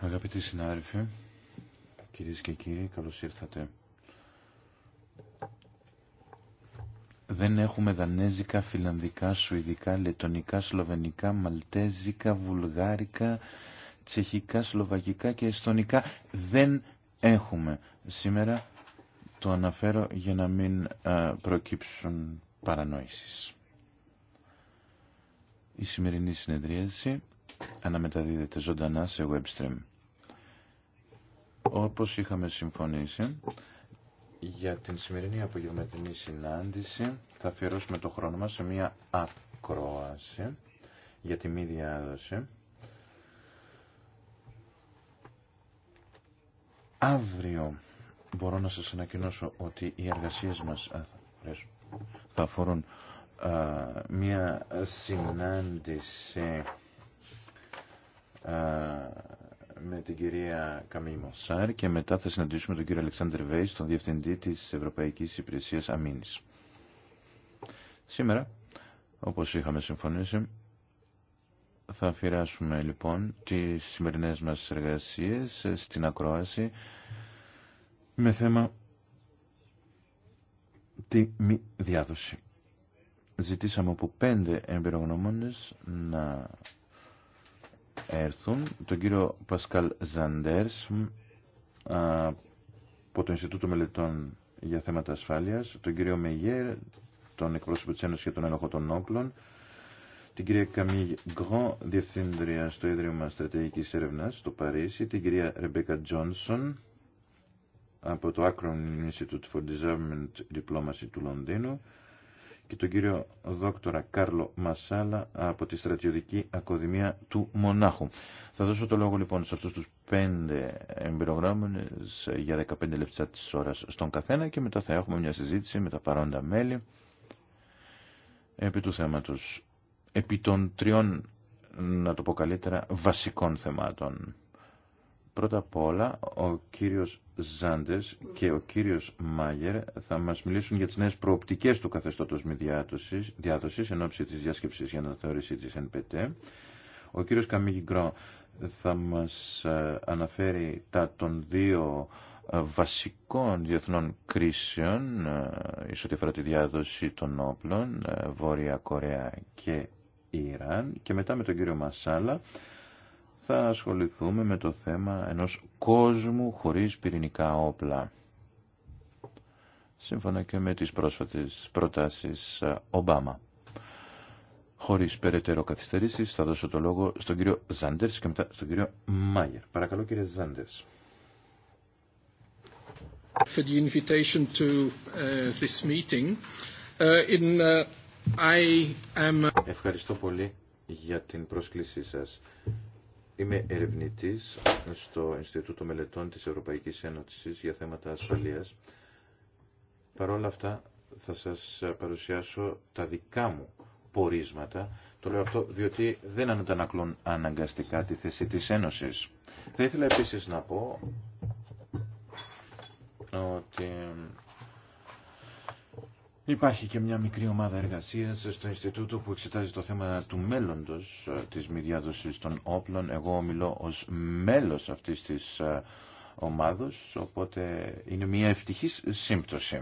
Αγαπητοί συνάδελφοι, κυρίε και κύριοι, καλώ ήρθατε. Δεν έχουμε δανέζικα, φιλανδικά, σουηδικά, λετονικά, σλοβενικά, μαλτέζικα, βουλγάρικα, τσεχικά, σλοβακικά και εστονικά. Δεν έχουμε. Σήμερα το αναφέρω για να μην προκύψουν παρανόησεις. Η σημερινή συνεδρίαση αναμεταδίδεται ζωντανά σε webstream. Όπως είχαμε συμφωνήσει, για την σημερινή απογευματινή συνάντηση θα αφιερώσουμε το χρόνο μας σε μια ακρόαση για τη μη διάδοση. Αύριο μπορώ να σας ανακοινώσω ότι οι εργασίες μας θα αφορούν μια συνάντηση με την κυρία Καμή Μοσάρ και μετά θα συναντήσουμε τον κύριο Αλεξάνδρ Βέης, τον Διευθυντή της Ευρωπαϊκής Υπηρεσίας Αμήνης. Σήμερα, όπως είχαμε συμφωνήσει, θα αφιεράσουμε λοιπόν τις σημερινές μας εργασίες στην ακρόαση με θέμα τη μη διάδοση. Ζητήσαμε από πέντε εμπειρογνώμονες να έρθουν, τον κύριο Πασκάλ Ζαντέρς από το Ινστιτούτο Μελετών για Θέματα Ασφάλειας, τον κύριο Μεγέρ, τον εκπρόσωπο της Ένωσης για τον Ένοχο των Όπλων, την κυρία Καμίγ Γκρό, Διευθύντρια στο Ίδρυμα Στρατηγικής Έρευνας στο Παρίσι, την κυρία Ρεμπέκα Τζόνσον, από το Akron Institute for Disarmament Diplomacy του Λονδίνου, και τον κύριο δόκτορα Κάρλο Μασάλα από τη στρατιωτική ακοδημία του Μονάχου. Θα δώσω το λόγο λοιπόν σε αυτούς τους πέντε εμπειρογράμμονες για 15 λεπτά της ώρας στον καθένα και μετά θα έχουμε μια συζήτηση με τα παρόντα μέλη επί του θέματος, επί των τριών, να το πω καλύτερα, βασικών θεμάτων. Πρώτα απ' όλα, ο κύριος Ζάντες και ο κύριος Μάγερ θα μας μιλήσουν για τις νέες προοπτικές του καθεστώτος μη διάδοση εν της διάσκεψης για να θεωρήσει της NPT. Ο κύριος Καμίγι θα μας ε, αναφέρει τα των δύο ε, βασικών διεθνών κρίσεων ε, εις ό,τι αφορά τη διάδοση των όπλων Βόρεια Κορέα και Ιράν και μετά με τον κύριο Μασάλα θα ασχοληθούμε με το θέμα ενός κόσμου χωρίς πυρηνικά όπλα. Σύμφωνα και με τις πρόσφατες προτάσεις ε, Ομπάμα. Χωρίς περαιτέρω καθυστερήσεις θα δώσω το λόγο στον κύριο Ζάντερς και μετά στον κύριο Μάγερ. Παρακαλώ κύριε Ζάντερς. Ευχαριστώ πολύ για την πρόσκλησή σας. Είμαι ερευνητή στο Ινστιτούτο Μελετών της Ευρωπαϊκής Ένωσης για θέματα ασφαλείας. Παρ' όλα αυτά θα σας παρουσιάσω τα δικά μου πορίσματα. Το λέω αυτό διότι δεν αντανακλούν αναγκαστικά τη θέση της Ένωσης. Θα ήθελα επίσης να πω ότι Υπάρχει και μια μικρή ομάδα εργασίας στο Ινστιτούτο που εξετάζει το θέμα του μέλλοντος ε, της μη διάδοση των όπλων. Εγώ μιλώ ως μέλος αυτής της ε, ομάδος, οπότε είναι μια ευτυχής σύμπτωση.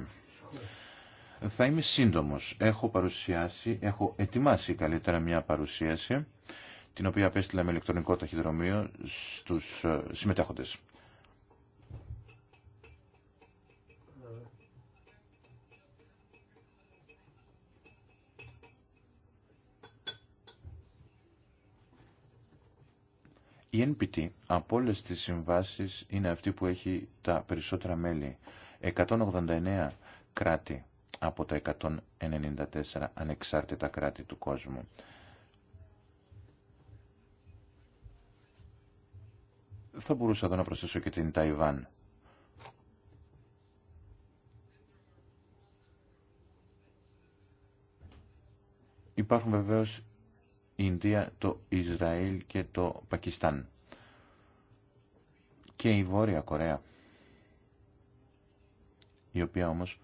Θα είμαι σύντομο. Έχω παρουσιάσει, έχω ετοιμάσει καλύτερα μια παρουσίαση, την οποία απέστειλα με ηλεκτρονικό ταχυδρομείο στου ε, συμμετέχοντες. Η NPT από όλε τι συμβάσει είναι αυτή που έχει τα περισσότερα μέλη. 189 κράτη από τα 194 ανεξάρτητα κράτη του κόσμου. Θα μπορούσα εδώ να προσθέσω και την Ταϊβάν. Υπάρχουν βεβαίως Ινδία, το Ισραήλ και το Πακιστάν. Και η Βόρεια Κορέα, η οποία όμως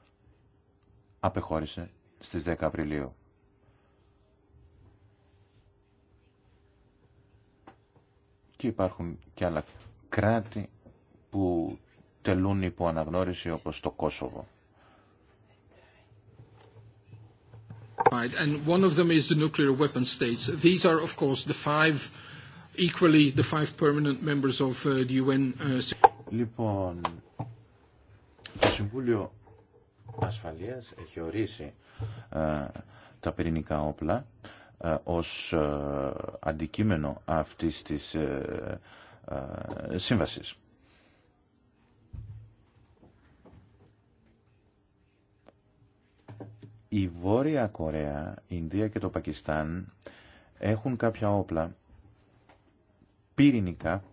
απεχώρησε στις 10 Απριλίου. Και υπάρχουν και άλλα κράτη που τελούν υπό αναγνώριση όπως το Κόσοβο. Right, and one of them is the nuclear weapon states. These are, of course, the five, equally the five permanent members of the UN. Λοιπόν, το Συμβούλιο Ασφαλείας έχει ορίσει ε, τα πυρηνικά όπλα ε, ως ε, αντικείμενο αυτής της σύμβασης. Η Βόρεια Κορέα, η Ινδία και το Πακιστάν έχουν κάποια όπλα πυρηνικά,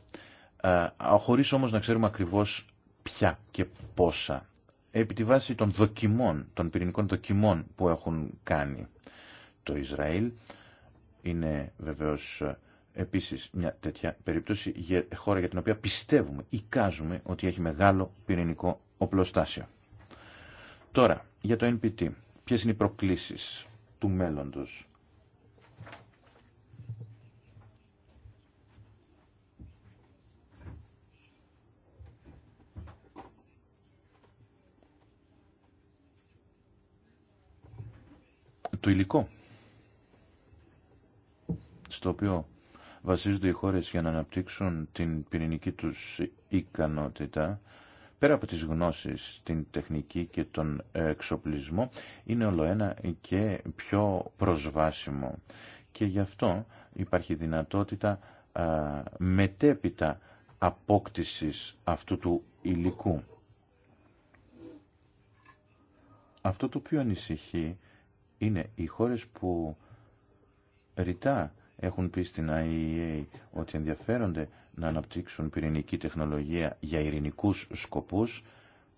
χωρίς όμως να ξέρουμε ακριβώς ποια και πόσα, επί τη βάση των δοκιμών, των πυρηνικών δοκιμών που έχουν κάνει το Ισραήλ. Είναι βεβαίως επίσης μια τέτοια περίπτωση, χώρα για την οποία πιστεύουμε, εικάζουμε ότι έχει μεγάλο πυρηνικό οπλοστάσιο. Τώρα, για το NPT ποιες είναι οι προκλήσεις του μέλλοντος. Το υλικό στο οποίο βασίζονται οι χώρες για να αναπτύξουν την πυρηνική τους ικανότητα πέρα από τις γνώσεις, την τεχνική και τον εξοπλισμό, είναι όλο ένα και πιο προσβάσιμο. Και γι' αυτό υπάρχει δυνατότητα μετέπειτα απόκτησης αυτού του υλικού. Αυτό το οποίο ανησυχεί είναι οι χώρες που ρητά έχουν πει στην IEA ότι ενδιαφέρονται να αναπτύξουν πυρηνική τεχνολογία για ειρηνικούς σκοπούς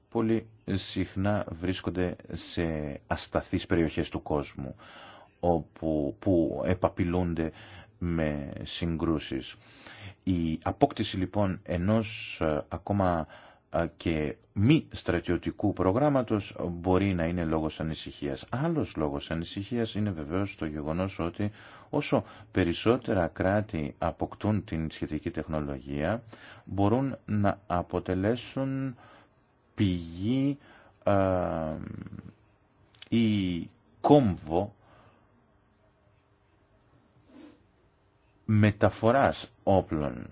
πολύ συχνά βρίσκονται σε ασταθείς περιοχές του κόσμου όπου, που επαπειλούνται με συγκρούσεις. Η απόκτηση λοιπόν ενός ε, ακόμα και μη στρατιωτικού προγράμματος μπορεί να είναι λόγος ανησυχίας. Άλλος λόγος ανησυχίας είναι βεβαίως το γεγονός ότι όσο περισσότερα κράτη αποκτούν την σχετική τεχνολογία μπορούν να αποτελέσουν πηγή ή κόμβο μεταφοράς όπλων.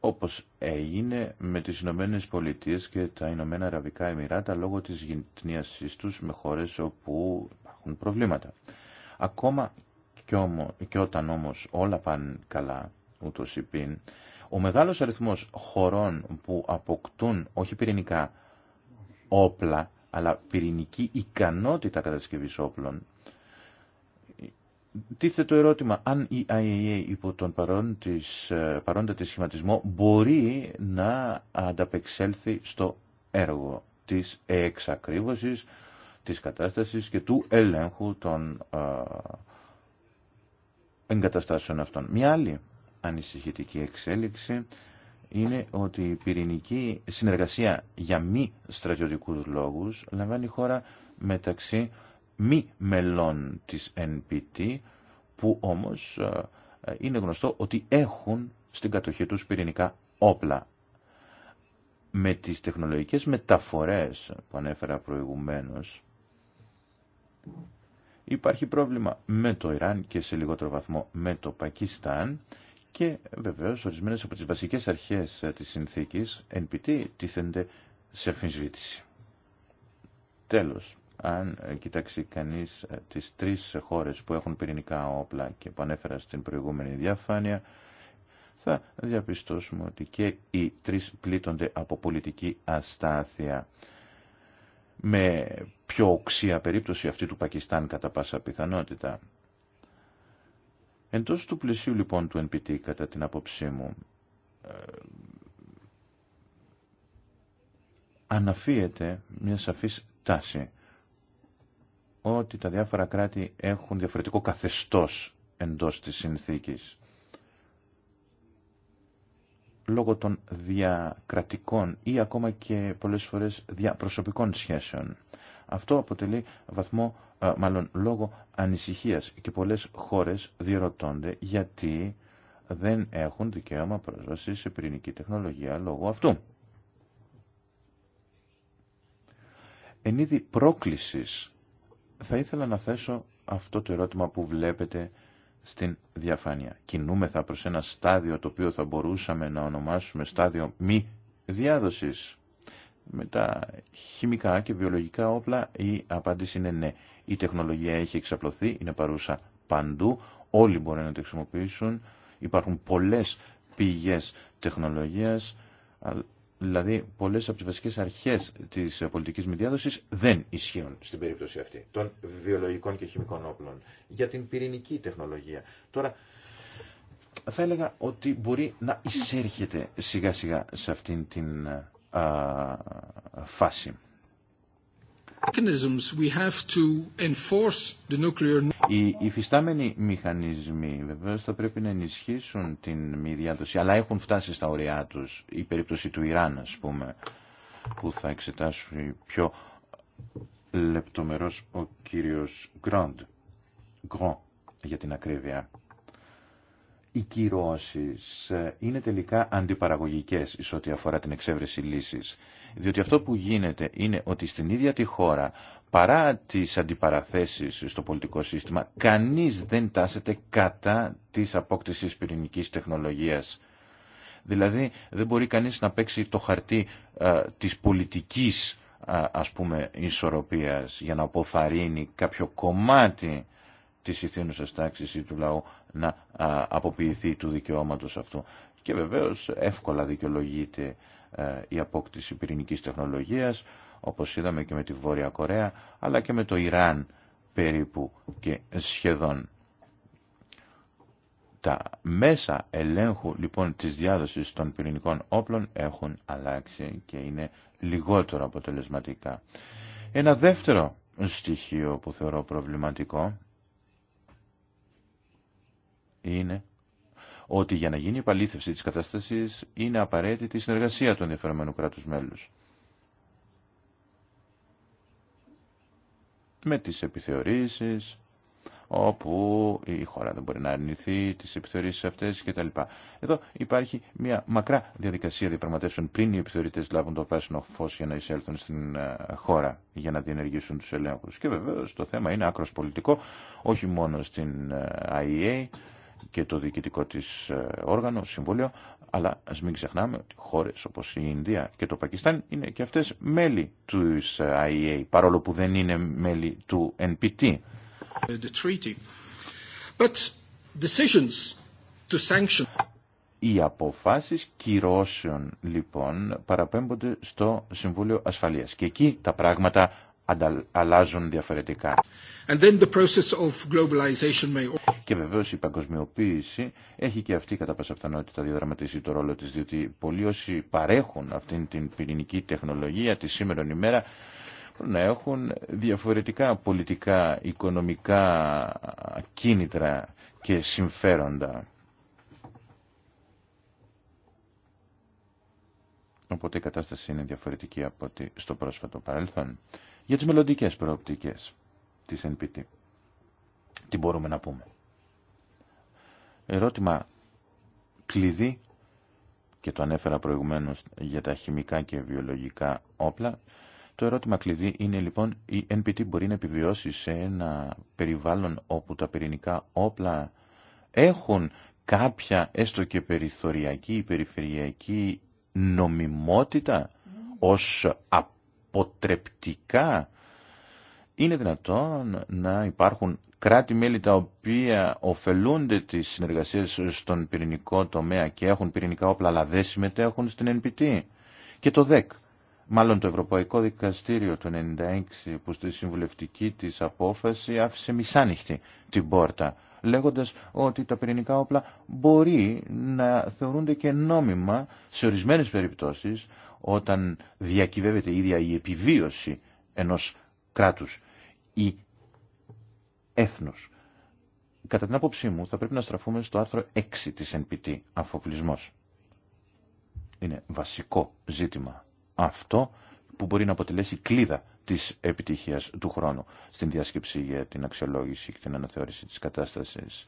όπως έγινε με τις Ηνωμένε Πολιτείες και τα Ηνωμένα Αραβικά Εμμυράτα λόγω της γυντνίασής τους με χώρες όπου υπάρχουν προβλήματα. Ακόμα και, όταν όμως όλα πάνε καλά, ούτως υπήν, ο μεγάλος αριθμός χωρών που αποκτούν όχι πυρηνικά όπλα, αλλά πυρηνική ικανότητα κατασκευής όπλων, τίθεται το ερώτημα αν η IAEA υπό τον ε, παρόντα της σχηματισμό μπορεί να ανταπεξέλθει στο έργο της εξακρίβωσης της κατάστασης και του ελέγχου των ε, εγκαταστάσεων αυτών. Μια άλλη ανησυχητική εξέλιξη είναι ότι η πυρηνική συνεργασία για μη στρατιωτικούς λόγους λαμβάνει χώρα μεταξύ μη μελών της NPT που όμως ε, ε, είναι γνωστό ότι έχουν στην κατοχή τους πυρηνικά όπλα. Με τις τεχνολογικές μεταφορές που ανέφερα προηγουμένως υπάρχει πρόβλημα με το Ιράν και σε λιγότερο βαθμό με το Πακιστάν και βεβαίως ορισμένες από τις βασικές αρχές ε, της συνθήκης NPT τίθενται σε αμφισβήτηση. Τέλος, αν ε, κοιτάξει κανείς ε, τις τρεις χώρες που έχουν πυρηνικά όπλα και που ανέφερα στην προηγούμενη διαφάνεια, θα διαπιστώσουμε ότι και οι τρεις πλήττονται από πολιτική αστάθεια. Με πιο οξία περίπτωση αυτή του Πακιστάν κατά πάσα πιθανότητα. Εντός του πλαισίου λοιπόν του NPT κατά την απόψή μου, ε, αναφύεται μια σαφής τάση ότι τα διάφορα κράτη έχουν διαφορετικό καθεστώς εντός της συνθήκης. Λόγω των διακρατικών ή ακόμα και πολλές φορές διαπροσωπικών σχέσεων. Αυτό αποτελεί βαθμό, ε, μάλλον λόγο ανησυχίας και πολλές χώρες διερωτώνται γιατί δεν έχουν δικαίωμα πρόσβαση σε πυρηνική τεχνολογία λόγω αυτού. Εν είδη πρόκλησης θα ήθελα να θέσω αυτό το ερώτημα που βλέπετε στην διαφάνεια. Κινούμεθα προς ένα στάδιο το οποίο θα μπορούσαμε να ονομάσουμε στάδιο μη διάδοσης. Με τα χημικά και βιολογικά όπλα η απάντηση είναι ναι. Η τεχνολογία έχει εξαπλωθεί, είναι παρούσα παντού, όλοι μπορούν να τη χρησιμοποιήσουν, υπάρχουν πολλές πηγές τεχνολογίας, Δηλαδή, πολλές από τις βασικές αρχές της ε, πολιτικής μη δεν ισχύουν στην περίπτωση αυτή των βιολογικών και χημικών όπλων για την πυρηνική τεχνολογία. Τώρα, θα έλεγα ότι μπορεί να εισέρχεται σιγά σιγά σε αυτήν την ε, α, φάση. Οι υφιστάμενοι μηχανισμοί βεβαίω θα πρέπει να ενισχύσουν την μη διάδοση, αλλά έχουν φτάσει στα ωριά του Η περίπτωση του Ιράν, α πούμε, που θα εξετάσουν πιο λεπτομέρο ο κύριος Γκροντ, Γκροντ για την ακρίβεια. Οι κυρώσεις ε, είναι τελικά αντιπαραγωγικές εις ό,τι αφορά την εξέβρεση λύσης. Διότι αυτό που γίνεται είναι ότι στην ίδια τη χώρα, παρά τις αντιπαραθέσεις στο πολιτικό σύστημα, κανείς δεν τάσεται κατά της απόκτησης πυρηνικής τεχνολογίας. Δηλαδή δεν μπορεί κανείς να παίξει το χαρτί της πολιτικής ας πούμε ισορροπίας για να αποθαρρύνει κάποιο κομμάτι της ηθήνουσας τάξης ή του λαού να αποποιηθεί του δικαιώματος αυτού. Και βεβαίως εύκολα δικαιολογείται ε, η απόκτηση πυρηνικής τεχνολογίας, όπως είδαμε και με τη Βόρεια Κορέα, αλλά και με το Ιράν περίπου και σχεδόν. Τα μέσα ελέγχου λοιπόν της διάδοσης των πυρηνικών όπλων έχουν αλλάξει και είναι λιγότερο αποτελεσματικά. Ένα δεύτερο στοιχείο που θεωρώ προβληματικό είναι ότι για να γίνει η παλήθευση της κατάστασης είναι απαραίτητη η συνεργασία του ενδιαφερόμενου κράτους μέλους. Με τις επιθεωρήσεις, όπου η χώρα δεν μπορεί να αρνηθεί τις επιθεωρήσεις αυτές κτλ. Εδώ υπάρχει μια μακρά διαδικασία διαπραγματεύσεων πριν οι επιθεωρητές λάβουν το πράσινο φως για να εισέλθουν στην ε, χώρα για να διενεργήσουν τους ελέγχους. Και βεβαίως το θέμα είναι άκρος πολιτικό, όχι μόνο στην ε, IEA, και το διοικητικό της ε, όργανο, συμβούλιο, αλλά ας μην ξεχνάμε ότι χώρες όπως η Ινδία και το Πακιστάν είναι και αυτές μέλη του IEA, ε, παρόλο που δεν είναι μέλη του NPT. Ε, Οι αποφάσεις κυρώσεων λοιπόν παραπέμπονται στο Συμβούλιο Ασφαλείας και εκεί τα πράγματα αλλάζουν διαφορετικά. Και βεβαίω η παγκοσμιοποίηση έχει και αυτή κατά πάσα πιθανότητα διαδραματίσει το ρόλο τη, διότι πολλοί όσοι παρέχουν αυτήν την πυρηνική τεχνολογία τη σήμερα ημέρα να έχουν διαφορετικά πολιτικά, οικονομικά κίνητρα και συμφέροντα. Οπότε η κατάσταση είναι διαφορετική από ότι στο πρόσφατο παρελθόν. Για τις μελλοντικές προοπτικές της NPT. Τι μπορούμε να πούμε. Ερώτημα κλειδί και το ανέφερα προηγουμένως για τα χημικά και βιολογικά όπλα. Το ερώτημα κλειδί είναι λοιπόν η NPT μπορεί να επιβιώσει σε ένα περιβάλλον όπου τα πυρηνικά όπλα έχουν κάποια έστω και περιθωριακή ή περιφερειακή νομιμότητα ως αποτρεπτικά. Είναι δυνατόν να υπάρχουν κράτη-μέλη τα οποία ωφελούνται τις συνεργασίες στον πυρηνικό τομέα και έχουν πυρηνικά όπλα αλλά δεν συμμετέχουν στην NPT. Και το ΔΕΚ, μάλλον το Ευρωπαϊκό Δικαστήριο του 1996 που στη συμβουλευτική της απόφαση άφησε μισάνοιχτη την πόρτα λέγοντας ότι τα πυρηνικά όπλα μπορεί να θεωρούνται και νόμιμα σε ορισμένες περιπτώσεις όταν διακυβεύεται η ίδια η επιβίωση ενός κράτους ή έθνους. Κατά την άποψή μου θα πρέπει να στραφούμε στο άρθρο 6 της NPT, αφοπλισμός. Είναι βασικό ζήτημα αυτό που μπορεί να αποτελέσει κλίδα της επιτυχίας του χρόνου στην διάσκεψη για την αξιολόγηση και την αναθεώρηση της κατάστασης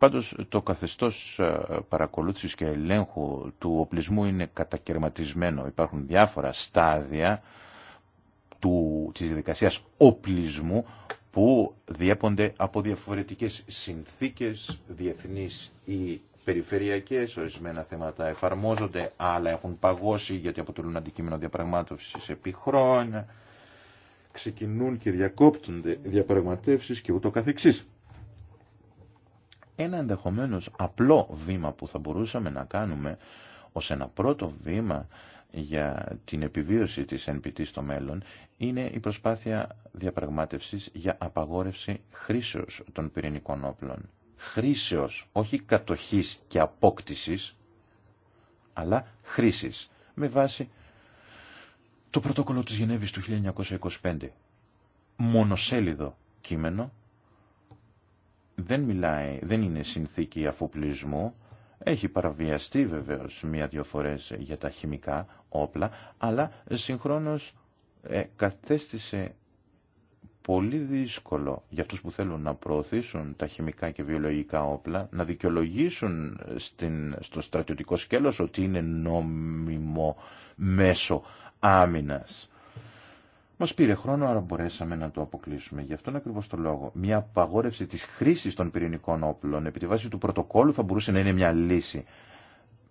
Πάντως το καθεστώς ε, παρακολούθησης και ελέγχου του οπλισμού είναι κατακαιρματισμένο. Υπάρχουν διάφορα στάδια του, της διαδικασίας οπλισμού που διέπονται από διαφορετικές συνθήκες διεθνείς ή περιφερειακές, ορισμένα θέματα εφαρμόζονται, άλλα έχουν παγώσει γιατί αποτελούν αντικείμενο διαπραγμάτευσης επί χρόνια, ξεκινούν και διακόπτονται διαπραγματεύσεις και ούτω καθεξής. Ένα ενδεχομένως απλό βήμα που θα μπορούσαμε να κάνουμε ως ένα πρώτο βήμα για την επιβίωση της NPT στο μέλλον είναι η προσπάθεια διαπραγμάτευσης για απαγόρευση χρήσεως των πυρηνικών όπλων. Χρήσεως, όχι κατοχής και απόκτησης, αλλά χρήσης, με βάση το πρωτόκολλο της Γενέβης του 1925. Μονοσέλιδο κείμενο δεν μιλάει, δεν είναι συνθήκη αφοπλισμού. Έχει παραβιαστεί βεβαίως μία-δυο φορέ για τα χημικά όπλα, αλλά συγχρόνω ε, κατέστησε πολύ δύσκολο για αυτούς που θέλουν να προωθήσουν τα χημικά και βιολογικά όπλα να δικαιολογήσουν στην, στο στρατιωτικό σκέλος ότι είναι νόμιμο μέσο άμυνας. Μας πήρε χρόνο, άρα μπορέσαμε να το αποκλείσουμε. Γι' αυτόν ακριβώ το λόγο, μια απαγόρευση τη χρήση των πυρηνικών όπλων επί τη βάση του πρωτοκόλου θα μπορούσε να είναι μια λύση.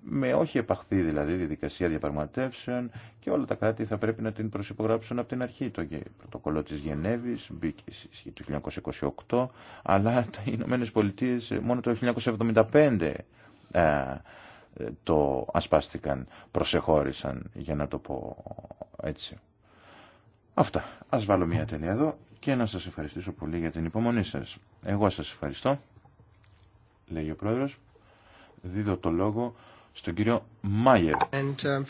Με όχι επαχθή δηλαδή διαδικασία διαπραγματεύσεων και όλα τα κράτη θα πρέπει να την προσυπογράψουν από την αρχή. Το πρωτοκόλλο της Γενέβη μπήκε το 1928, αλλά τα Ηνωμένε Πολιτείε ε, μόνο το 1975 ε, ε, το ασπάστηκαν, προσεχώρησαν για να το πω έτσι. Αυτά. Ας βάλω μια τελεία εδώ και να σας ευχαριστήσω πολύ για την υπομονή σας. Εγώ σας ευχαριστώ, λέγει ο Πρόεδρος. Δίδω το λόγο στον κύριο Μάιερ. Um,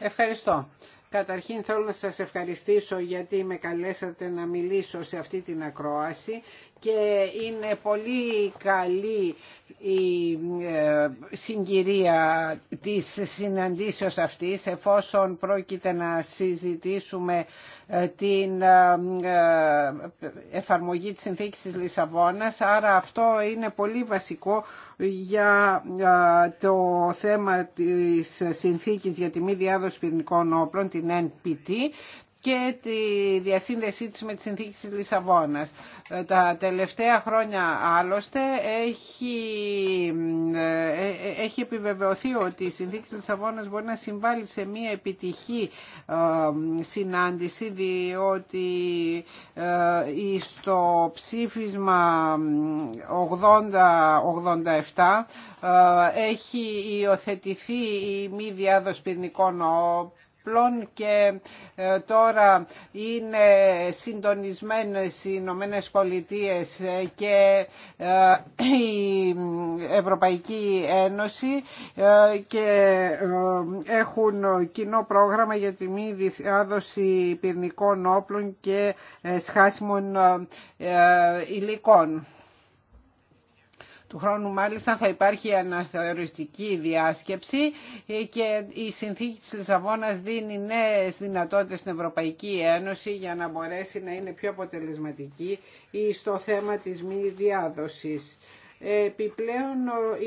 ευχαριστώ. Καταρχήν θέλω να σας ευχαριστήσω γιατί με καλέσατε να μιλήσω σε αυτή την ακρόαση και είναι πολύ καλή η ε, συγκυρία της συναντήσεως αυτής εφόσον πρόκειται να συζητήσουμε ε, την ε, εφαρμογή της συνθήκης της Λισαβόνας άρα αυτό είναι πολύ βασικό για το θέμα της συνθήκης για τη μη διάδοση πυρηνικών όπλων την NPT και τη διασύνδεσή της με τη συνθήκη της Λισαβόνας. Ε, τα τελευταία χρόνια άλλωστε έχει, ε, ε, έχει επιβεβαιωθεί ότι η συνθήκη της Λισαβόνας μπορεί να συμβάλλει σε μια επιτυχή συνάντηση διότι στο ψήφισμα 80-87 έχει υιοθετηθεί η μη διάδοση πυρνικών και ε, τώρα είναι συντονισμένες οι Ηνωμένε Πολιτείε ε, και ε, η Ευρωπαϊκή Ένωση και έχουν κοινό πρόγραμμα για τη μη διάδοση πυρνικών όπλων και σχάσιμων υλικών. Του χρόνου μάλιστα θα υπάρχει αναθεωριστική διάσκεψη ε, και η συνθήκη της Λισαβόνας δίνει νέες δυνατότητες στην Ευρωπαϊκή Ένωση για να μπορέσει να είναι πιο αποτελεσματική στο θέμα της μη διάδοσης. Επιπλέον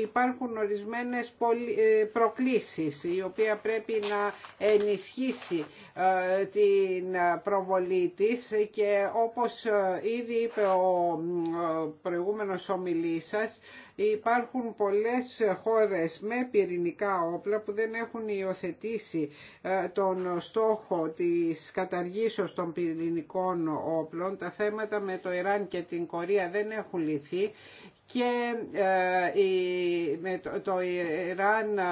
υπάρχουν ορισμένες ε, προκλήσεις οι οποία πρέπει να ενισχύσει ε, την προβολή της και όπως ε, ήδη είπε ο προηγούμενος ομιλής σας, Υπάρχουν πολλές χώρες με πυρηνικά όπλα που δεν έχουν υιοθετήσει ε, τον στόχο της καταργήσεως των πυρηνικών όπλων. Τα θέματα με το Ιράν και την Κορία δεν έχουν λυθεί και ε, το, Ιράν ε,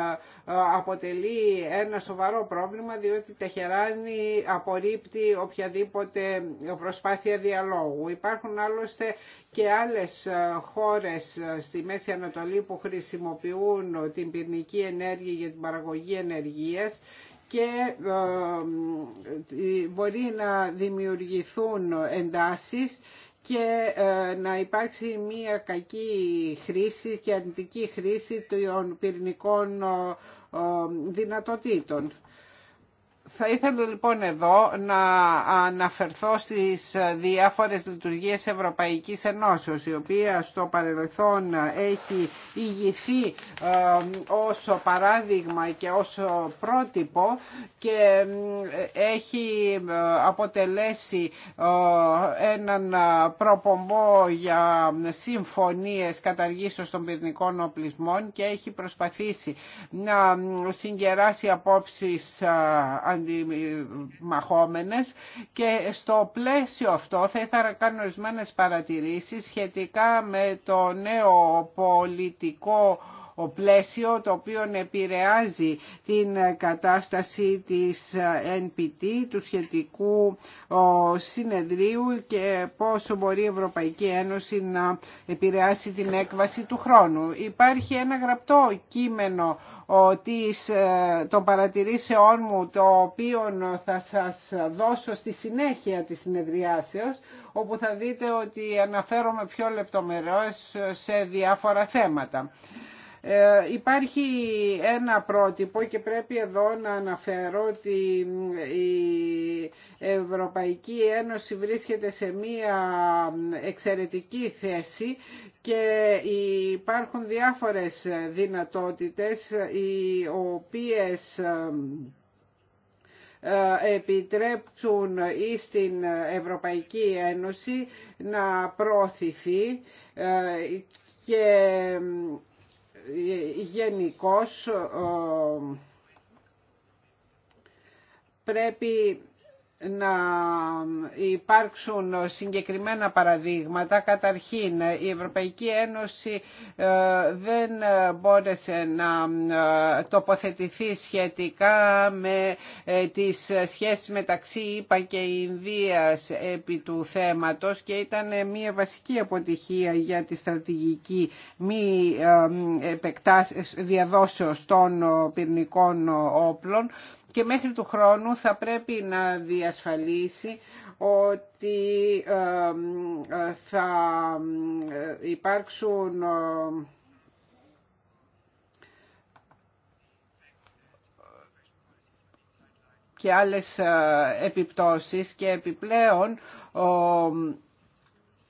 αποτελεί ένα σοβαρό πρόβλημα διότι Τεχεράνη απορρίπτει οποιαδήποτε προσπάθεια διαλόγου. Υπάρχουν άλλωστε και άλλες χώρες στη Μέση Ανατολή που χρησιμοποιούν την πυρηνική ενέργεια για την παραγωγή ενεργείας και ε, μπορεί να δημιουργηθούν εντάσεις και ε, να υπάρξει μια κακή χρήση και αρνητική χρήση των πυρηνικών ε, δυνατοτήτων. Θα ήθελα λοιπόν εδώ να αναφερθώ στις διάφορες λειτουργίες Ευρωπαϊκής Ενώσεως η οποία στο παρελθόν έχει ηγηθεί ε, ως παράδειγμα και ως πρότυπο και ε, έχει ε, αποτελέσει έναν προπομπό για συμφωνίες καταργήσεως των πυρνικών οπλισμών και έχει προσπαθήσει να συγκεράσει απόψεις αντιμαχόμενες και στο πλαίσιο αυτό θα ήθελα να κάνω ορισμένες παρατηρήσεις σχετικά με το νέο πολιτικό ο πλαίσιο το οποίο επηρεάζει την κατάσταση της NPT, του σχετικού συνεδρίου και πόσο μπορεί η Ευρωπαϊκή Ένωση να επηρεάσει την έκβαση του χρόνου. Υπάρχει ένα γραπτό κείμενο ε, των παρατηρήσεών μου το οποίο θα σας δώσω στη συνέχεια της συνεδριάσεως όπου θα δείτε ότι αναφέρομαι πιο λεπτομερώς σε διάφορα θέματα. Ε, υπάρχει ένα πρότυπο και πρέπει εδώ να αναφέρω ότι η Ευρωπαϊκή Ένωση βρίσκεται σε μία εξαιρετική θέση και υπάρχουν διάφορες δυνατότητες οι οποίες ε, επιτρέπουν ή στην Ευρωπαϊκή Ένωση να προωθηθεί ε, και γενικώς πρέπει να υπάρξουν συγκεκριμένα παραδείγματα. Καταρχήν, η Ευρωπαϊκή Ένωση ε, δεν μπόρεσε να ε, τοποθετηθεί σχετικά με ε, τις σχέσεις μεταξύ ΙΠΑ και Ινδίας επί του θέματος και ήταν μια βασική αποτυχία για τη στρατηγική μη διαδόσεως των πυρνικών όπλων και μέχρι του χρόνου θα πρέπει να διασφαλίσει ότι ε, θα ε, υπάρξουν ε, και άλλες επιπτώσεις και επιπλέον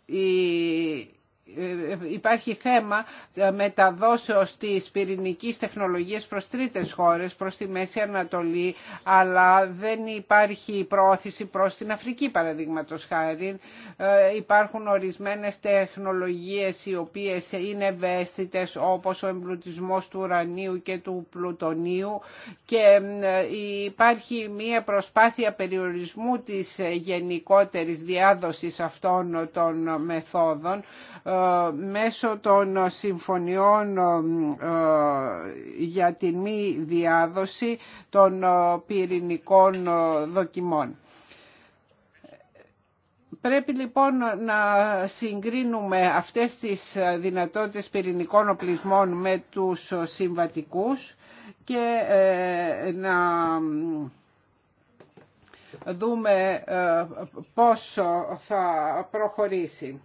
η υπάρχει θέμα ε, μεταδόσεως της πυρηνικής τεχνολογίας προς τρίτες χώρες, προς τη Μέση Ανατολή, αλλά δεν υπάρχει πρόθεση προς την Αφρική παραδείγματο χάρη. Ε, υπάρχουν ορισμένες τεχνολογίες οι οποίες είναι ευαίσθητες όπως ο εμπλουτισμός του ουρανίου και του πλουτονίου και ε, υπάρχει μία προσπάθεια περιορισμού της γενικότερης διάδοσης αυτών των μεθόδων μέσω των συμφωνιών ε, για τη μη διάδοση των ε, πυρηνικών ε, δοκιμών. Πρέπει λοιπόν να συγκρίνουμε αυτές τις δυνατότητες πυρηνικών οπλισμών με τους συμβατικούς και να δούμε πώς θα προχωρήσει.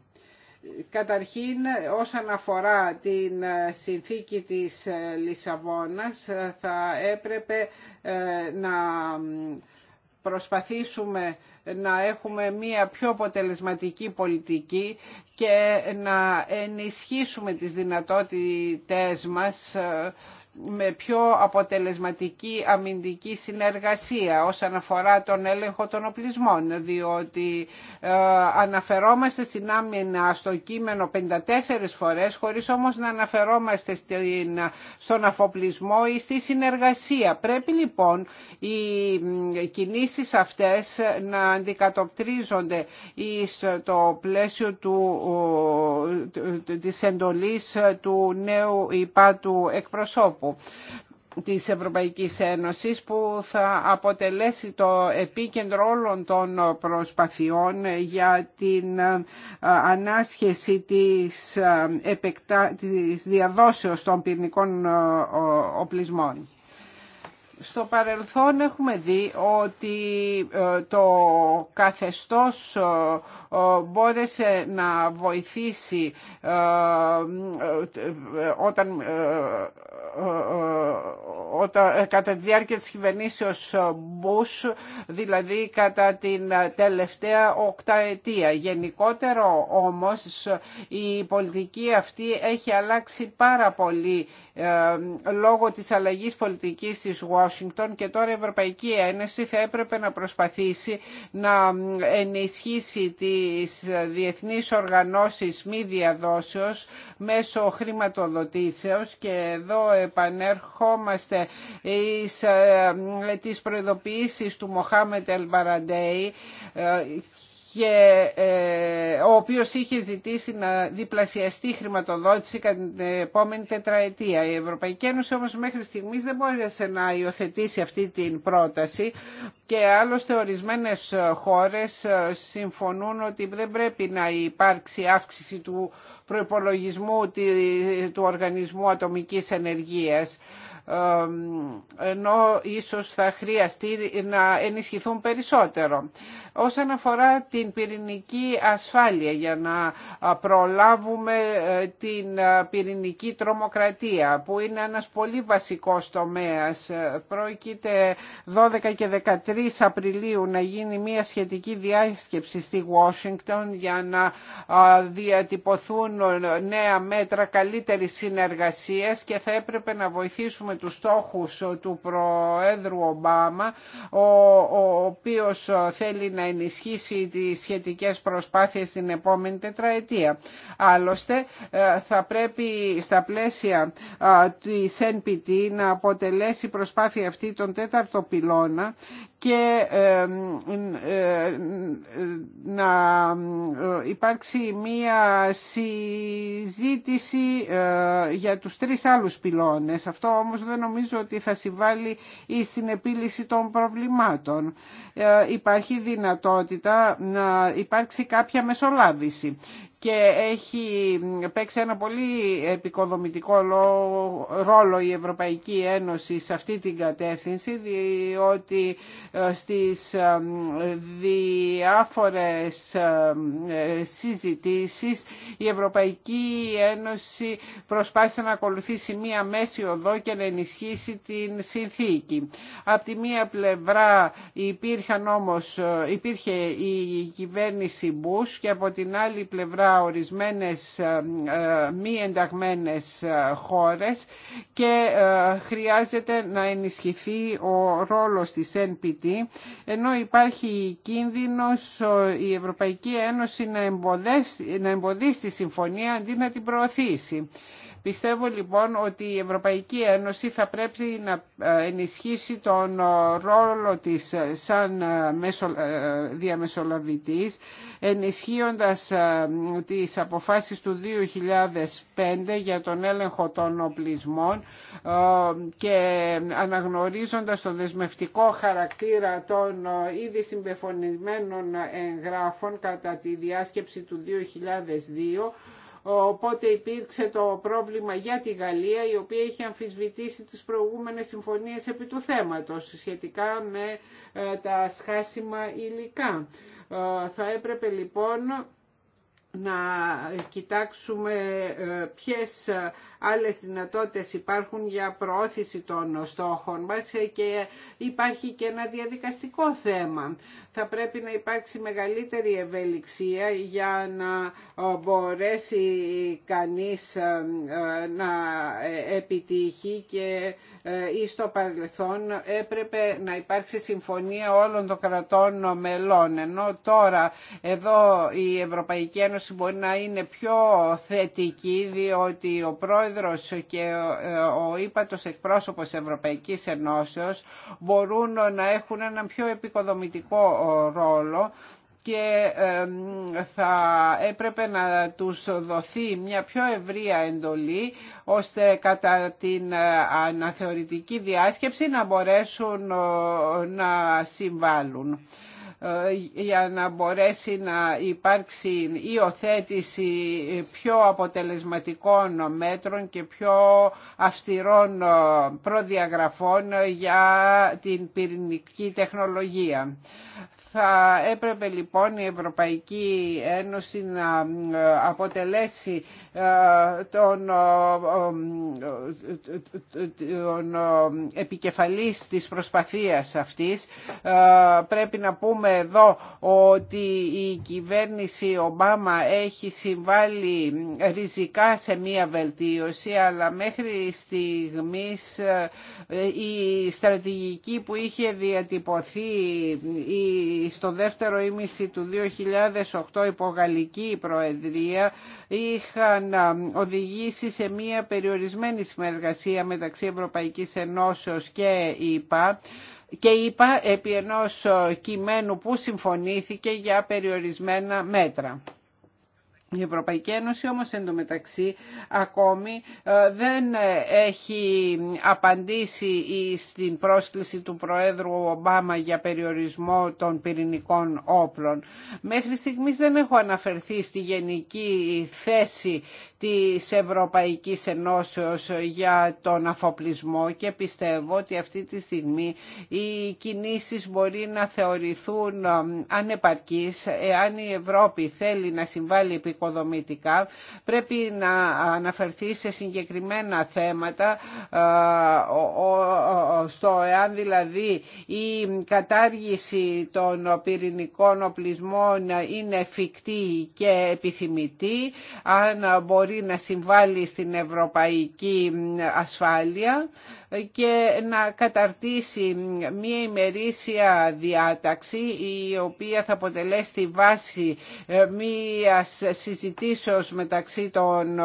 Καταρχήν όσον αφορά την ε, συνθήκη της ε, Λισαβόνας ε, θα έπρεπε να προσπαθήσουμε να έχουμε μία πιο αποτελεσματική πολιτική και να ενισχύσουμε τις δυνατότητές μας με πιο αποτελεσματική αμυντική συνεργασία όσον αφορά τον έλεγχο των οπλισμών διότι ε, αναφερόμαστε στην άμυνα στο κείμενο 54 φορές χωρίς όμως να αναφερόμαστε στην, στον αφοπλισμό ή στη συνεργασία. Πρέπει λοιπόν οι κινήσεις αυτές να αντικατοπτρίζονται στο πλαίσιο του, της εντολής του νέου υπάτου εκπροσώπου τη της Ευρωπαϊκής Ένωσης που θα αποτελέσει το επίκεντρο όλων των προσπαθειών για την ε, ανάσχεση της, ε, επεκτα... της διαδόσεως των πυρηνικών ε, οπλισμών στο παρελθόν έχουμε δει ότι ε, το καθεστώς ε, ε, μπόρεσε να βοηθήσει όταν, όταν κατά τη διάρκεια της κυβερνήσεως Μπούς, δηλαδή κατά την τελευταία οκταετία. Γενικότερο όμως η πολιτική αυτή έχει αλλάξει πάρα πολύ ε, λόγω της αλλαγής πολιτικής της Washington και τώρα η Ευρωπαϊκή Ένωση θα έπρεπε να προσπαθήσει να ενισχύσει τις διεθνείς οργανώσεις μη διαδόσεως μέσω χρηματοδοτήσεως και εδώ επανέρχομαστε εις ε, τις προειδοποιήσεις του Μοχάμετ Ελμπαραντέη ε, ε, ο οποίος είχε ζητήσει να διπλασιαστεί χρηματοδότηση κατά την επόμενη τετραετία. Η Ευρωπαϊκή Ένωση όμως μέχρι στιγμής δεν μπόρεσε να υιοθετήσει αυτή την πρόταση και άλλωστε ορισμένες χώρες ε, συμφωνούν ότι δεν πρέπει να υπάρξει αύξηση του προϋπολογισμού του Οργανισμού Ατομικής Ενεργείας ενώ ίσως θα χρειαστεί να ενισχυθούν περισσότερο. Όσον αφορά την πυρηνική ασφάλεια για να προλάβουμε ε, την πυρηνική τρομοκρατία που είναι ένας πολύ βασικός τομέας. Ε, πρόκειται 12 και 13 Απριλίου να γίνει μια σχετική διάσκεψη στη Washington για να διατυπωθούν νέα μέτρα καλύτερης συνεργασίας και θα έπρεπε να βοηθήσουμε τους στόχους ε, του Προέδρου Ομπάμα, ο οποίος ε, θέλει να ενισχύσει τις σχετικές προσπάθειες την επόμενη τετραετία. Άλλωστε, ε, θα πρέπει στα πλαίσια της NPT να αποτελέσει η προσπάθεια αυτή τον τέταρτο πυλώνα και ε, ε, να ε, υπάρξει μία συζήτηση για τους τρεις άλλους πυλώνες. Αυτό όμως δεν νομίζω ότι θα συμβάλλει στην επίλυση των προβλημάτων. Υπάρχει δυνατότητα να υπάρξει κάποια μεσολάβηση και έχει παίξει ένα πολύ επικοδομητικό ρόλο η Ευρωπαϊκή Ένωση σε αυτή την κατεύθυνση διότι ε, στις ε, διάφορες ε, συζητήσεις η Ευρωπαϊκή Ένωση προσπάθησε να ακολουθήσει μία μέση οδό και να ενισχύσει την συνθήκη. Από τη μία πλευρά υπήρχαν όμως, υπήρχε η κυβέρνηση Μπούς και από την άλλη πλευρά ορισμένες ε, ε, μη ενταγμένες ε, χώρες και χρειάζεται να ενισχυθεί ο ρόλος της NPT ενώ υπάρχει κίνδυνος η Ευρωπαϊκή Ένωση να εμποδίσει, να εμποδίσει τη συμφωνία αντί να την προωθήσει. Πιστεύω λοιπόν ότι η Ευρωπαϊκή Ένωση θα πρέπει να ε, ενισχύσει τον ε, ρόλο της ε, σαν διαμεσολαβητής ενισχύοντας τις αποφάσεις του 2005 για τον έλεγχο των οπλισμών και αναγνωρίζοντας το δεσμευτικό χαρακτήρα των ήδη συμπεφωνημένων εγγράφων κατά τη διάσκεψη του 2002 Οπότε υπήρξε το πρόβλημα για τη Γαλλία η οποία είχε αμφισβητήσει τις προηγούμενες συμφωνίες επί του θέματος σχετικά με ε, τα σχάσιμα υλικά. Ε, θα έπρεπε λοιπόν να κοιτάξουμε ε, ποιες άλλες δυνατότητες υπάρχουν για προώθηση των στόχων μας και υπάρχει και ένα διαδικαστικό θέμα. Θα πρέπει να υπάρξει μεγαλύτερη ευελιξία για να μπορέσει κανείς ε, να επιτύχει και ε, ή στο παρελθόν έπρεπε να υπάρξει συμφωνία όλων των κρατών μελών ενώ τώρα εδώ η Ευρωπαϊκή Ένωση μπορεί να είναι πιο θετική διότι ο πρόεδρος Πρόεδρος και ε, ο ύπατος εκπρόσωπος Ευρωπαϊκής Ενώσεως μπορούν να έχουν έναν πιο επικοδομητικό ε, ρόλο και ε, θα έπρεπε να τους δοθεί μια πιο ευρεία εντολή ώστε κατά την αναθεωρητική διάσκεψη να μπορέσουν να συμβάλλουν. Ε, για να μπορέσει να υπάρξει υιοθέτηση πιο αποτελεσματικών μέτρων και πιο αυστηρών ε, προδιαγραφών για την πυρηνική τεχνολογία. Θα έπρεπε λοιπόν η Ευρωπαϊκή Ένωση να αποτελέσει ε, τον, τον επικεφαλής της προσπαθίας αυτής. Ε, πρέπει να πούμε εδώ ότι η κυβέρνηση Ομπάμα έχει συμβάλει ριζικά σε μία βελτίωση, αλλά μέχρι στιγμής ε, η στρατηγική που είχε διατυπωθεί η στο δεύτερο ήμιση του 2008 υπό Γαλλική Προεδρία είχαν οδηγήσει σε μια περιορισμένη συνεργασία μεταξύ Ευρωπαϊκής Ενώσεως και ΕΠΑ και είπα επί ενός κειμένου που συμφωνήθηκε για περιορισμένα μέτρα. Η Ευρωπαϊκή Ένωση όμως εντωμεταξύ ακόμη ε, δεν ε, έχει απαντήσει στην πρόσκληση του Προέδρου Ομπάμα για περιορισμό των πυρηνικών όπλων. Μέχρι στιγμής δεν έχω αναφερθεί στη γενική θέση της Ευρωπαϊκής Ενώσεως για τον αφοπλισμό και πιστεύω ότι αυτή τη στιγμή οι κινήσεις μπορεί να θεωρηθούν ε, ανεπαρκείς εάν η Ευρώπη θέλει να συμβάλλει Πρέπει να αναφερθεί σε συγκεκριμένα θέματα στο εάν δηλαδή η κατάργηση των πυρηνικών οπλισμών είναι εφικτή και επιθυμητή, αν μπορεί να συμβάλλει στην ευρωπαϊκή ασφάλεια και να καταρτήσει μία ημερήσια διάταξη η οποία θα αποτελέσει τη βάση ε, μίας συζητήσεως μεταξύ των ε,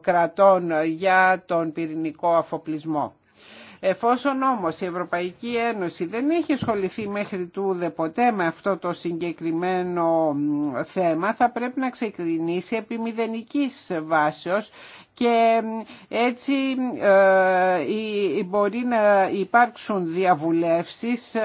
κρατών για τον πυρηνικό αφοπλισμό. Εφόσον όμως η Ευρωπαϊκή Ένωση δεν έχει ασχοληθεί μέχρι τούδε ποτέ με αυτό το συγκεκριμένο θέμα, θα πρέπει να ξεκινήσει επί μηδενικής βάσεως και έτσι ε, μπορεί να υπάρξουν διαβουλεύσεις ε,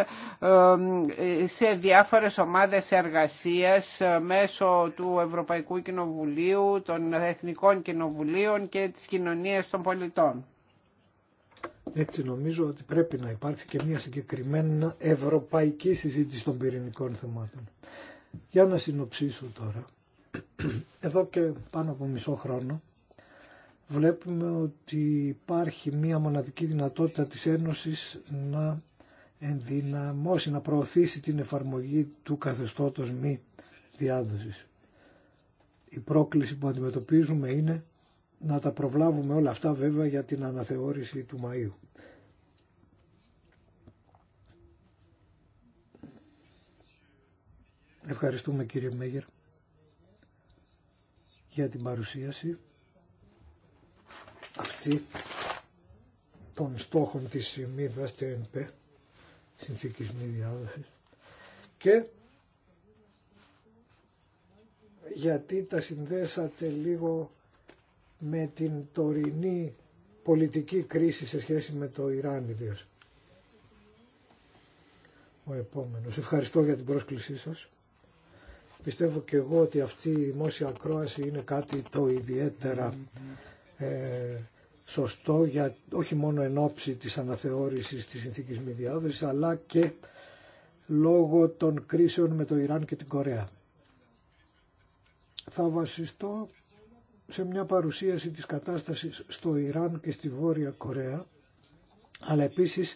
σε διάφορες ομάδες εργασίας ε, μέσω του Ευρωπαϊκού Κοινοβουλίου, των Εθνικών Κοινοβουλίων και της Κοινωνίας των Πολιτών. Έτσι νομίζω ότι πρέπει να υπάρχει και μια συγκεκριμένη ευρωπαϊκή συζήτηση των πυρηνικών θεμάτων. Για να συνοψίσω τώρα. Εδώ και πάνω από μισό χρόνο βλέπουμε ότι υπάρχει μια μοναδική δυνατότητα της Ένωσης να ενδυναμώσει, να προωθήσει την εφαρμογή του καθεστώτος μη διάδοσης. Η πρόκληση που αντιμετωπίζουμε είναι να τα προβλάβουμε όλα αυτά βέβαια για την αναθεώρηση του Μαΐου. Ευχαριστούμε κύριε Μέγερ για την παρουσίαση αυτή των στόχων της Μίδας ΤΕΝΠ συνθήκης μη διάδοσης, και γιατί τα συνδέσατε λίγο με την τωρινή πολιτική κρίση σε σχέση με το Ιράν ιδίως. Ο επόμενος. Ευχαριστώ για την πρόσκλησή σας. Πιστεύω και εγώ ότι αυτή η δημόσια ακρόαση είναι κάτι το ιδιαίτερα ε, σωστό για, όχι μόνο εν ώψη της αναθεώρησης της συνθήκης μη αλλά και λόγω των κρίσεων με το Ιράν και την Κορέα. Θα βασιστώ σε μια παρουσίαση της κατάστασης στο Ιράν και στη Βόρεια Κορέα, αλλά επίσης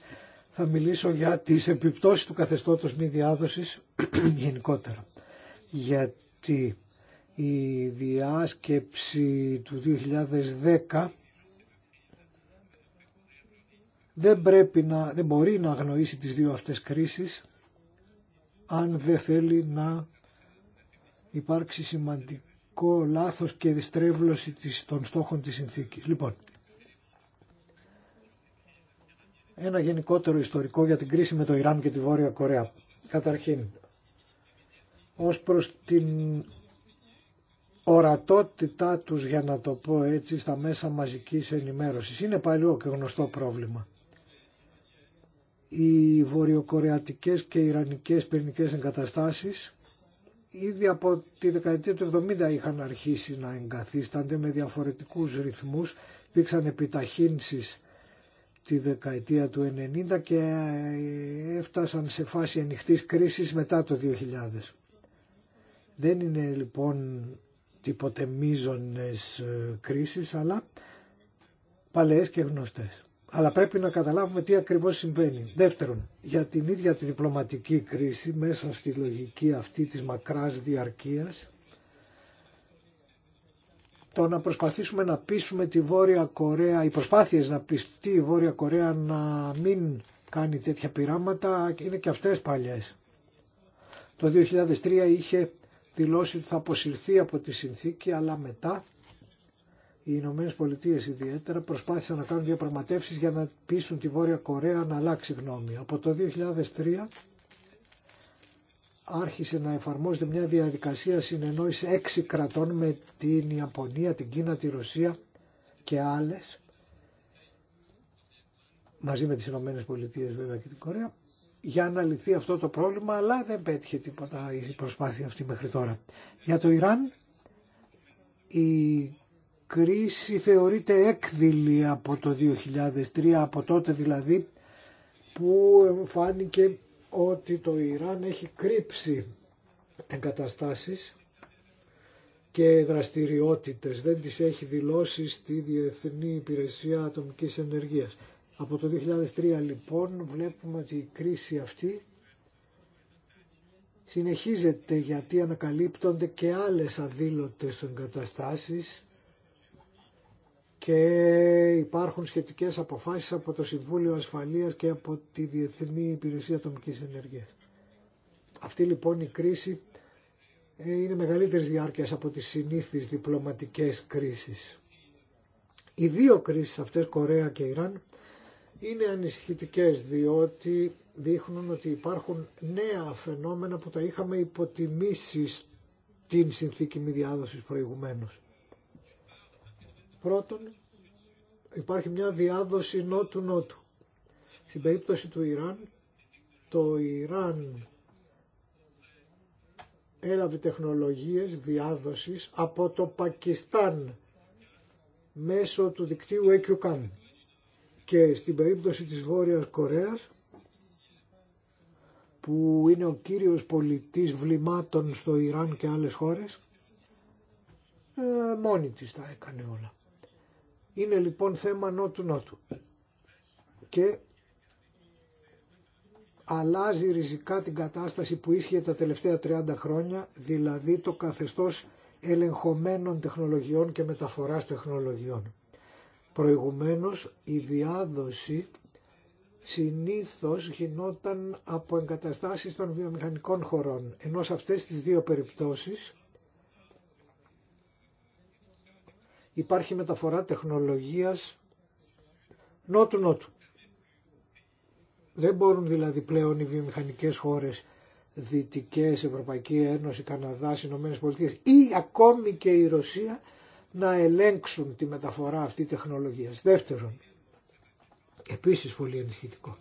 θα μιλήσω για τις επιπτώσεις του καθεστώτος μη διάδοσης γενικότερα. Γιατί η διάσκεψη του 2010 δεν, πρέπει να, δεν μπορεί να αγνοήσει τις δύο αυτές κρίσεις αν δεν θέλει να υπάρξει σημαντική λάθος και διστρέβλωση των στόχων της συνθήκης. Λοιπόν, ένα γενικότερο ιστορικό για την κρίση με το Ιράν και τη Βόρεια Κορέα. Καταρχήν, ως προς την ορατότητά τους, για να το πω έτσι, στα μέσα μαζικής ενημέρωσης. Είναι παλιό και γνωστό πρόβλημα. Οι βορειοκορεατικές και ιρανικές πυρηνικές εγκαταστάσεις ήδη από τη δεκαετία του 70 είχαν αρχίσει να εγκαθίστανται με διαφορετικούς ρυθμούς. Υπήρξαν επιταχύνσεις τη δεκαετία του 90 και ε, έφτασαν σε φάση ανοιχτή κρίσης μετά το 2000. Δεν είναι λοιπόν τίποτε μείζονες ε, κρίσεις αλλά παλαιές και γνωστές αλλά πρέπει να καταλάβουμε τι ακριβώς συμβαίνει. Δεύτερον, για την ίδια τη διπλωματική κρίση μέσα στη λογική αυτή της μακράς διαρκείας, το να προσπαθήσουμε να πείσουμε τη Βόρεια Κορέα, οι προσπάθειες να πιστεί η Βόρεια Κορέα να μην κάνει τέτοια πειράματα είναι και αυτές παλιές. Το 2003 είχε δηλώσει ότι θα αποσυρθεί από τη συνθήκη αλλά μετά οι Ηνωμένε Πολιτείε ιδιαίτερα προσπάθησαν να κάνουν διαπραγματεύσει για να πείσουν τη Βόρεια Κορέα να αλλάξει γνώμη. Από το 2003 άρχισε να εφαρμόζεται μια διαδικασία συνεννόηση έξι κρατών με την Ιαπωνία, την Κίνα, τη Ρωσία και άλλες μαζί με τις Ηνωμένε Πολιτείες βέβαια και την Κορέα για να λυθεί αυτό το πρόβλημα αλλά δεν πέτυχε τίποτα η προσπάθεια αυτή μέχρι τώρα. Για το Ιράν η κρίση θεωρείται έκδηλη από το 2003, από τότε δηλαδή που φάνηκε ότι το Ιράν έχει κρύψει εγκαταστάσεις και δραστηριότητες, δεν τις έχει δηλώσει στη Διεθνή Υπηρεσία Ατομικής Ενεργείας. Από το 2003 λοιπόν βλέπουμε ότι η κρίση αυτή συνεχίζεται γιατί ανακαλύπτονται και άλλες αδήλωτες εγκαταστάσεις και υπάρχουν σχετικές αποφάσεις από το Συμβούλιο Ασφαλείας και από τη Διεθνή Υπηρεσία Ατομικής Ενεργείας. Αυτή λοιπόν η κρίση ε, είναι μεγαλύτερης διάρκειας από τις συνήθεις διπλωματικές κρίσεις. Οι δύο κρίσεις αυτές, Κορέα και Ιράν, είναι ανησυχητικές διότι δείχνουν ότι υπάρχουν νέα φαινόμενα που τα είχαμε υποτιμήσει στην συνθήκη μη διάδοσης προηγουμένως. Πρώτον, υπάρχει μια διάδοση νότου-νότου. Στην περίπτωση του Ιράν, το Ιράν έλαβε τεχνολογίες διάδοσης από το Πακιστάν μέσω του δικτύου EQCAN. Και στην περίπτωση της Βόρειας Κορέας, που είναι ο κύριος πολιτής βλημάτων στο Ιράν και άλλες χώρες, ε, μόνη της τα έκανε όλα. Είναι λοιπόν θέμα νότου-νότου. Και αλλάζει ριζικά την κατάσταση που ίσχυε τα τελευταία 30 χρόνια, δηλαδή το καθεστώς ελεγχομένων τεχνολογιών και μεταφοράς τεχνολογιών. Προηγουμένως η διάδοση συνήθως γινόταν από εγκαταστάσεις των βιομηχανικών χωρών, ενώ σε αυτές τις δύο περιπτώσεις υπάρχει μεταφορά τεχνολογίας νότου-νότου. Δεν μπορούν δηλαδή πλέον οι βιομηχανικές χώρες Δυτικές, Ευρωπαϊκή Ένωση, Καναδάς, Ηνωμένε Πολιτείες ή ακόμη και η Ρωσία να ελέγξουν τη μεταφορά αυτή τεχνολογίας. Δεύτερον, επίσης πολύ ενισχυτικό,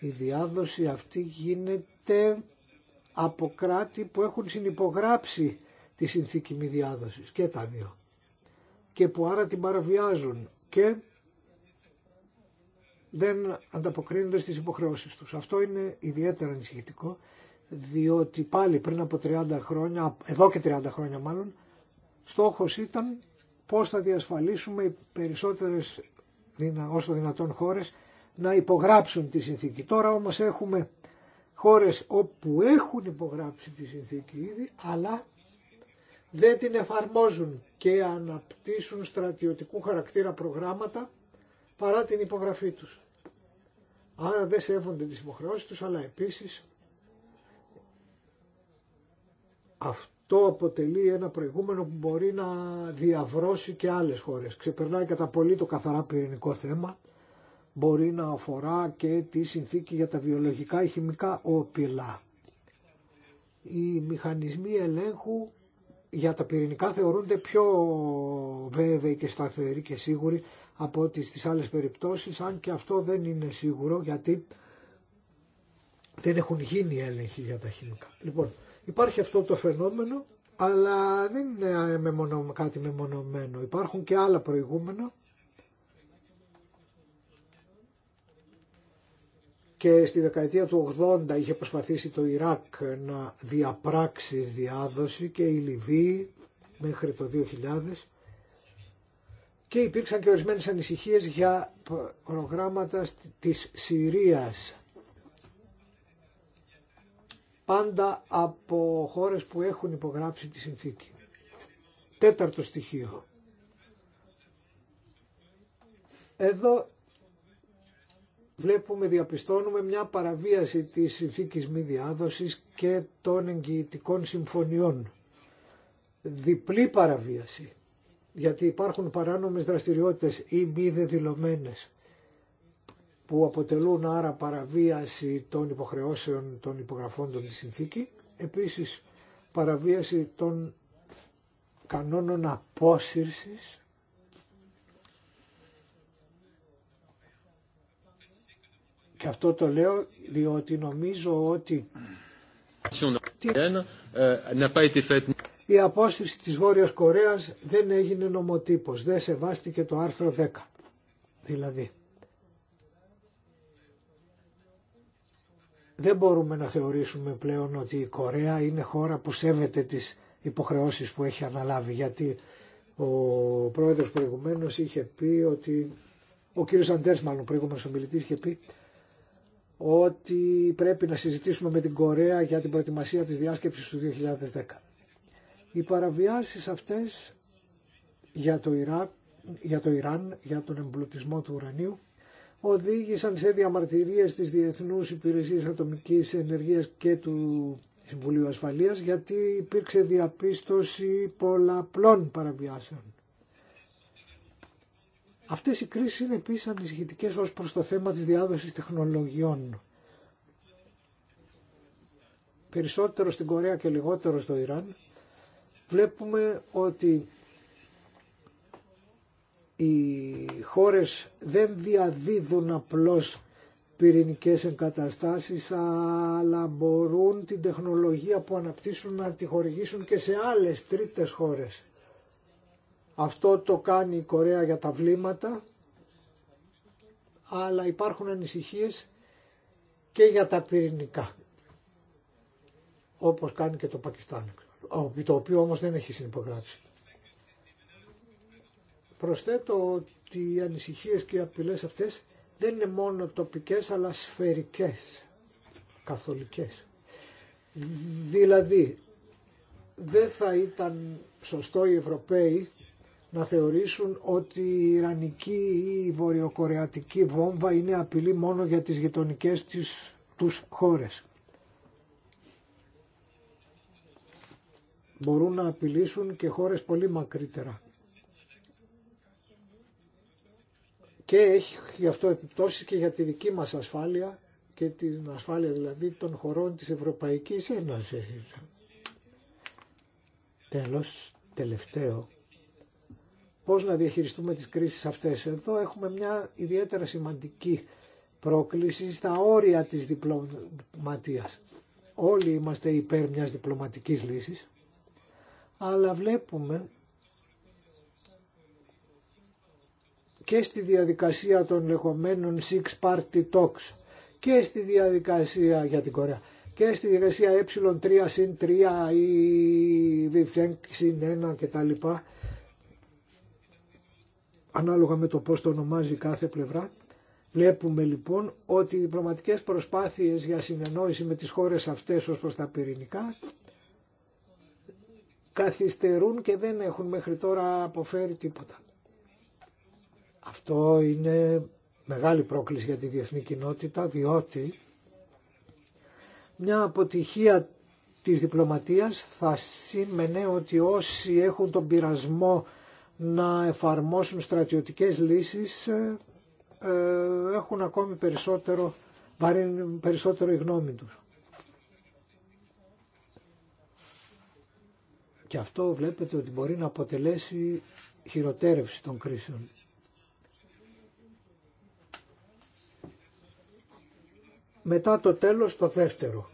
η διάδοση αυτή γίνεται από κράτη που έχουν συνυπογράψει τη συνθήκη μη διάδοσης και τα δύο και που άρα την παραβιάζουν και δεν ανταποκρίνονται στις υποχρεώσεις τους. Αυτό είναι ιδιαίτερα ενισχυτικό διότι πάλι πριν από 30 χρόνια, εδώ και 30 χρόνια μάλλον, στόχος ήταν πώς θα διασφαλίσουμε οι περισσότερες όσο δυνατόν χώρες να υπογράψουν τη συνθήκη. Τώρα όμως έχουμε χώρες όπου έχουν υπογράψει τη συνθήκη ήδη, αλλά δεν την εφαρμόζουν και αναπτύσσουν στρατιωτικού χαρακτήρα προγράμματα παρά την υπογραφή τους. Άρα δεν σέβονται τις υποχρεώσεις τους, αλλά επίσης αυτό αποτελεί ένα προηγούμενο που μπορεί να διαβρώσει και άλλες χώρες. Ξεπερνάει κατά πολύ το καθαρά πυρηνικό θέμα, μπορεί να αφορά και τη συνθήκη για τα βιολογικά ή χημικά όπιλα. Οι μηχανισμοί ελέγχου για τα πυρηνικά θεωρούνται πιο βέβαιοι και σταθεροί και σίγουροι από ότι στις άλλες περιπτώσεις, αν και αυτό δεν είναι σίγουρο γιατί δεν έχουν γίνει έλεγχοι για τα χημικά. Λοιπόν, υπάρχει αυτό το φαινόμενο, αλλά δεν είναι κάτι μεμονωμένο. Υπάρχουν και άλλα προηγούμενα και στη δεκαετία του 80 είχε προσπαθήσει το Ιράκ να διαπράξει διάδοση και η Λιβύη μέχρι το 2000 και υπήρξαν και ορισμένες ανησυχίες για προγράμματα της Συρίας πάντα από χώρες που έχουν υπογράψει τη συνθήκη. Τέταρτο στοιχείο. Εδώ βλέπουμε, διαπιστώνουμε μια παραβίαση της συνθήκης μη διάδοσης και των εγγυητικών συμφωνιών. Διπλή παραβίαση, γιατί υπάρχουν παράνομες δραστηριότητες ή μη δεδηλωμένες που αποτελούν άρα παραβίαση των υποχρεώσεων των υπογραφών της συνθήκη, επίσης παραβίαση των κανόνων απόσυρσης Και αυτό το λέω διότι νομίζω ότι η απόσταση της Βόρειας Κορέας δεν έγινε νομοτύπος, δεν σεβάστηκε το άρθρο 10. Δηλαδή, δεν μπορούμε να θεωρήσουμε πλέον ότι η Κορέα είναι χώρα που σέβεται τις υποχρεώσεις που έχει αναλάβει, γιατί ο πρόεδρος προηγουμένως είχε πει ότι, ο κύριος Αντέρς μάλλον προηγούμενος ομιλητής είχε πει ότι πρέπει να συζητήσουμε με την Κορέα για την προετοιμασία της διάσκεψης του 2010. Οι παραβιάσεις αυτές για το, Ιρά, για το Ιράν, για τον εμπλουτισμό του ουρανίου, οδήγησαν σε διαμαρτυρίες της Διεθνούς Υπηρεσίας Ατομικής Ενεργείας και του Συμβουλίου Ασφαλείας γιατί υπήρξε διαπίστωση πολλαπλών παραβιάσεων. Αυτές οι κρίσεις είναι επίσης ανησυχητικές ως προς το θέμα της διάδοσης τεχνολογιών. Περισσότερο στην Κορέα και λιγότερο στο Ιράν βλέπουμε ότι οι χώρες δεν διαδίδουν απλώς πυρηνικές εγκαταστάσεις αλλά μπορούν την τεχνολογία που αναπτύσσουν να τη χορηγήσουν και σε άλλες τρίτες χώρες. Αυτό το κάνει η Κορέα για τα βλήματα, αλλά υπάρχουν ανησυχίες και για τα πυρηνικά, όπως κάνει και το Πακιστάν, το οποίο όμως δεν έχει συνυπογράψει. Προσθέτω ότι οι ανησυχίες και οι απειλές αυτές δεν είναι μόνο τοπικές αλλά σφαιρικές, καθολικές. Δηλαδή, δεν θα ήταν σωστό οι Ευρωπαίοι να θεωρήσουν ότι η Ιρανική ή η Βορειοκορεατική βόμβα είναι απειλή μόνο για τις γειτονικές της, τους χώρες. Μπορούν να απειλήσουν και χώρες πολύ μακρύτερα. Και έχει γι' αυτό επιπτώσεις και για τη δική μας ασφάλεια και την ασφάλεια δηλαδή των χωρών της Ευρωπαϊκής Ένωσης. Τέλος, τελευταίο, πώς να διαχειριστούμε τις κρίσεις αυτές. Εδώ έχουμε μια ιδιαίτερα σημαντική πρόκληση στα όρια της διπλωματίας. Όλοι είμαστε υπέρ μιας διπλωματικής λύσης, αλλά βλέπουμε και στη διαδικασία των λεγόμενων six party talks και στη διαδικασία για την Κορέα και στη διαδικασία ε3 συν 3 ή συν 1 κτλ ανάλογα με το πώς το ονομάζει κάθε πλευρά. Βλέπουμε λοιπόν ότι οι διπλωματικές προσπάθειες για συνεννόηση με τις χώρες αυτές ως προς τα πυρηνικά καθυστερούν και δεν έχουν μέχρι τώρα αποφέρει τίποτα. Αυτό είναι μεγάλη πρόκληση για τη διεθνή κοινότητα διότι μια αποτυχία της διπλωματίας θα σήμαινε ότι όσοι έχουν τον πειρασμό να εφαρμόσουν στρατιωτικές λύσεις ε, ε, έχουν ακόμη περισσότερο, βαρύνει περισσότερο η γνώμη τους. Και αυτό βλέπετε ότι μπορεί να αποτελέσει χειροτέρευση των κρίσεων. Μετά το τέλος το δεύτερο.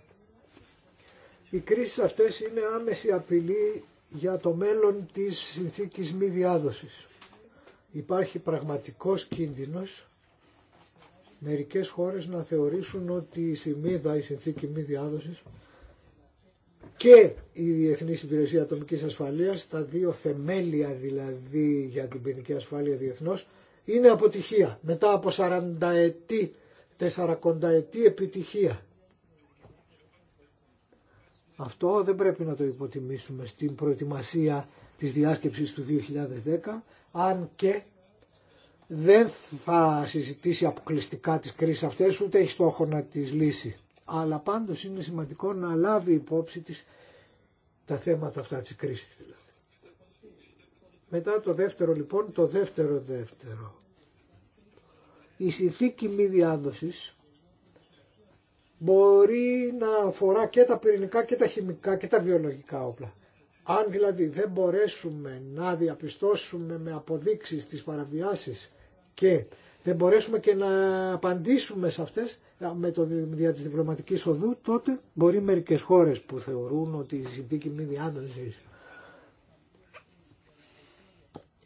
Οι κρίσεις αυτές είναι άμεση απειλή για το μέλλον της συνθήκης μη διάδοσης. Υπάρχει πραγματικός κίνδυνος μερικές χώρες να θεωρήσουν ότι η σημίδα, η συνθήκη μη διάδοσης και η Διεθνή Υπηρεσία Ατομικής Ασφαλείας, τα δύο θεμέλια δηλαδή για την ποινική ασφάλεια διεθνώς, είναι αποτυχία. Μετά από 40 ετή, 40 ετή επιτυχία αυτό δεν πρέπει να το υποτιμήσουμε στην προετοιμασία της διάσκεψης του 2010, αν και δεν θα συζητήσει αποκλειστικά τις κρίσεις αυτές, ούτε έχει στόχο να τις λύσει. Αλλά πάντως είναι σημαντικό να λάβει υπόψη της τα θέματα αυτά της κρίσης δηλαδή. Μετά το δεύτερο λοιπόν, το δεύτερο δεύτερο. Η συνθήκη μη διάδοσης μπορεί να αφορά και τα πυρηνικά και τα χημικά και τα βιολογικά όπλα. Αν δηλαδή δεν μπορέσουμε να διαπιστώσουμε με αποδείξεις τις παραβιάσεις και δεν μπορέσουμε και να απαντήσουμε σε αυτές με το δια της διπλωματικής οδού, τότε μπορεί μερικές χώρες που θεωρούν ότι η συνθήκη μη διάνοησης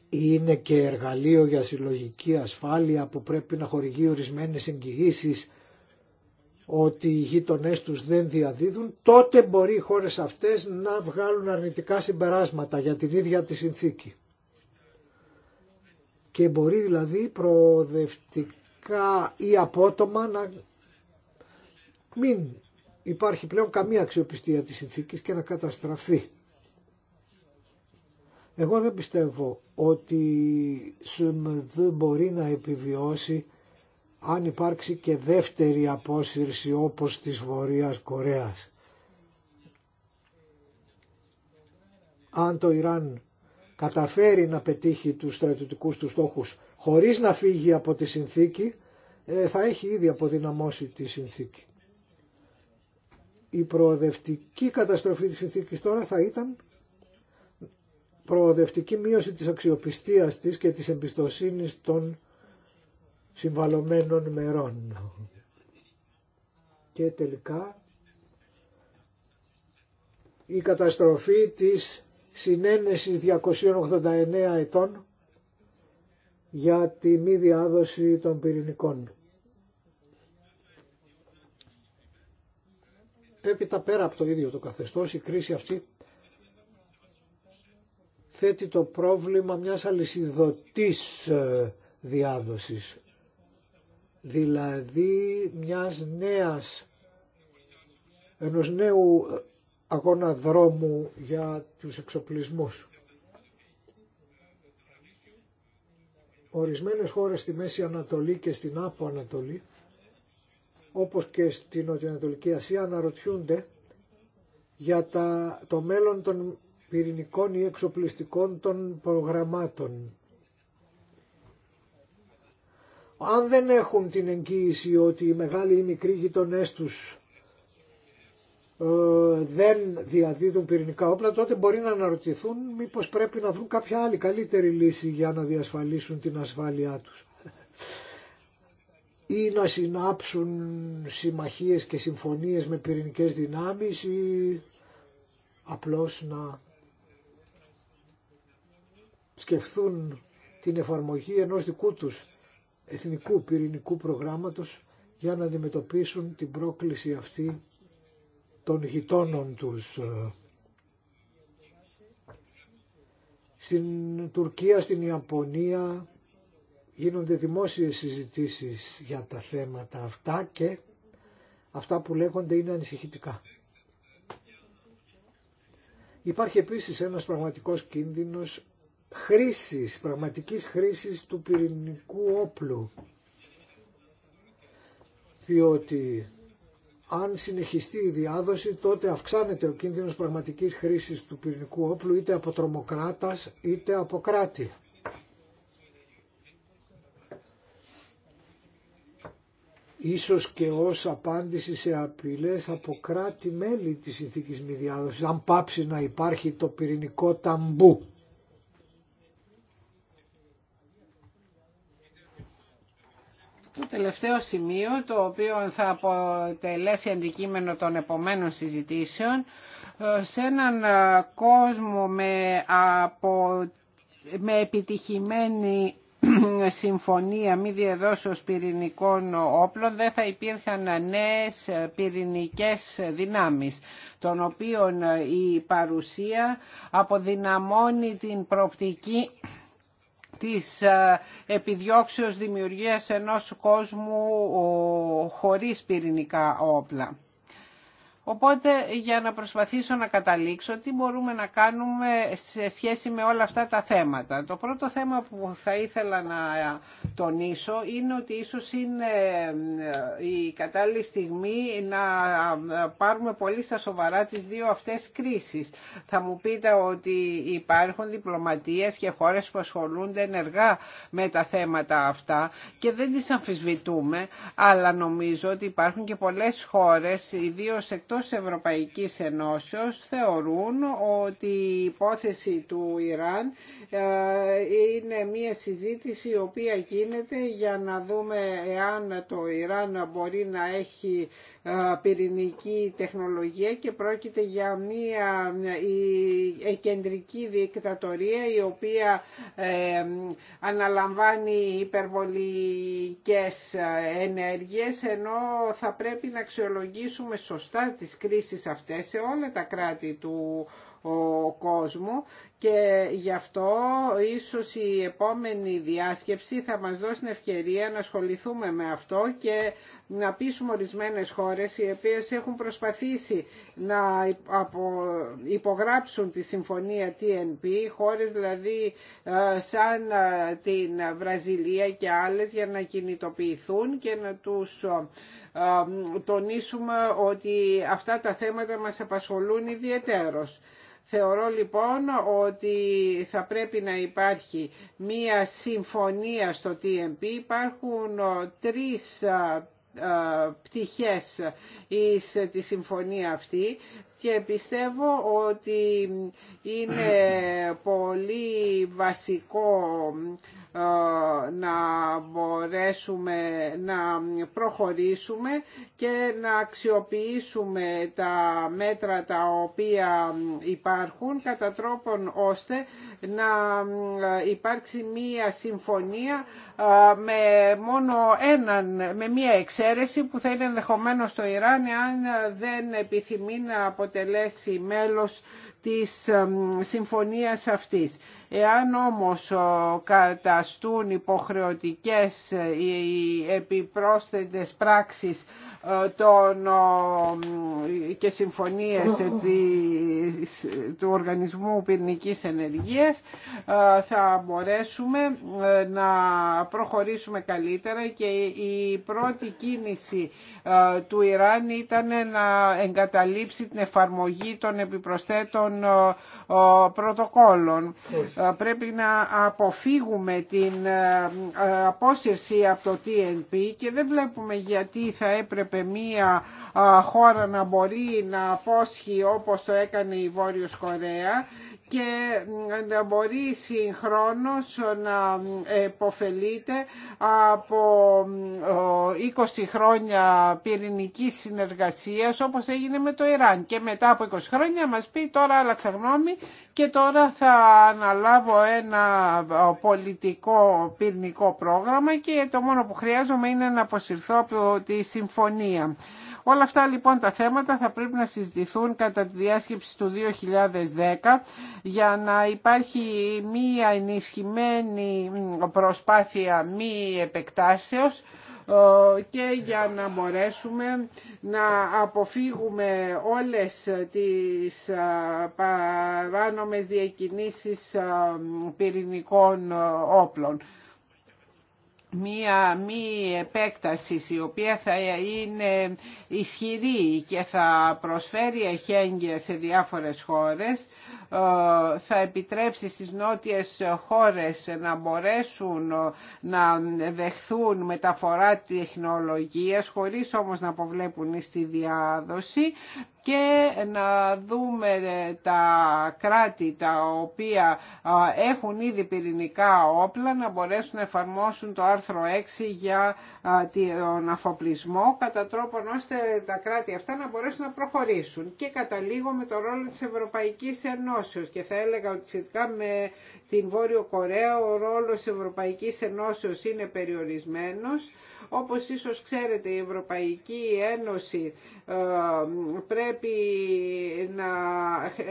είναι και εργαλείο για συλλογική ασφάλεια που πρέπει να χορηγεί ορισμένες εγγυήσεις ότι οι γείτονέ τους δεν διαδίδουν, τότε μπορεί οι χώρες αυτές να βγάλουν αρνητικά συμπεράσματα για την ίδια τη συνθήκη. Και μπορεί δηλαδή προοδευτικά ή απότομα να μην υπάρχει πλέον καμία αξιοπιστία της συνθήκης και να καταστραφεί. Εγώ δεν πιστεύω ότι δεν μπορεί να επιβιώσει αν υπάρξει και δεύτερη απόσυρση όπως της Βορείας Κορέας. Αν το Ιράν καταφέρει να πετύχει τους στρατιωτικούς του στόχους χωρίς να φύγει από τη συνθήκη, ε, θα έχει ήδη αποδυναμώσει τη συνθήκη. Η προοδευτική καταστροφή της συνθήκης τώρα θα ήταν προοδευτική μείωση της αξιοπιστίας της και της εμπιστοσύνης των συμβαλωμένων μερών. Και τελικά η καταστροφή της συνένεσης 289 ετών για τη μη διάδοση των πυρηνικών. Έπειτα πέρα από το ίδιο το καθεστώς η κρίση αυτή θέτει το πρόβλημα μιας αλυσιδωτής ε, διάδοσης δηλαδή μιας νέας, ενός νέου αγώνα δρόμου για τους εξοπλισμούς. Ορισμένες χώρες στη Μέση Ανατολή και στην Άπο Ανατολή, όπως και στην Νοτιοανατολική Ασία, αναρωτιούνται για τα, το μέλλον των πυρηνικών ή εξοπλιστικών των προγραμμάτων αν δεν έχουν την εγγύηση ότι οι μεγάλοι ή μικροί γειτονέ του ε, δεν διαδίδουν πυρηνικά όπλα, τότε μπορεί να αναρωτηθούν μήπως πρέπει να βρουν κάποια άλλη καλύτερη λύση για να διασφαλίσουν την ασφάλειά τους ή να συνάψουν συμμαχίες και συμφωνίες με πυρηνικές δυνάμεις ή απλώς να σκεφτούν την εφαρμογή ενός δικού τους εθνικού πυρηνικού προγράμματος για να αντιμετωπίσουν την πρόκληση αυτή των γειτόνων τους. Στην Τουρκία, στην Ιαπωνία γίνονται δημόσιες συζητήσεις για τα θέματα αυτά και αυτά που λέγονται είναι ανησυχητικά. Υπάρχει επίσης ένας πραγματικός κίνδυνος χρήσης, πραγματικής χρήσης του πυρηνικού όπλου. Διότι αν συνεχιστεί η διάδοση τότε αυξάνεται ο κίνδυνος πραγματικής χρήσης του πυρηνικού όπλου είτε από τρομοκράτας είτε από κράτη. Ίσως και ως απάντηση σε απειλές από κράτη-μέλη της συνθήκης μη διάδοσης, αν πάψει να υπάρχει το πυρηνικό ταμπού. Το τελευταίο σημείο το οποίο θα αποτελέσει αντικείμενο των επομένων συζητήσεων ε, σε έναν ε, κόσμο με, απο... με επιτυχημένη συμφωνία μη διαδόσεω πυρηνικών όπλων δεν θα υπήρχαν νέες πυρηνικές δυνάμεις των οποίων η παρουσία αποδυναμώνει την προπτική της ε, επιδιώξεως δημιουργίας ενός κόσμου χωρίς πυρηνικά όπλα. Οπότε για να προσπαθήσω να καταλήξω τι μπορούμε να κάνουμε σε σχέση με όλα αυτά τα θέματα. Το πρώτο θέμα που θα ήθελα να τονίσω είναι ότι ίσως είναι ε, η κατάλληλη στιγμή να πάρουμε πολύ στα σοβαρά τις δύο αυτές κρίσεις. Θα μου πείτε ότι υπάρχουν διπλωματίες και χώρες που ασχολούνται ενεργά με τα θέματα αυτά και δεν τις αμφισβητούμε, αλλά νομίζω ότι υπάρχουν και πολλές χώρες, ιδίως εκτός Ευρωπαϊκής Ενώσεως θεωρούν ότι η υπόθεση του Ιράν ε, είναι μια συζήτηση η οποία γίνεται για να δούμε εάν το Ιράν μπορεί να έχει ε, πυρηνική τεχνολογία και πρόκειται για μια ε, κεντρική δικτατορία η οποία αναλαμβάνει υπερβολικές ενέργειες ενώ θα πρέπει να αξιολογήσουμε σωστά τις κρίσεις αυτές σε όλα τα κράτη του ο κόσμου και γι' αυτό ίσως η επόμενη διάσκεψη θα μας δώσει την ευκαιρία να ασχοληθούμε με αυτό και να πείσουμε ορισμένες χώρες οι οποίες έχουν προσπαθήσει να υπογράψουν τη συμφωνία TNP, χώρες δηλαδή ε, σαν ε, την Βραζιλία και άλλες για να κινητοποιηθούν και να τους ε, τονίσουμε ότι αυτά τα θέματα μας απασχολούν ιδιαίτερος. Θεωρώ λοιπόν ότι θα πρέπει να υπάρχει μία συμφωνία στο TMP. Υπάρχουν ε, τρεις ε, ε, πτυχές εις τη συμφωνία αυτή και πιστεύω ότι είναι πολύ βασικό ε, να μπορέσουμε να προχωρήσουμε και να αξιοποιήσουμε τα μέτρα τα οποία υπάρχουν κατά τρόπον ώστε να υπάρξει μία συμφωνία ε, με μόνο έναν, με μία εξαίρεση που θα είναι ενδεχομένως το Ιράν εάν δεν επιθυμεί να αποτελέσει μέλος της συμφωνίας αυτής. Εάν όμως καταστούν υποχρεωτικές ε, οι επιπρόσθετες πράξεις ε, και συμφωνίες του Οργανισμού Πυρηνικής Ενεργείας ε, θα μπορέσουμε ε, να προχωρήσουμε καλύτερα και η πρώτη κίνηση του Ιράν ήταν να εγκαταλείψει την εφαρμογή των επιπροσθέτων πρωτοκόλων. Πρέπει να αποφύγουμε την απόσυρση από το TNP και δεν βλέπουμε γιατί θα έπρεπε έπρεπε μία χώρα να μπορεί να απόσχει όπως το έκανε η Βόρειος Κορέα και να μπορεί συγχρόνως να υποφελείται από 20 χρόνια πυρηνική συνεργασίας όπως έγινε με το Ιράν και μετά από 20 χρόνια μας πει τώρα άλλαξα γνώμη και τώρα θα αναλάβω ένα πολιτικό πυρηνικό πρόγραμμα και το μόνο που χρειάζομαι είναι να αποσυρθώ από τη συμφωνία. Όλα αυτά λοιπόν τα θέματα θα πρέπει να συζητηθούν κατά τη διάσκεψη του 2010 για να υπάρχει μία ενισχυμένη προσπάθεια μη επεκτάσεως ε, και για να μπορέσουμε να αποφύγουμε όλες τις ε, παράνομες διακινήσεις ε, πυρηνικών όπλων μία μη επέκταση η οποία θα είναι ισχυρή και θα προσφέρει εχέγγυα σε διάφορες χώρες ε, θα επιτρέψει στις νότιες χώρες να μπορέσουν ε, να δεχθούν μεταφορά τεχνολογίας χωρίς όμως να αποβλέπουν στη διάδοση και να δούμε ε, τα κράτη τα οποία έχουν ήδη πυρηνικά όπλα να μπορέσουν να εφαρμόσουν το άρθρο 6 για τον αφοπλισμό κατά τρόπον ώστε τα κράτη αυτά να μπορέσουν να προχωρήσουν και καταλήγω με το ρόλο της Ευρωπαϊκής Ενώσεως και θα έλεγα ότι σχετικά με την Βόρειο Κορέα ο ρόλος της Ευρωπαϊκής Ενώσεως είναι περιορισμένος όπως ίσως ξέρετε η Ευρωπαϊκή Ένωση ε, πρέπει πρέπει να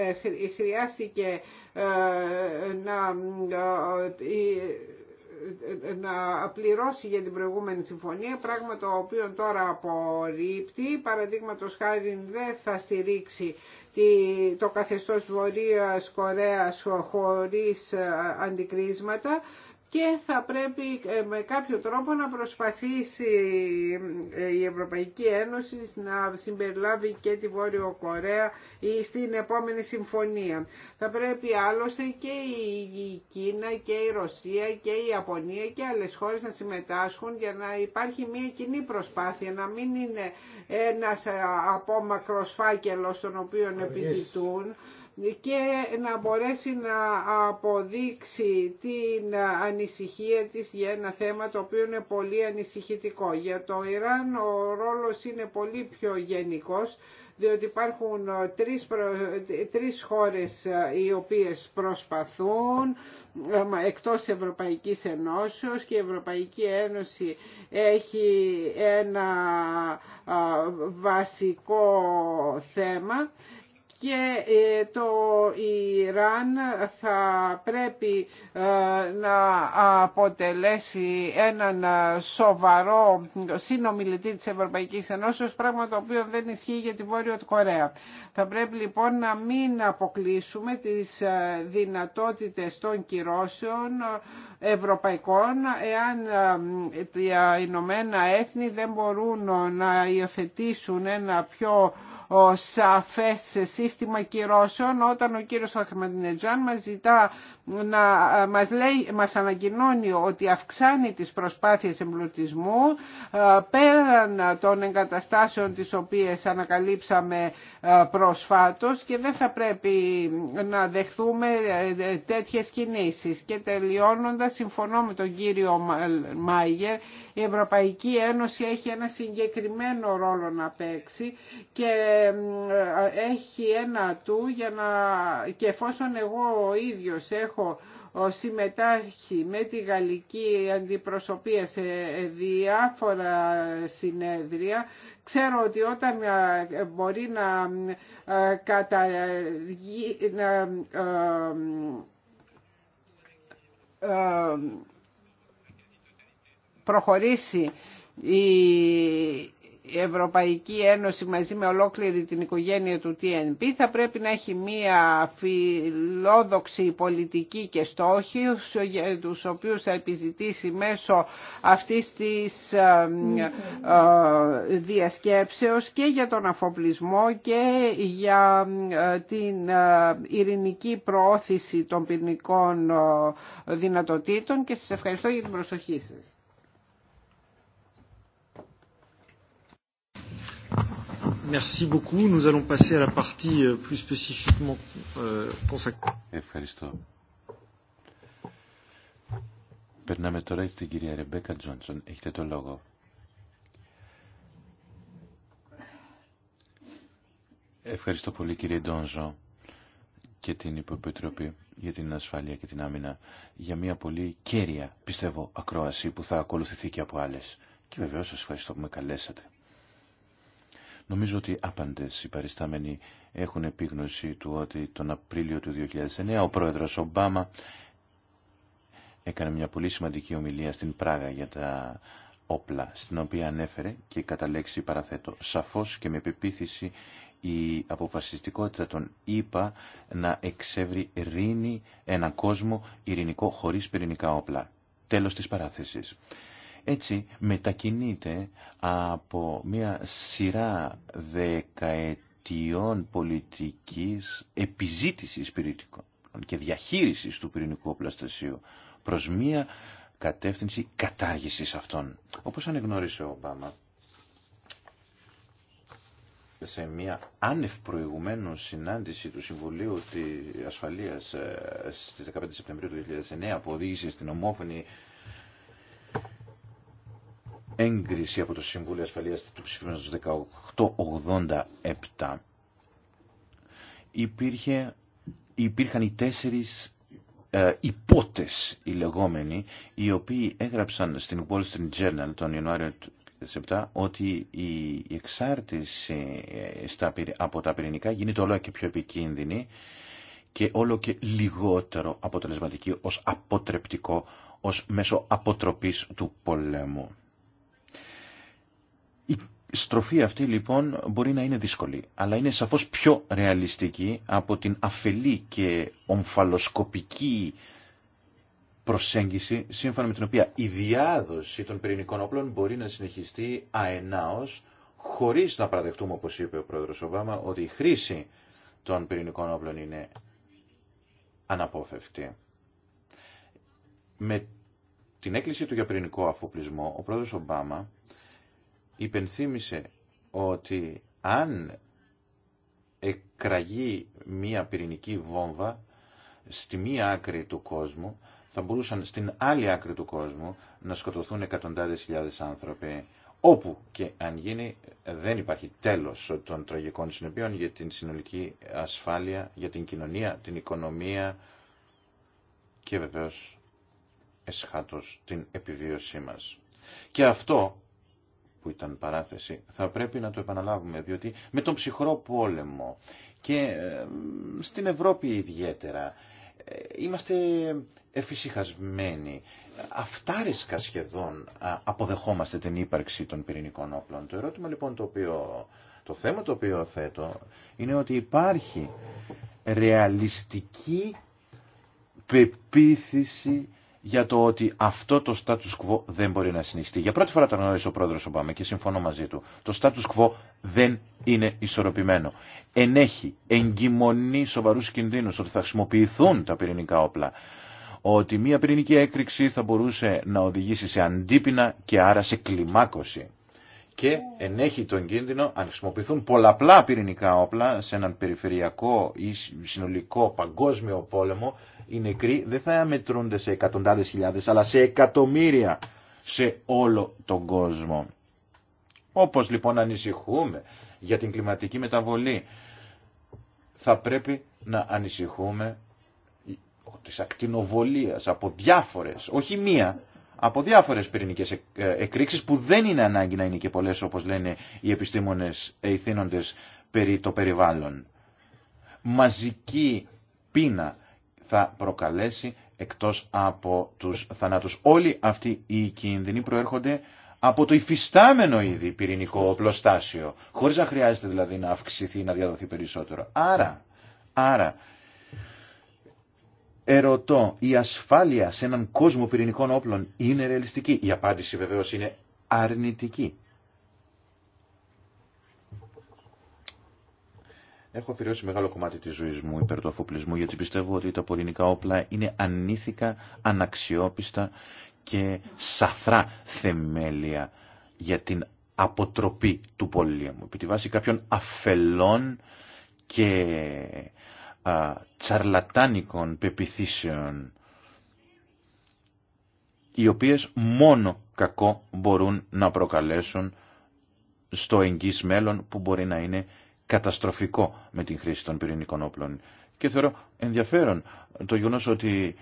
ε, χρειάστηκε ε, να ε, να πληρώσει για την προηγούμενη συμφωνία, πράγμα το οποίο τώρα απορρίπτει. Παραδείγματο χάρη δεν θα στηρίξει το καθεστώς Βορείας Κορέας χωρίς αντικρίσματα και θα πρέπει ε, με κάποιο τρόπο να προσπαθήσει ε, η Ευρωπαϊκή Ένωση να συμπεριλάβει και τη Βόρειο Κορέα ή στην επόμενη συμφωνία. Θα πρέπει άλλωστε και η Κίνα και η Ρωσία και η Ιαπωνία και άλλες χώρες να συμμετάσχουν για να υπάρχει μια κοινή προσπάθεια, να μην είναι ένας από φάκελος τον οποίο επιζητούν και να μπορέσει να αποδείξει την ανησυχία της για ένα θέμα το οποίο είναι πολύ ανησυχητικό. Για το Ιράν ο ρόλος είναι πολύ πιο γενικός διότι υπάρχουν τρεις, προ... τρεις χώρες ε, οι οποίες προσπαθούν ε, εκτός Ευρωπαϊκής Ενώσεως και η Ευρωπαϊκή Ένωση έχει ένα ε, βασικό θέμα και ε, το Ιράν θα πρέπει ε, να αποτελέσει έναν ε, σοβαρό συνομιλητή της Ευρωπαϊκής Ενώσεως, πράγμα το οποίο δεν ισχύει για τη Βόρειο Κορέα. Θα πρέπει λοιπόν να μην αποκλείσουμε τις ε, δυνατότητες των κυρώσεων ε, ευρωπαϊκών εάν ε, τα Ηνωμένα Έθνη δεν μπορούν να υιοθετήσουν ένα πιο σαφές σύστημα κυρώσεων όταν ο κύριος Αχμαντινετζάν μας ζητά να ε, μας, λέει, μας ανακοινώνει ότι αυξάνει τις προσπάθειες εμπλουτισμού ε, πέραν των εγκαταστάσεων τις οποίες ανακαλύψαμε ε, προσφάτως και δεν θα πρέπει να δεχθούμε τέτοιες κινήσεις. Και τελειώνοντας, συμφωνώ με τον κύριο Μάγερ, η Ευρωπαϊκή Ένωση έχει ένα συγκεκριμένο ρόλο να παίξει και έχει ένα του για να... και εφόσον εγώ ο ίδιος έχω έχω συμμετάχει με τη γαλλική αντιπροσωπεία σε διάφορα συνέδρια. Ξέρω ότι όταν μπορεί να καταργεί... Να, προχωρήσει η η Ευρωπαϊκή Ένωση μαζί με ολόκληρη την οικογένεια του TNP θα πρέπει να έχει μία φιλόδοξη πολιτική και στόχη τους οποίους θα επιζητήσει μέσω αυτής της ε, διασκέψεως και για τον αφοπλισμό και για ε, την ε, ειρηνική προώθηση των ποινικών δυνατοτήτων και σας ευχαριστώ για την προσοχή σας. Ευχαριστώ. Περνάμε τώρα στην κυρία Ρεμπέκα Έχετε το λόγο. Ευχαριστώ πολύ κύριε Ντόνζο και την Υποπιτροπή για την ασφάλεια και την άμυνα για μια πολύ κέρια, πιστεύω, ακρόαση που θα ακολουθηθεί και από άλλες. Και βεβαίως σας ευχαριστώ που με καλέσατε. Νομίζω ότι άπαντες οι παριστάμενοι έχουν επίγνωση του ότι τον Απρίλιο του 2009 ο πρόεδρος Ομπάμα έκανε μια πολύ σημαντική ομιλία στην Πράγα για τα όπλα, στην οποία ανέφερε και κατά λέξη παραθέτω σαφώς και με πεποίθηση η αποφασιστικότητα των ΗΠΑ να εξεύρει ρήνη ένα κόσμο ειρηνικό χωρίς πυρηνικά όπλα. Τέλος της παράθεσης. Έτσι μετακινείται από μια σειρά δεκαετιών πολιτικής επιζήτησης πυρηνικών και διαχείρισης του πυρηνικού πλαστασίου προς μια κατεύθυνση κατάργησης αυτών. Όπως ανεγνώρισε ο Ομπάμα σε μια άνευ προηγουμένου συνάντηση του Συμβουλίου της Ασφαλείας ε, στις 15 Σεπτεμβρίου του 2009 που οδήγησε στην ομόφωνη έγκριση από το Συμβούλιο Ασφαλείας του ψηφίματος 1887 υπήρχε, υπήρχαν οι τέσσερις ε, υπότες οι λεγόμενοι οι οποίοι έγραψαν στην Wall Street Journal τον Ιανουάριο του 2007 ότι η εξάρτηση ε, στα, από τα πυρηνικά γίνεται όλο και πιο επικίνδυνη και όλο και λιγότερο αποτελεσματική ως αποτρεπτικό, ως μέσο αποτροπής του πολέμου. Η στροφή αυτή λοιπόν μπορεί να είναι δύσκολη, αλλά είναι σαφώς πιο ρεαλιστική από την αφελή και ομφαλοσκοπική προσέγγιση σύμφωνα με την οποία η διάδοση των πυρηνικών όπλων μπορεί να συνεχιστεί αενάως χωρίς να παραδεχτούμε όπως είπε ο πρόεδρος Ομπάμα ότι η χρήση των πυρηνικών όπλων είναι αναπόφευκτη. Με την έκκληση του για πυρηνικό αφοπλισμό ο πρόεδρος Ομπάμα υπενθύμησε ότι αν εκραγεί μία πυρηνική βόμβα στη μία άκρη του κόσμου, θα μπορούσαν στην άλλη άκρη του κόσμου να σκοτωθούν εκατοντάδες χιλιάδες άνθρωποι. Όπου και αν γίνει δεν υπάρχει τέλος των τραγικών συνεπειών για την συνολική ασφάλεια, για την κοινωνία, την οικονομία και βεβαίως εσχάτως την επιβίωσή μας. Και αυτό που ήταν παράθεση, θα πρέπει να το επαναλάβουμε, διότι με τον ψυχρό πόλεμο και ε, στην Ευρώπη ιδιαίτερα ε, είμαστε εφησυχασμένοι. Αυτάρισκα σχεδόν αποδεχόμαστε την ύπαρξη των πυρηνικών όπλων. Το ερώτημα λοιπόν το το θέμα το οποίο θέτω είναι ότι υπάρχει ρεαλιστική πεποίθηση για το ότι αυτό το status quo δεν μπορεί να συνεχιστεί. Για πρώτη φορά το γνώρισε ο πρόεδρος Ομπάμα και συμφωνώ μαζί του. Το status quo δεν είναι ισορροπημένο. Ενέχει, εγκυμονεί σοβαρούς κινδύνους ότι θα χρησιμοποιηθούν τα πυρηνικά όπλα. Ότι μια πυρηνική έκρηξη θα μπορούσε να οδηγήσει σε αντίπεινα και άρα σε κλιμάκωση. Και ενέχει τον κίνδυνο αν χρησιμοποιηθούν πολλαπλά πυρηνικά όπλα σε έναν περιφερειακό ή συνολικό παγκόσμιο πόλεμο οι νεκροί δεν θα μετρούνται σε εκατοντάδες χιλιάδες, αλλά σε εκατομμύρια σε όλο τον κόσμο. Όπως λοιπόν ανησυχούμε για την κλιματική μεταβολή, θα πρέπει να ανησυχούμε της ακτινοβολίας από διάφορες, όχι μία, από διάφορες πυρηνικές ε, εκρήξεις που δεν είναι ανάγκη να είναι και πολλές όπως λένε οι επιστήμονες ειθύνοντες περί το περιβάλλον. Μαζική πείνα, θα προκαλέσει εκτός από τους θανάτους. Όλοι αυτοί οι κίνδυνοι προέρχονται από το υφιστάμενο ήδη πυρηνικό οπλοστάσιο, χωρίς να χρειάζεται δηλαδή να αυξηθεί, η να διαδοθεί περισσότερο. Άρα, άρα, ερωτώ, η ασφάλεια σε έναν κόσμο πυρηνικών όπλων είναι ρεαλιστική. Η απάντηση βεβαίως είναι αρνητική. Έχω αφιερώσει μεγάλο κομμάτι τη ζωή μου υπέρ του αφοπλισμού γιατί πιστεύω ότι τα πολύνικα όπλα είναι ανήθικα, αναξιόπιστα και σαθρά θεμέλια για την αποτροπή του πολέμου. Επί τη βάση κάποιων αφελών και α, τσαρλατάνικων πεπιθήσεων οι οποίες μόνο κακό μπορούν να προκαλέσουν στο εγγύς μέλλον που μπορεί να είναι καταστροφικό με την χρήση των πυρηνικών όπλων. Και θεωρώ ενδιαφέρον το γεγονό ότι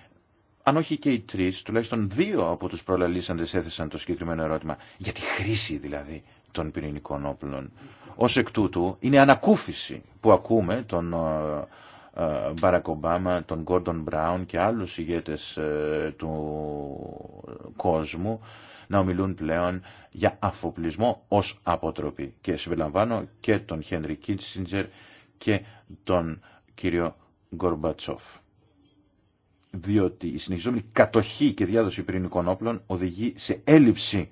αν όχι και οι τρει, τουλάχιστον δύο από του προλαλήσαντε έθεσαν το συγκεκριμένο ερώτημα. Για τη χρήση δηλαδή των πυρηνικών όπλων. Ω εκ τούτου είναι ανακούφιση που ακούμε τον ε, ε, Μπάρακ Ομπάμα, τον Γκόρντον Μπράουν και άλλου ηγέτε ε, του κόσμου να ομιλούν πλέον για αφοπλισμό ως αποτροπή. Και συμπεριλαμβάνω και τον Χένρι Κίτσιντζερ και τον κύριο Γκορμπατσόφ. Διότι η συνεχιζόμενη κατοχή και διάδοση πυρηνικών όπλων οδηγεί σε έλλειψη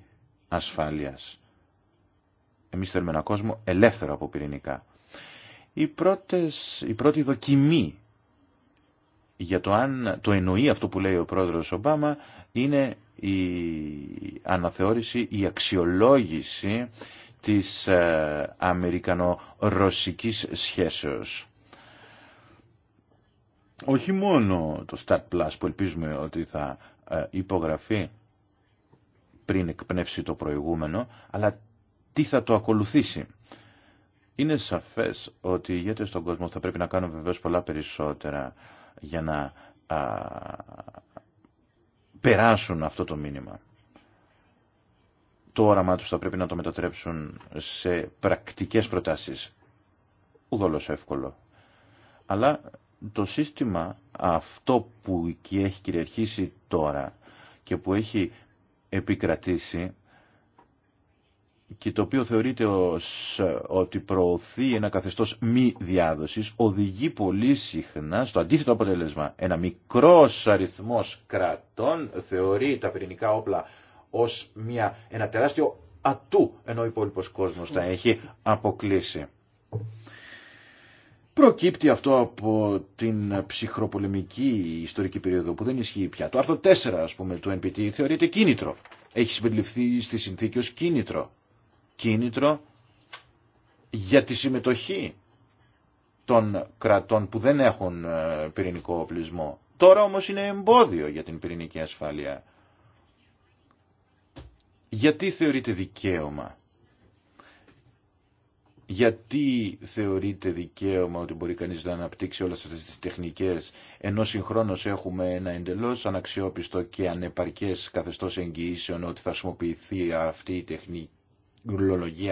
ασφάλειας. Εμείς θέλουμε ένα κόσμο ελεύθερο από πυρηνικά. Η, η πρώτη δοκιμή για το αν το εννοεί αυτό που λέει ο πρόεδρος Ομπάμα είναι η αναθεώρηση, η αξιολόγηση της ε, αμερικανο-ρωσικής σχέσεως. Όχι μόνο το Start Plus που ελπίζουμε ότι θα ε, υπογραφεί πριν εκπνεύσει το προηγούμενο, αλλά τι θα το ακολουθήσει. Είναι σαφές ότι οι ηγέτες στον κόσμο θα πρέπει να κάνουν βεβαίως πολλά περισσότερα για να περάσουν αυτό το μήνυμα. Το όραμά τους θα πρέπει να το μετατρέψουν σε πρακτικές προτάσεις. Ουδόλως εύκολο. Αλλά το σύστημα αυτό που έχει κυριαρχήσει τώρα και που έχει επικρατήσει και το οποίο θεωρείται ε, ότι προωθεί ένα καθεστώς μη διάδοσης, οδηγεί πολύ συχνά στο αντίθετο αποτέλεσμα. Ένα μικρός αριθμός κρατών θεωρεί τα πυρηνικά όπλα ως μια, ένα τεράστιο ατού, ενώ ο υπόλοιπο κόσμος τα έχει αποκλείσει. Προκύπτει αυτό από την ψυχροπολεμική ιστορική περίοδο που δεν ισχύει πια. Το άρθρο 4 ας πούμε του NPT θεωρείται κίνητρο. Έχει συμπεριληφθεί στη συνθήκη ως κίνητρο κίνητρο για τη συμμετοχή των κρατών που δεν έχουν ε, πυρηνικό οπλισμό. Τώρα όμως είναι εμπόδιο για την πυρηνική ασφάλεια. Γιατί θεωρείται δικαίωμα. Γιατί θεωρείται δικαίωμα ότι μπορεί κανείς να αναπτύξει όλες αυτές τις τεχνικές ενώ συγχρόνως έχουμε ένα εντελώς αναξιόπιστο και ανεπαρκές καθεστώς εγγυήσεων ότι θα χρησιμοποιηθεί αυτή η τεχνική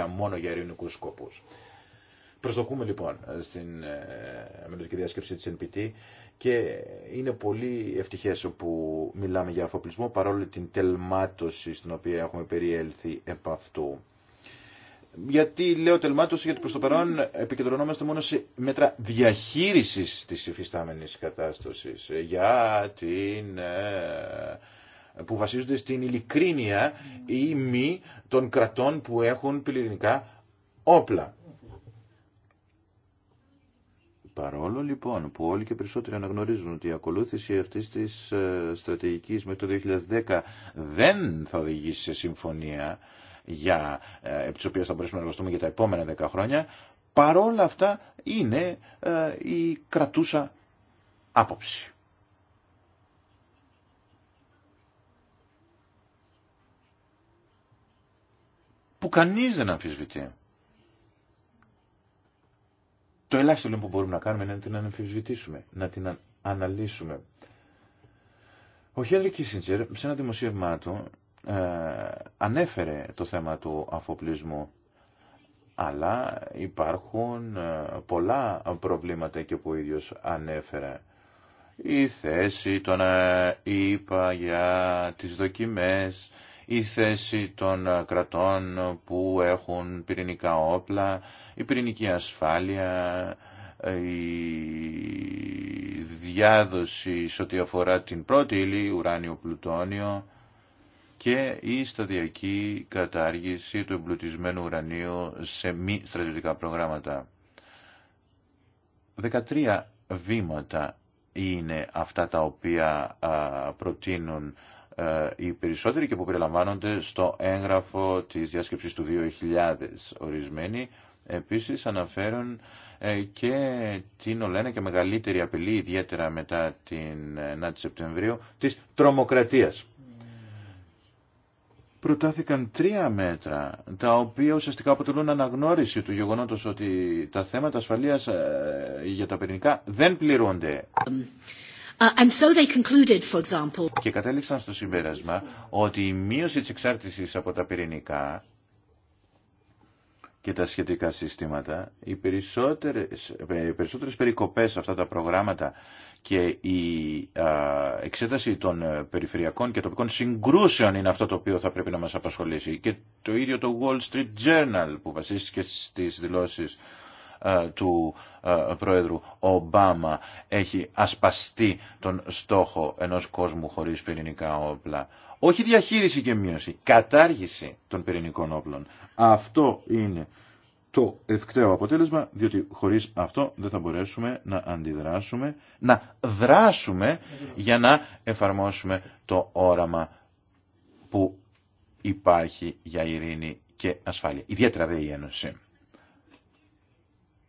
μόνο για ειρηνικού σκοπού. Προσδοκούμε λοιπόν στην ε, μελλοντική διάσκεψη τη NPT και είναι πολύ ευτυχέ που μιλάμε για αφοπλισμό παρόλο την τελμάτωση στην οποία έχουμε περιέλθει επ' αυτού. Γιατί λέω τελμάτωση, γιατί προ το παρόν επικεντρωνόμαστε μόνο σε μέτρα διαχείριση τη υφιστάμενη κατάσταση ε, για την ε, που βασίζονται στην ειλικρίνεια ή μη των κρατών που έχουν πυρηνικά όπλα. Παρόλο λοιπόν που όλοι και περισσότεροι αναγνωρίζουν ότι η ακολούθηση αυτή της ε, στρατηγική με το 2010 δεν θα οδηγήσει σε συμφωνία για ε, τις οποίες θα μπορέσουμε να εργαστούμε για τα επόμενα 10 χρόνια, παρόλα αυτά είναι ε, η κρατούσα άποψη. που κανείς δεν αμφισβητεί. Το ελάχιστο λοιπόν που μπορούμε να κάνουμε είναι να την αμφισβητήσουμε, να την αναλύσουμε. Ο Χέλλη Κίσιντζερ σε ένα δημοσίευμά του ε, ανέφερε το θέμα του αφοπλισμού αλλά υπάρχουν ε, πολλά προβλήματα και που ο ίδιος ανέφερε. Η θέση των είπα για τις δοκιμές, η θέση των ε, κρατών που έχουν πυρηνικά όπλα, η πυρηνική ασφάλεια, ε, η διάδοση σε ό,τι αφορά την πρώτη ύλη, ουράνιο-πλουτόνιο και η σταδιακή κατάργηση του εμπλουτισμένου ουρανίου σε μη στρατιωτικά προγράμματα. 13 βήματα είναι αυτά τα οποία προτείνουν ε, οι περισσότεροι και που περιλαμβάνονται στο έγγραφο της διάσκεψης του 2000 ορισμένοι επίσης αναφέρουν ε, και την ολένα και μεγαλύτερη απειλή ιδιαίτερα μετά την 9η Σεπτεμβρίου της τρομοκρατίας. Προτάθηκαν τρία μέτρα, τα οποία ουσιαστικά αποτελούν αναγνώριση του γεγονότος ότι τα θέματα ασφαλείας ε, για τα πυρηνικά δεν πληρούνται. Uh, and so they concluded, for example... Και κατέληξαν στο συμπέρασμα ότι η μείωση της εξάρτησης από τα πυρηνικά και τα σχετικά συστήματα, οι περισσότερες, οι περισσότερες περικοπές αυτά τα προγράμματα και η εξέταση των ε, περιφερειακών και τοπικών συγκρούσεων είναι αυτό το οποίο θα πρέπει να μας απασχολήσει. Και το ίδιο το Wall Street Journal που βασίστηκε στις δηλώσεις ε, του ε, Πρόεδρου Ομπάμα έχει ασπαστεί τον στόχο ενός κόσμου χωρίς πυρηνικά όπλα. Όχι διαχείριση και μείωση, κατάργηση των πυρηνικών όπλων. Αυτό είναι το ευκταίο αποτέλεσμα, διότι χωρίς αυτό δεν θα μπορέσουμε να αντιδράσουμε, να δράσουμε για να εφαρμόσουμε το όραμα που υπάρχει για ειρήνη και ασφάλεια. Ιδιαίτερα δε η Ένωση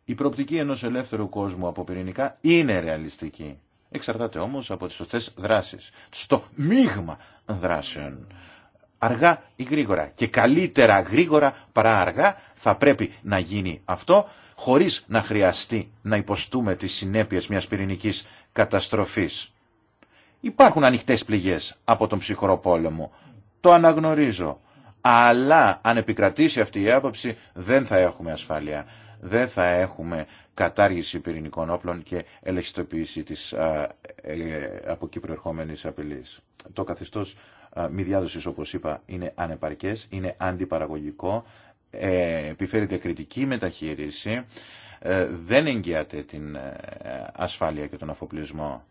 η προοπτική ενός ελεύθερου κόσμου από πυρηνικά είναι ρεαλιστική. Εξαρτάται όμως από τις σωστές δράσεις, στο μείγμα δράσεων. Αργά ή γρήγορα και καλύτερα γρήγορα παρά αργά θα πρέπει να γίνει αυτό χωρίς να χρειαστεί να υποστούμε τις συνέπειες μιας πυρηνικής καταστροφής. Υπάρχουν ανοιχτές πληγές από τον ψυχρό πόλεμο. Το αναγνωρίζω. Αλλά αν επικρατήσει αυτή η άποψη δεν θα έχουμε ασφάλεια δεν θα έχουμε κατάργηση πυρηνικών όπλων και ελεγχιστοποίηση της ε, από εκεί προερχόμενης απειλής. Το καθεστώς μη διάδοσης, όπως είπα, είναι ανεπαρκές, είναι αντιπαραγωγικό, ε, επιφέρει διακριτική μεταχείριση, ε, δεν εγγυάται την ασφάλεια και τον αφοπλισμό.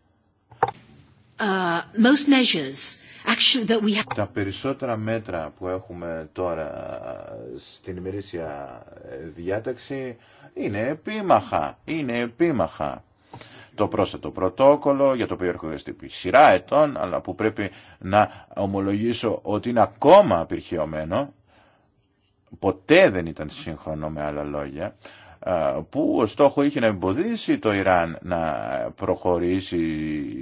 Uh, most measures τα περισσότερα μέτρα που έχουμε τώρα στην ημερήσια διάταξη είναι επίμαχα. Είναι επίμαχα. Το πρόσθετο πρωτόκολλο για το οποίο έρχονται στην σειρά ετών, αλλά που πρέπει να ομολογήσω ότι είναι ακόμα απειρχαιωμένο, ποτέ δεν ήταν σύγχρονο με άλλα λόγια που ο στόχο είχε να εμποδίσει το Ιράν να προχωρήσει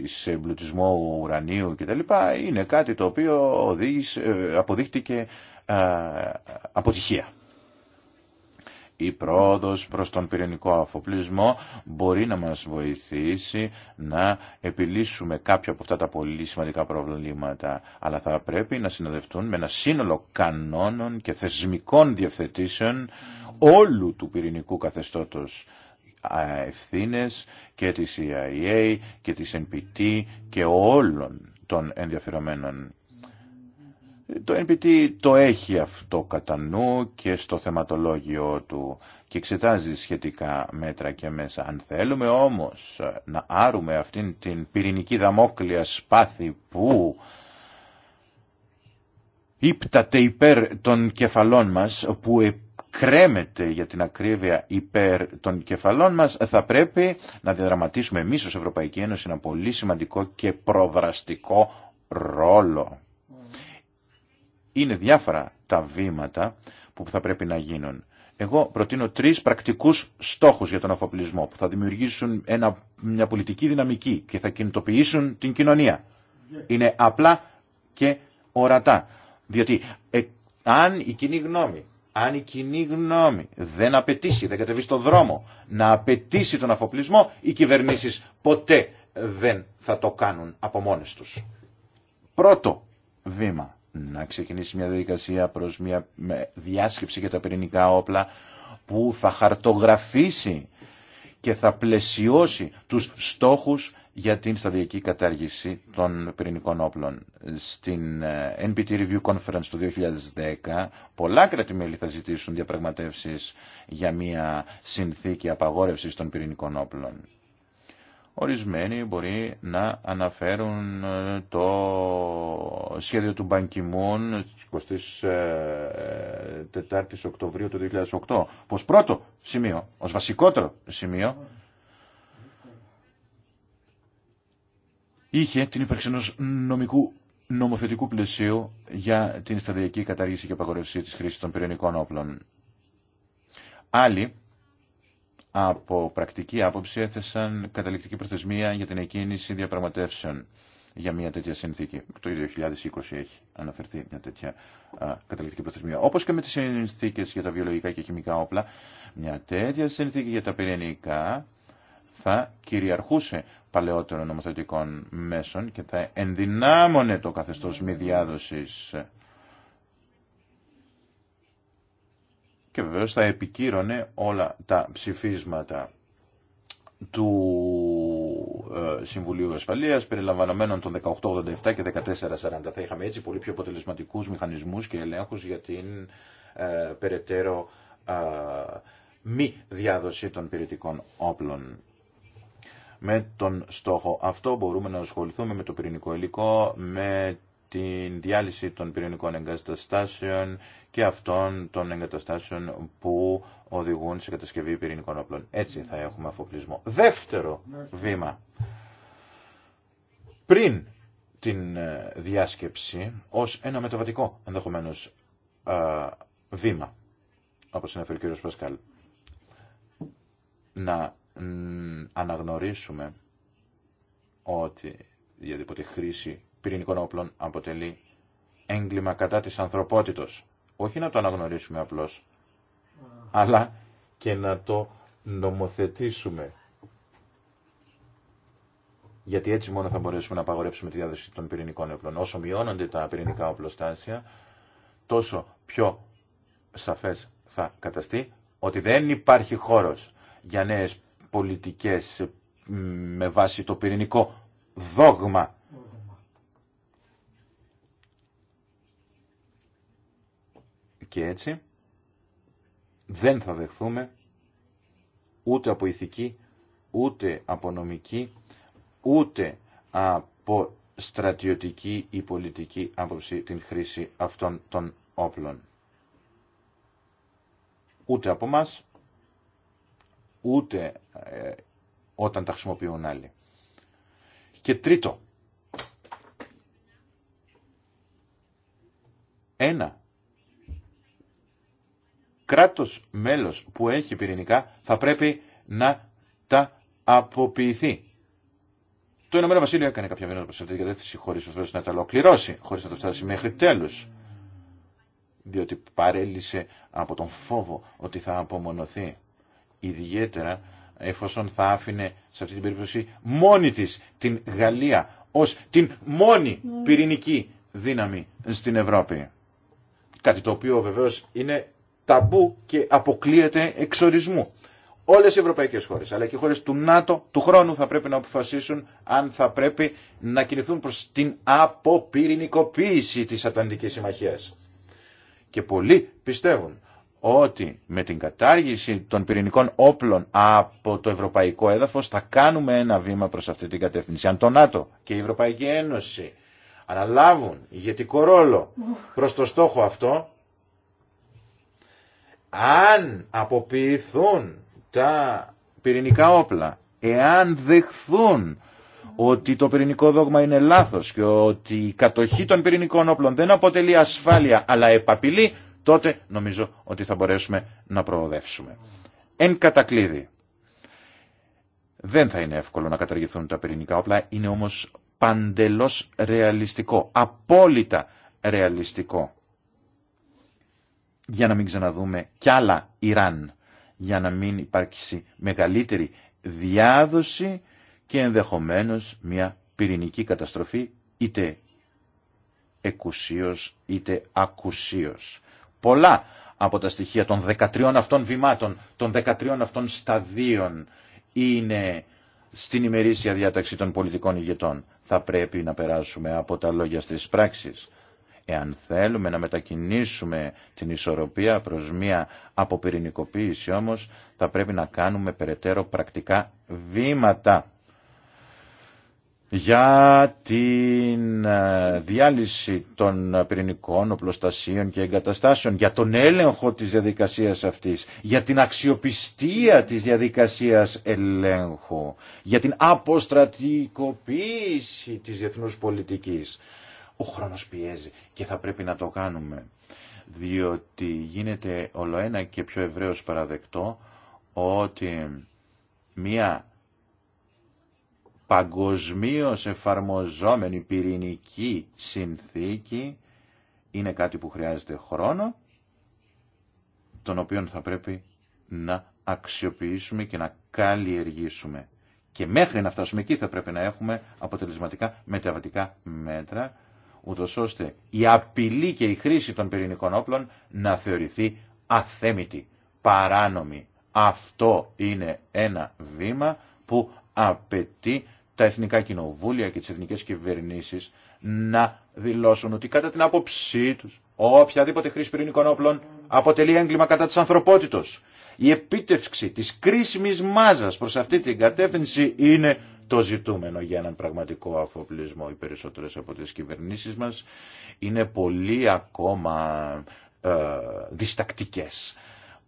σε εμπλουτισμό ουρανίου κτλ. είναι κάτι το οποίο ε, αποδείχτηκε αποτυχία η πρόοδος προς τον πυρηνικό αφοπλισμό μπορεί να μας βοηθήσει να επιλύσουμε κάποια από αυτά τα πολύ σημαντικά προβλήματα, αλλά θα πρέπει να συνοδευτούν με ένα σύνολο κανόνων και θεσμικών διευθετήσεων όλου του πυρηνικού καθεστώτος ευθύνε και της CIA και της NPT και όλων των ενδιαφερομένων το NPT το έχει αυτό κατά νου και στο θεματολόγιο του και εξετάζει σχετικά μέτρα και μέσα. Αν θέλουμε όμως να άρουμε αυτήν την πυρηνική δαμόκλεια σπάθη που ύπταται υπέρ των κεφαλών μας, που κρέμεται για την ακρίβεια υπέρ των κεφαλών μας, θα πρέπει να διαδραματίσουμε εμείς ως Ευρωπαϊκή Ένωση ένα πολύ σημαντικό και προδραστικό ρόλο είναι διάφορα τα βήματα που θα πρέπει να γίνουν. Εγώ προτείνω τρεις πρακτικούς στόχους για τον αφοπλισμό που θα δημιουργήσουν ένα, μια πολιτική δυναμική και θα κινητοποιήσουν την κοινωνία. Είναι απλά και ορατά. Διότι ε, αν η κοινή γνώμη αν η κοινή γνώμη δεν απαιτήσει, δεν κατεβεί στον δρόμο να απαιτήσει τον αφοπλισμό, οι κυβερνήσεις ποτέ δεν θα το κάνουν από μόνες τους. Πρώτο βήμα να ξεκινήσει μια διαδικασία προς μια διάσκεψη για τα πυρηνικά όπλα που θα χαρτογραφήσει και θα πλαισιώσει τους στόχους για την σταδιακή κατάργηση των πυρηνικών όπλων. Στην ε, NPT Review Conference του 2010 πολλά κράτη-μέλη θα ζητήσουν διαπραγματεύσεις για μια συνθήκη απαγόρευσης των πυρηνικών όπλων. Ορισμένοι μπορεί να αναφέρουν ε, το σχέδιο του Μπανκιμούν 24 ε, Οκτωβρίου του 2008 πως πρώτο σημείο, ως βασικότερο σημείο είχε την ύπαρξη ενός νομικού νομοθετικού πλαισίου για την σταδιακή κατάργηση και απαγορευσή της χρήσης των πυρηνικών όπλων. Άλλοι από πρακτική άποψη έθεσαν καταληκτική προθεσμία για την εκκίνηση διαπραγματεύσεων για μια τέτοια συνθήκη. Το 2020 έχει αναφερθεί μια τέτοια καταληκτική προθεσμία. Όπω και με τι συνθήκε για τα βιολογικά και χημικά όπλα, μια τέτοια συνθήκη για τα πυρηνικά θα κυριαρχούσε παλαιότερων νομοθετικών μέσων και θα ενδυνάμωνε το καθεστώ μη διάδοση και βεβαίως θα επικύρωνε όλα τα ψηφίσματα του ε, Συμβουλίου Ασφαλείας περιλαμβανομένων των 1887 και 1440. Θα είχαμε έτσι πολύ πιο αποτελεσματικούς μηχανισμούς και ελέγχους για την ε, περαιτέρω μη διάδοση των πυρητικών όπλων. Με τον στόχο αυτό μπορούμε να ασχοληθούμε με το πυρηνικό υλικό, με την διάλυση των πυρηνικών εγκαταστάσεων και αυτών των εγκαταστάσεων που οδηγούν σε κατασκευή πυρηνικών όπλων. Έτσι θα έχουμε αφοπλισμό. Δεύτερο βήμα. Πριν την ε, διάσκεψη ως ένα μεταβατικό ενδεχομένως βήμα, όπως αναφέρει ο κ. Πασκάλ, να αναγνωρίσουμε ότι για χρήση πυρηνικών όπλων αποτελεί έγκλημα κατά της ανθρωπότητος. Όχι να το αναγνωρίσουμε απλώς, αλλά και να το νομοθετήσουμε. Γιατί έτσι μόνο θα μπορέσουμε να απαγορεύσουμε τη διάδοση των πυρηνικών όπλων. Όσο μειώνονται τα πυρηνικά οπλοστάσια, τόσο πιο σαφές θα καταστεί ότι δεν υπάρχει χώρος για νέες πολιτικές με βάση το πυρηνικό δόγμα και έτσι δεν θα δεχθούμε ούτε από ηθική, ούτε από νομική, ούτε από στρατιωτική ή πολιτική άποψη την χρήση αυτών των όπλων. Ούτε από μας, ούτε ε, όταν τα χρησιμοποιούν άλλοι. Και τρίτο, ένα κράτος μέλος που έχει πυρηνικά θα πρέπει να τα αποποιηθεί. Το Ηνωμένο Βασίλειο έκανε κάποια βήματα προ αυτή την κατεύθυνση χωρί βεβαίω να τα ολοκληρώσει, χωρί να τα φτάσει μέχρι τέλου. Διότι παρέλυσε από τον φόβο ότι θα απομονωθεί. Ιδιαίτερα εφόσον θα άφηνε σε αυτή την περίπτωση μόνη τη την Γαλλία ω την μόνη πυρηνική δύναμη στην Ευρώπη. Κάτι το οποίο βεβαίω είναι ταμπού και αποκλείεται εξορισμού. Όλε οι ευρωπαϊκέ χώρε αλλά και οι χώρε του ΝΑΤΟ του χρόνου θα πρέπει να αποφασίσουν αν θα πρέπει να κινηθούν προ την αποπυρηνικοποίηση τη Ατλαντική Συμμαχία. Και πολλοί πιστεύουν ότι με την κατάργηση των πυρηνικών όπλων από το ευρωπαϊκό έδαφος θα κάνουμε ένα βήμα προ αυτή την κατεύθυνση. Αν το ΝΑΤΟ και η Ευρωπαϊκή Ένωση αναλάβουν ηγετικό ρόλο προ το στόχο αυτό, αν αποποιηθούν τα πυρηνικά όπλα, εάν δεχθούν ότι το πυρηνικό δόγμα είναι λάθος και ότι η κατοχή των πυρηνικών όπλων δεν αποτελεί ασφάλεια αλλά επαπειλή, τότε νομίζω ότι θα μπορέσουμε να προοδεύσουμε. Εν κατακλείδη, δεν θα είναι εύκολο να καταργηθούν τα πυρηνικά όπλα, είναι όμως παντελώς ρεαλιστικό, απόλυτα ρεαλιστικό για να μην ξαναδούμε κι άλλα Ιράν, για να μην υπάρξει μεγαλύτερη διάδοση και ενδεχομένως μια πυρηνική καταστροφή είτε εκουσίως είτε ακουσίως. Πολλά από τα στοιχεία των 13 αυτών βημάτων, των 13 αυτών σταδίων είναι στην ημερήσια διάταξη των πολιτικών ηγετών. Θα πρέπει να περάσουμε από τα λόγια στις πράξεις. Εάν θέλουμε να μετακινήσουμε την ισορροπία προς μία αποπυρηνικοποίηση όμως, θα πρέπει να κάνουμε περαιτέρω πρακτικά βήματα για την ε, διάλυση των πυρηνικών οπλοστασίων και εγκαταστάσεων, για τον έλεγχο της διαδικασίας αυτής, για την αξιοπιστία της διαδικασίας ελέγχου, για την αποστρατικοποίηση της διεθνούς πολιτικής. Ο χρόνος πιέζει και θα πρέπει να το κάνουμε, διότι γίνεται ολοένα και πιο ευρέως παραδεκτό ότι μία παγκοσμίω εφαρμοζόμενη πυρηνική συνθήκη είναι κάτι που χρειάζεται χρόνο, τον οποίο θα πρέπει να αξιοποιήσουμε και να καλλιεργήσουμε. Και μέχρι να φτάσουμε εκεί θα πρέπει να έχουμε αποτελεσματικά μεταβατικά μέτρα ούτω ώστε η απειλή και η χρήση των πυρηνικών όπλων να θεωρηθεί αθέμητη, παράνομη. Αυτό είναι ένα βήμα που απαιτεί τα εθνικά κοινοβούλια και τις εθνικές κυβερνήσεις να δηλώσουν ότι κατά την άποψή τους οποιαδήποτε χρήση πυρηνικών όπλων αποτελεί έγκλημα κατά της ανθρωπότητος. Η επίτευξη της κρίσιμης μάζας προς αυτή την κατεύθυνση είναι το ζητούμενο για έναν πραγματικό αφοπλισμό. Οι περισσότερες από τις κυβερνήσεις μας είναι πολύ ακόμα ε, διστακτικές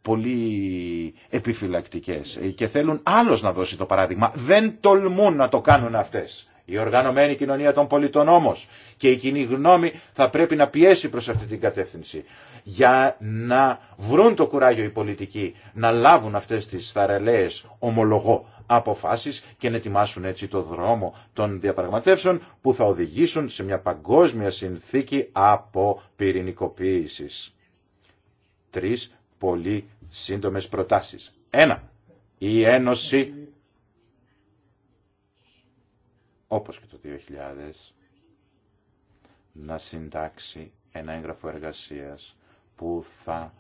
πολύ επιφυλακτικές και θέλουν άλλος να δώσει το παράδειγμα. Δεν τολμούν να το κάνουν αυτές. Η οργανωμένη κοινωνία των πολιτών όμως και η κοινή γνώμη θα πρέπει να πιέσει προς αυτή την κατεύθυνση για να βρουν το κουράγιο οι πολιτικοί να λάβουν αυτές τις θαραλέε, ομολογώ αποφάσεις και να ετοιμάσουν έτσι το δρόμο των διαπραγματεύσεων που θα οδηγήσουν σε μια παγκόσμια συνθήκη από Τρει Τρεις πολύ σύντομες προτάσεις. Ένα, η Ένωση όπως και το 2000, να συντάξει ένα έγγραφο εργασίας που θα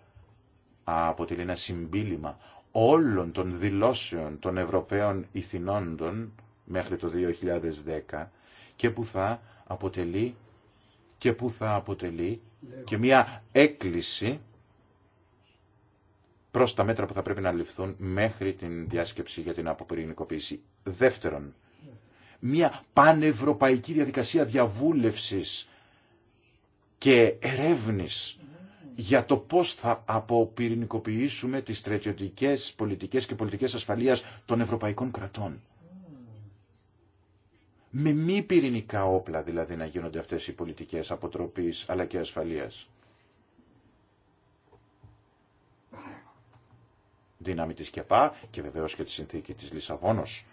αποτελεί ένα συμπίλημα όλων των δηλώσεων των Ευρωπαίων ηθινόντων μέχρι το 2010 και που θα αποτελεί και που θα αποτελεί και μια έκκληση προς τα μέτρα που θα πρέπει να ληφθούν μέχρι την διάσκεψη για την αποπυρηνικοποίηση. Δεύτερον, μια πανευρωπαϊκή διαδικασία διαβούλευσης και ερεύνης για το πώς θα αποπυρηνικοποιήσουμε τις στρατιωτικές, πολιτικές και πολιτικές ασφαλείας των ευρωπαϊκών κρατών. Με μη πυρηνικά όπλα δηλαδή να γίνονται αυτές οι πολιτικές αποτροπής αλλά και ασφαλείας. Δύναμη της ΚΕΠΑ και βεβαίως και τη συνθήκη της Λισαβόνος.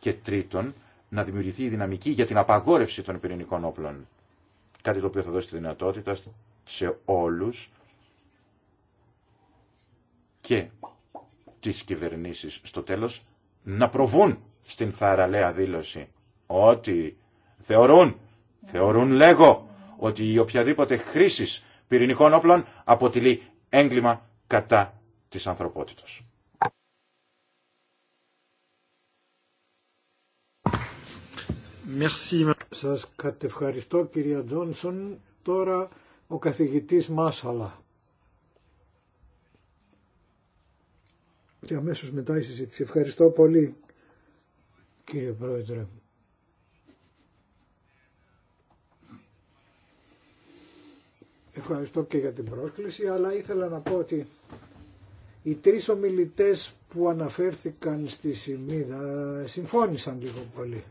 Και τρίτον, να δημιουργηθεί η δυναμική για την απαγόρευση των πυρηνικών όπλων. Κάτι το οποίο θα δώσει τη δυνατότητα σε όλους και τις κυβερνήσεις στο τέλος να προβούν στην θαραλέα δήλωση ότι θεωρούν, θεωρούν λέγω, ότι η οποιαδήποτε χρήση πυρηνικών όπλων αποτελεί έγκλημα κατά της ανθρωπότητας. Merci. Σας κατευχαριστώ κυρία Τζόνσον. Τώρα ο καθηγητής Μάσαλα. Και αμέσως μετά η συζήτηση. Ευχαριστώ πολύ κύριε Πρόεδρε. Ευχαριστώ και για την πρόσκληση, αλλά ήθελα να πω ότι οι τρεις ομιλητές που αναφέρθηκαν στη Σιμίδα συμφώνησαν λίγο πολύ.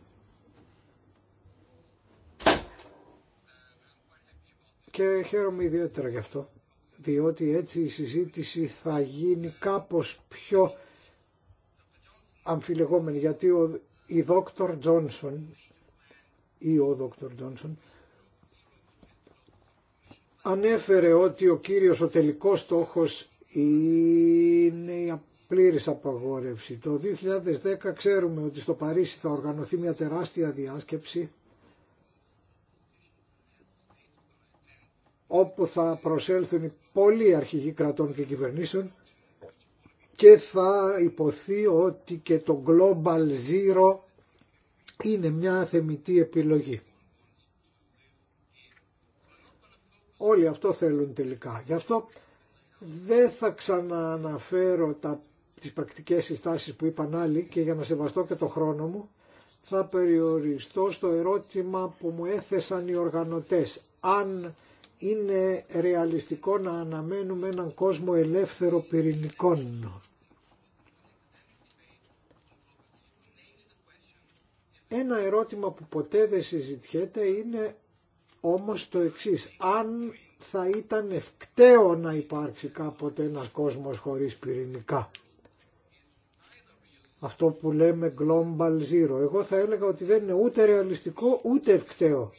και χαίρομαι ιδιαίτερα γι' αυτό, διότι έτσι η συζήτηση θα γίνει κάπως πιο αμφιλεγόμενη, γιατί ο, η Δόκτωρ Τζόνσον ή ο Δόκτωρ Τζόνσον ανέφερε ότι ο κύριος, ο τελικός στόχος είναι η πλήρης απαγόρευση. Το 2010 ξέρουμε ότι στο Παρίσι θα οργανωθεί μια τεράστια διάσκεψη όπου θα προσέλθουν πολλοί αρχηγοί κρατών και κυβερνήσεων και θα υποθεί ότι και το Global Zero είναι μια θεμητή επιλογή. Όλοι αυτό θέλουν τελικά. Γι' αυτό δεν θα ξανααναφέρω τα, τις πρακτικές συστάσεις που είπαν άλλοι και για να σεβαστώ και το χρόνο μου θα περιοριστώ στο ερώτημα που μου έθεσαν οι οργανωτές. Αν είναι ρεαλιστικό να αναμένουμε έναν κόσμο ελεύθερο πυρηνικών. Ένα ερώτημα που ποτέ δεν συζητιέται είναι όμως το εξής. Αν θα ήταν ευκταίο να υπάρξει κάποτε ένας κόσμος χωρίς πυρηνικά. Αυτό που λέμε global zero. Εγώ θα έλεγα ότι δεν είναι ούτε ρεαλιστικό ούτε ευκταίο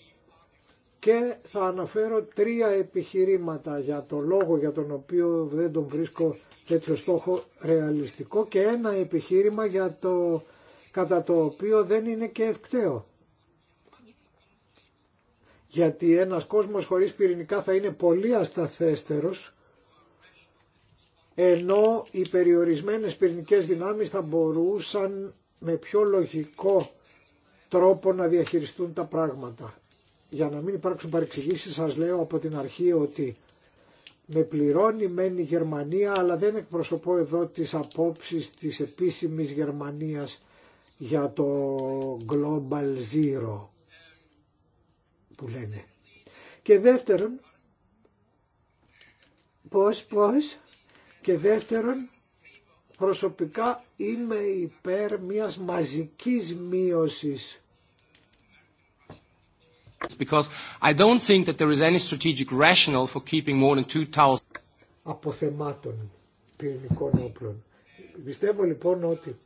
και θα αναφέρω τρία επιχειρήματα για το λόγο για τον οποίο δεν τον βρίσκω τέτοιο στόχο ρεαλιστικό και ένα επιχείρημα για το, κατά το οποίο δεν είναι και ευκταίο. Γιατί ένας κόσμος χωρίς πυρηνικά θα είναι πολύ ασταθέστερος ενώ οι περιορισμένες πυρηνικές δυνάμεις θα μπορούσαν με πιο λογικό τρόπο να διαχειριστούν τα πράγματα για να μην υπάρξουν παρεξηγήσεις σας λέω από την αρχή ότι με πληρώνει μεν η Γερμανία αλλά δεν εκπροσωπώ εδώ τις απόψεις της επίσημης Γερμανίας για το Global Zero που λένε. Και δεύτερον, πώς, πώς, και δεύτερον, προσωπικά είμαι υπέρ μιας μαζικής μείωσης Because I don't think that there is any strategic rationale for keeping more than 2000 αποθεμάτων πυρηνικών όπλων. Πιστεύω λοιπόν ότι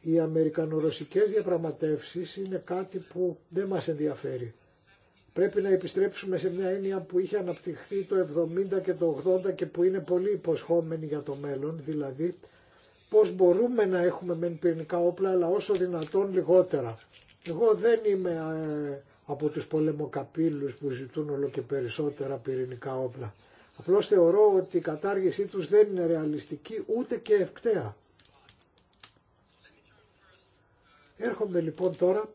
οι αμερικανορωσικές διαπραγματεύσεις είναι κάτι που δεν μας ενδιαφέρει. Πρέπει να επιστρέψουμε σε μια έννοια που είχε αναπτυχθεί το 70 και το 80 και που είναι πολύ υποσχόμενη για το μέλλον, δηλαδή πώς μπορούμε να έχουμε μεν πυρηνικά όπλα αλλά όσο δυνατόν λιγότερα. Εγώ δεν είμαι ε, από τους πολεμοκαπήλους που ζητούν όλο και περισσότερα πυρηνικά όπλα. Απλώς θεωρώ ότι η κατάργησή τους δεν είναι ρεαλιστική ούτε και ευκταία. Έρχομαι λοιπόν τώρα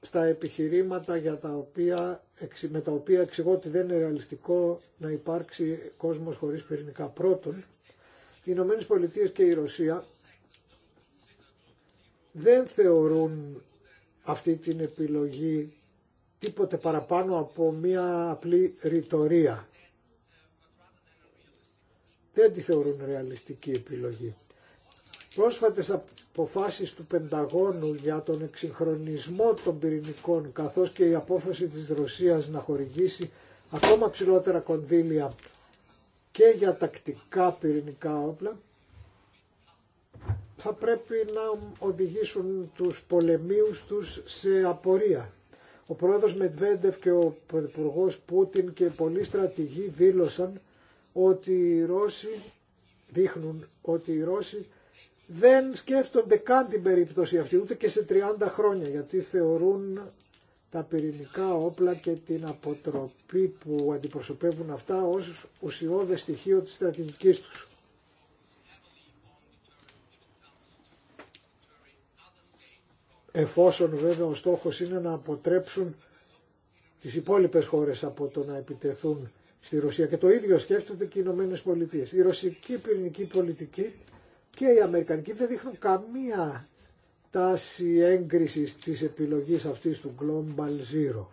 στα επιχειρήματα για τα οποία, με τα οποία εξηγώ ότι δεν είναι ρεαλιστικό να υπάρξει κόσμος χωρίς πυρηνικά. Πρώτον, οι Ηνωμένε Πολιτείες και η Ρωσία δεν θεωρούν αυτή την επιλογή τίποτε παραπάνω από μία απλή ρητορία. Δεν τη θεωρούν ρεαλιστική επιλογή. Πρόσφατες αποφάσεις του Πενταγώνου για τον εξυγχρονισμό των πυρηνικών καθώς και η απόφαση της Ρωσίας να χορηγήσει ακόμα ψηλότερα κονδύλια και για τακτικά πυρηνικά όπλα θα πρέπει να οδηγήσουν τους πολεμίους τους σε απορία. Ο πρόεδρος Μετβέντεφ και ο Πρωθυπουργό Πούτιν και πολλοί στρατηγοί δήλωσαν ότι οι Ρώσοι δείχνουν ότι οι Ρώσοι δεν σκέφτονται καν την περίπτωση αυτή ούτε και σε 30 χρόνια γιατί θεωρούν τα πυρηνικά όπλα και την αποτροπή που αντιπροσωπεύουν αυτά ως ουσιώδες στοιχείο της στρατηγικής τους. εφόσον βέβαια ο στόχος είναι να αποτρέψουν τις υπόλοιπες χώρες από το να επιτεθούν στη Ρωσία και το ίδιο σκέφτονται και οι Ηνωμένες Πολιτείες. Η ρωσική πυρηνική πολιτική και η αμερικανική δεν δείχνουν καμία τάση έγκρισης της επιλογής αυτής του Global Zero.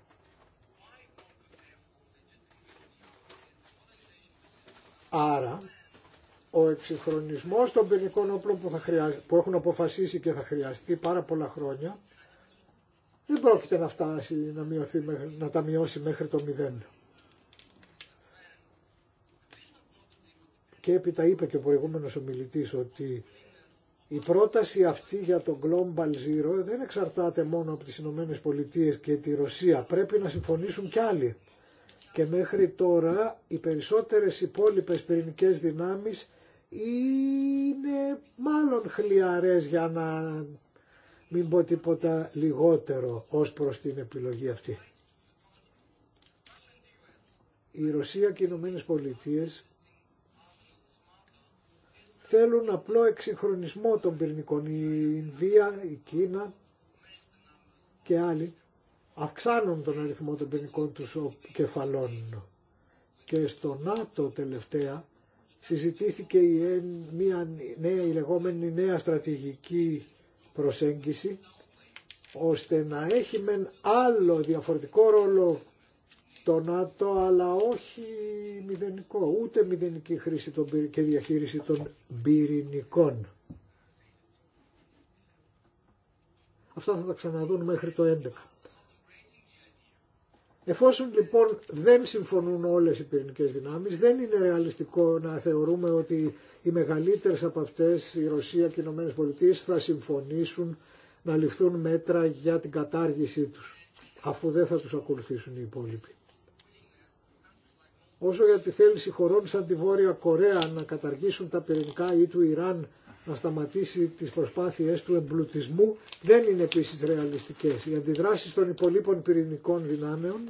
Άρα ο εξυγχρονισμός των πυρηνικών όπλων που, θα που έχουν αποφασίσει και θα χρειαστεί πάρα πολλά χρόνια δεν πρόκειται να φτάσει να, τα μειώσει μέχρι το μηδέν. Και έπειτα είπε και ο προηγούμενος ομιλητής ότι η πρόταση αυτή για το Global Zero δεν εξαρτάται μόνο από τις Ηνωμένε Πολιτείες και τη Ρωσία. Πρέπει να συμφωνήσουν κι άλλοι. Και μέχρι τώρα οι περισσότερες υπόλοιπες πυρηνικές δυνάμεις είναι μάλλον χλιαρές για να μην πω τίποτα λιγότερο ως προς την επιλογή αυτή. Η Ρωσία και οι Ηνωμένε Πολιτείε θέλουν απλό εξυγχρονισμό των πυρνικών. Η Ινδία, η Κίνα και άλλοι αυξάνουν τον αριθμό των πυρνικών τους κεφαλών. Και στο ΝΑΤΟ τελευταία συζητήθηκε η, μια νέα, η λεγόμενη νέα στρατηγική προσέγγιση ώστε να έχει μεν άλλο διαφορετικό ρόλο το ΝΑΤΟ αλλά όχι μηδενικό, ούτε μηδενική χρήση των, και διαχείριση των πυρηνικών. Αυτά θα τα ξαναδούν μέχρι το 11. Εφόσον λοιπόν δεν συμφωνούν όλες οι πυρηνικές δυνάμεις, δεν είναι ρεαλιστικό να θεωρούμε ότι οι μεγαλύτερες από αυτές, η Ρωσία και οι Ηνωμένες Πολιτείες, θα συμφωνήσουν να ληφθούν μέτρα για την κατάργησή τους, αφού δεν θα τους ακολουθήσουν οι υπόλοιποι. Όσο για τη θέληση χωρών σαν τη Βόρεια Κορέα να καταργήσουν τα πυρηνικά ή του Ιράν να σταματήσει τις προσπάθειές του εμπλουτισμού δεν είναι επίσης ρεαλιστικές. Οι αντιδράσεις των υπολείπων πυρηνικών δυνάμεων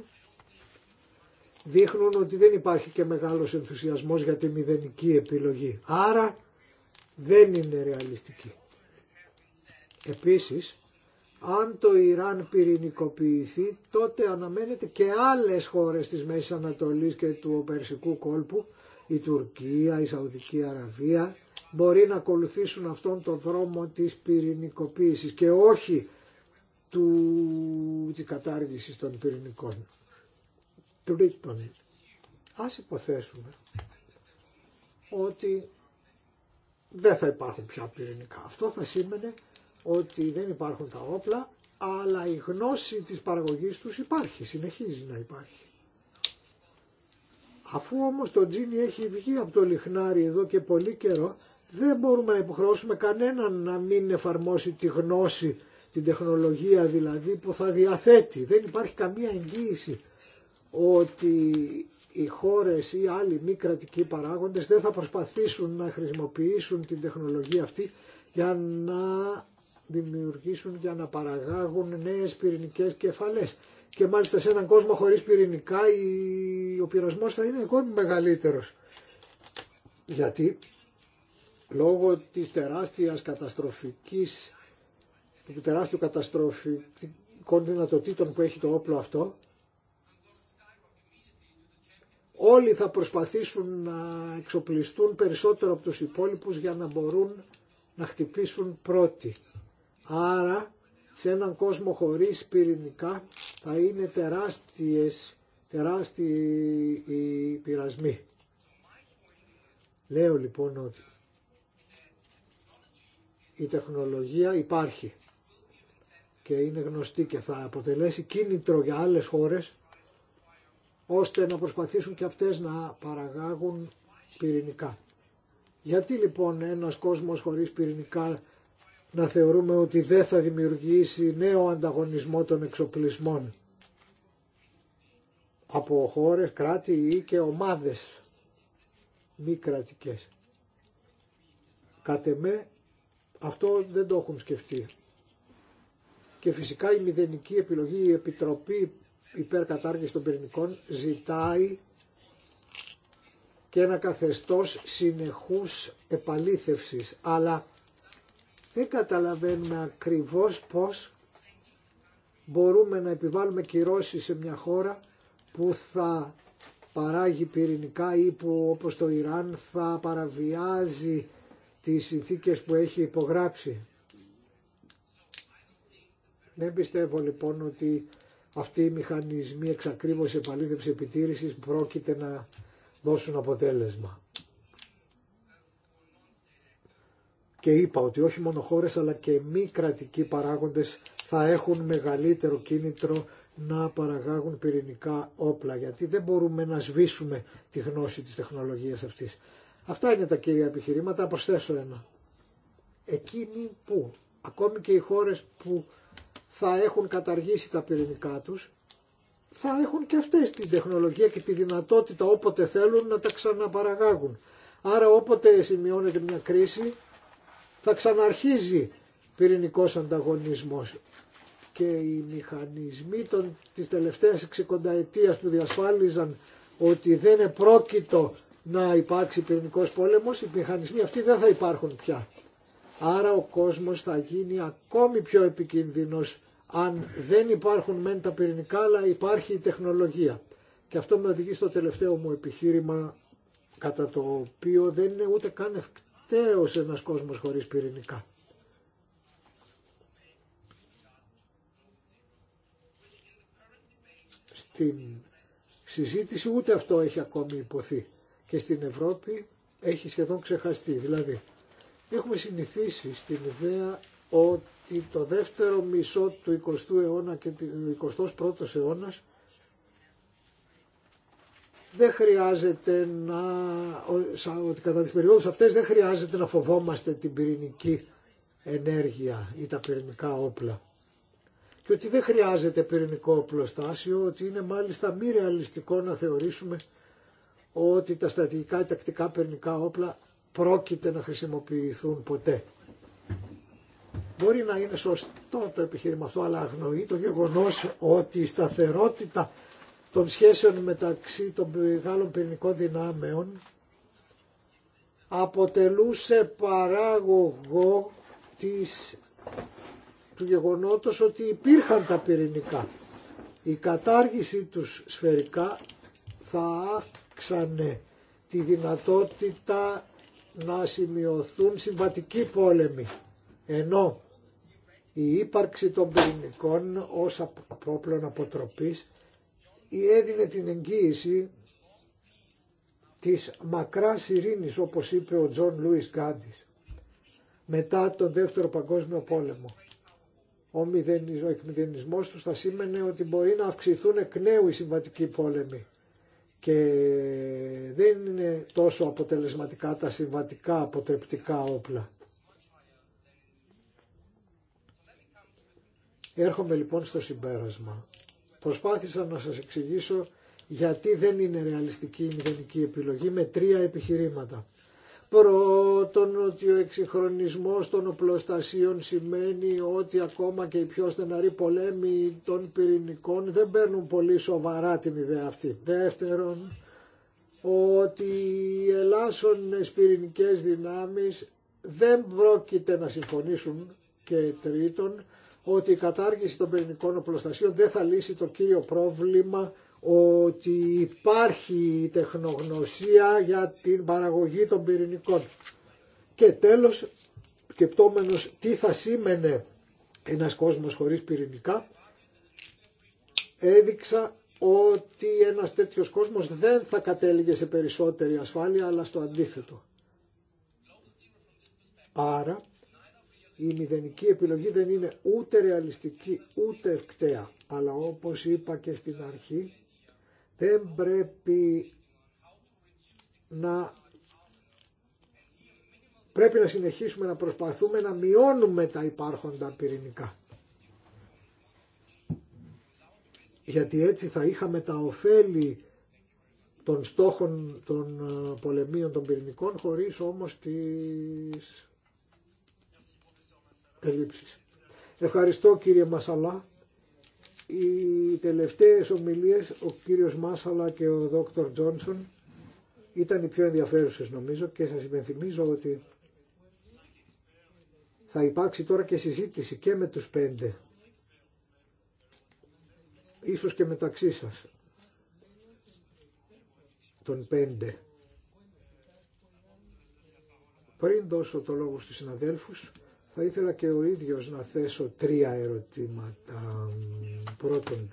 δείχνουν ότι δεν υπάρχει και μεγάλος ενθουσιασμός για τη μηδενική επιλογή. Άρα δεν είναι ρεαλιστική. Επίσης, αν το Ιράν πυρηνικοποιηθεί, τότε αναμένεται και άλλες χώρε της Μέσης Ανατολής και του Περσικού κόλπου, η Τουρκία, η Σαουδική Αραβία, μπορεί να ακολουθήσουν αυτόν τον δρόμο της πυρηνικοποίησης και όχι του, της κατάργησης των πυρηνικών. Τρίτον, ας υποθέσουμε ότι δεν θα υπάρχουν πια πυρηνικά. Αυτό θα σήμαινε ότι δεν υπάρχουν τα όπλα, αλλά η γνώση της παραγωγής τους υπάρχει, συνεχίζει να υπάρχει. Αφού όμως το τζίνι έχει βγει από το λιχνάρι εδώ και πολύ καιρό, δεν μπορούμε να υποχρεώσουμε κανέναν να μην εφαρμόσει τη γνώση, την τεχνολογία δηλαδή που θα διαθέτει. Δεν υπάρχει καμία εγγύηση ότι οι χώρες ή άλλοι μη κρατικοί παράγοντες δεν θα προσπαθήσουν να χρησιμοποιήσουν την τεχνολογία αυτή για να δημιουργήσουν, για να παραγάγουν νέες πυρηνικές κεφαλές. Και μάλιστα σε έναν κόσμο χωρίς πυρηνικά ο πειρασμός θα είναι ακόμη μεγαλύτερος. Γιατί λόγω της τεράστιας καταστροφικής, του τεράστιου καταστροφικών δυνατοτήτων που έχει το όπλο αυτό, όλοι θα προσπαθήσουν να εξοπλιστούν περισσότερο από τους υπόλοιπους για να μπορούν να χτυπήσουν πρώτοι. Άρα, σε έναν κόσμο χωρίς πυρηνικά θα είναι τεράστιες, τεράστιοι οι πειρασμοί. Λέω λοιπόν ότι η τεχνολογία υπάρχει και είναι γνωστή και θα αποτελέσει κίνητρο για άλλες χώρες ώστε να προσπαθήσουν και αυτές να παραγάγουν πυρηνικά. Γιατί λοιπόν ένας κόσμος χωρίς πυρηνικά να θεωρούμε ότι δεν θα δημιουργήσει νέο ανταγωνισμό των εξοπλισμών από χώρες, κράτη ή και ομάδες μη κρατικές. Κατ' Αυτό δεν το έχουν σκεφτεί. Και φυσικά η μηδενική επιλογή, η Επιτροπή Υπερκατάργηση των Πυρηνικών ζητάει και ένα καθεστώς συνεχούς επαλήθευσης. Αλλά δεν καταλαβαίνουμε ακριβώς πώς μπορούμε να επιβάλλουμε κυρώσεις σε μια χώρα που θα παράγει πυρηνικά ή που όπως το Ιράν θα παραβιάζει τις συνθήκες που έχει υπογράψει. Δεν πιστεύω λοιπόν ότι αυτοί οι μηχανισμοί εξακρίβωση επαλήθευση επιτήρησης πρόκειται να δώσουν αποτέλεσμα. Και είπα ότι όχι μόνο χώρε, αλλά και μη κρατικοί παράγοντες θα έχουν μεγαλύτερο κίνητρο να παραγάγουν πυρηνικά όπλα γιατί δεν μπορούμε να σβήσουμε τη γνώση της τεχνολογίας αυτής. Αυτά είναι τα κύρια επιχειρήματα, προσθέσω ένα. Εκείνοι που, ακόμη και οι χώρες που θα έχουν καταργήσει τα πυρηνικά τους, θα έχουν και αυτές την τεχνολογία και τη δυνατότητα όποτε θέλουν να τα ξαναπαραγάγουν. Άρα όποτε σημειώνεται μια κρίση θα ξαναρχίζει πυρηνικός ανταγωνισμός και οι μηχανισμοί των, της τελευταίας που διασφάλιζαν ότι δεν επρόκειτο να υπάρξει πυρηνικός πόλεμος, οι μηχανισμοί αυτοί δεν θα υπάρχουν πια. Άρα ο κόσμος θα γίνει ακόμη πιο επικίνδυνος αν δεν υπάρχουν μεν τα πυρηνικά αλλά υπάρχει η τεχνολογία. Και αυτό με οδηγεί στο τελευταίο μου επιχείρημα κατά το οποίο δεν είναι ούτε καν ευκταίος ένας κόσμος χωρίς πυρηνικά. Στην συζήτηση ούτε αυτό έχει ακόμη υποθεί και στην Ευρώπη έχει σχεδόν ξεχαστεί. Δηλαδή, έχουμε συνηθίσει στην ιδέα ότι το δεύτερο μισό του 20ου αιώνα και του 21ου αιώνα δεν χρειάζεται να, ότι κατά τις περιόδους αυτές δεν χρειάζεται να φοβόμαστε την πυρηνική ενέργεια ή τα πυρηνικά όπλα. Και ότι δεν χρειάζεται πυρηνικό οπλοστάσιο, ότι είναι μάλιστα μη ρεαλιστικό να θεωρήσουμε ότι τα στρατηγικά ή τακτικά πυρηνικά όπλα πρόκειται να χρησιμοποιηθούν ποτέ. Μπορεί να είναι σωστό το επιχείρημα αυτό, αλλά αγνοεί το γεγονός ότι η σταθερότητα των σχέσεων μεταξύ των μεγάλων πυρηνικών δυνάμεων αποτελούσε παράγωγο της, του γεγονότος ότι υπήρχαν τα πυρηνικά. Η κατάργηση τους σφαιρικά θα αυξανε τη δυνατότητα να σημειωθούν συμβατικοί πόλεμοι, ενώ η ύπαρξη των πυρηνικών ως απόπλων αποτροπής έδινε την εγγύηση της μακράς ειρήνης όπως είπε ο Τζον Λούις Γκάντης μετά τον δεύτερο παγκόσμιο πόλεμο. Ο εκμηδενισμός του θα σήμαινε ότι μπορεί να αυξηθούν εκ νέου οι συμβατικοί πόλεμοι και δεν είναι τόσο αποτελεσματικά τα συμβατικά αποτρεπτικά όπλα. Έρχομαι λοιπόν στο συμπέρασμα. Προσπάθησα να σας εξηγήσω γιατί δεν είναι ρεαλιστική η μηδενική επιλογή με τρία επιχειρήματα. Πρώτον ότι ο εξυγχρονισμός των οπλοστασίων σημαίνει ότι ακόμα και οι πιο στεναροί πολέμοι των πυρηνικών δεν παίρνουν πολύ σοβαρά την ιδέα αυτή. Δεύτερον ότι οι ελάσσονες πυρηνικές δυνάμεις δεν πρόκειται να συμφωνήσουν και τρίτον ότι η κατάργηση των πυρηνικών οπλοστασίων δεν θα λύσει το κύριο πρόβλημα ότι υπάρχει η τεχνογνωσία για την παραγωγή των πυρηνικών. Και τέλος, σκεπτόμενος τι θα σήμαινε ένας κόσμος χωρίς πυρηνικά, έδειξα ότι ένας τέτοιος κόσμος δεν θα κατέληγε σε περισσότερη ασφάλεια, αλλά στο αντίθετο. Άρα, η μηδενική επιλογή δεν είναι ούτε ρεαλιστική, ούτε ευκταία. Αλλά όπως είπα και στην αρχή, δεν πρέπει να πρέπει να συνεχίσουμε να προσπαθούμε να μειώνουμε τα υπάρχοντα πυρηνικά. Γιατί έτσι θα είχαμε τα ωφέλη των στόχων των ε, πολεμίων των πυρηνικών χωρίς όμως τις ελλείψεις. Ευχαριστώ κύριε Μασαλά οι τελευταίες ομιλίες, ο κύριος Μάσαλα και ο δόκτωρ Τζόνσον, ήταν οι πιο ενδιαφέρουσες νομίζω και σας υπενθυμίζω ότι θα υπάρξει τώρα και συζήτηση και με τους πέντε, ίσως και μεταξύ σας, των πέντε. Πριν δώσω το λόγο στους συναδέλφους, θα ήθελα και ο ίδιος να θέσω τρία ερωτήματα. Πρώτον,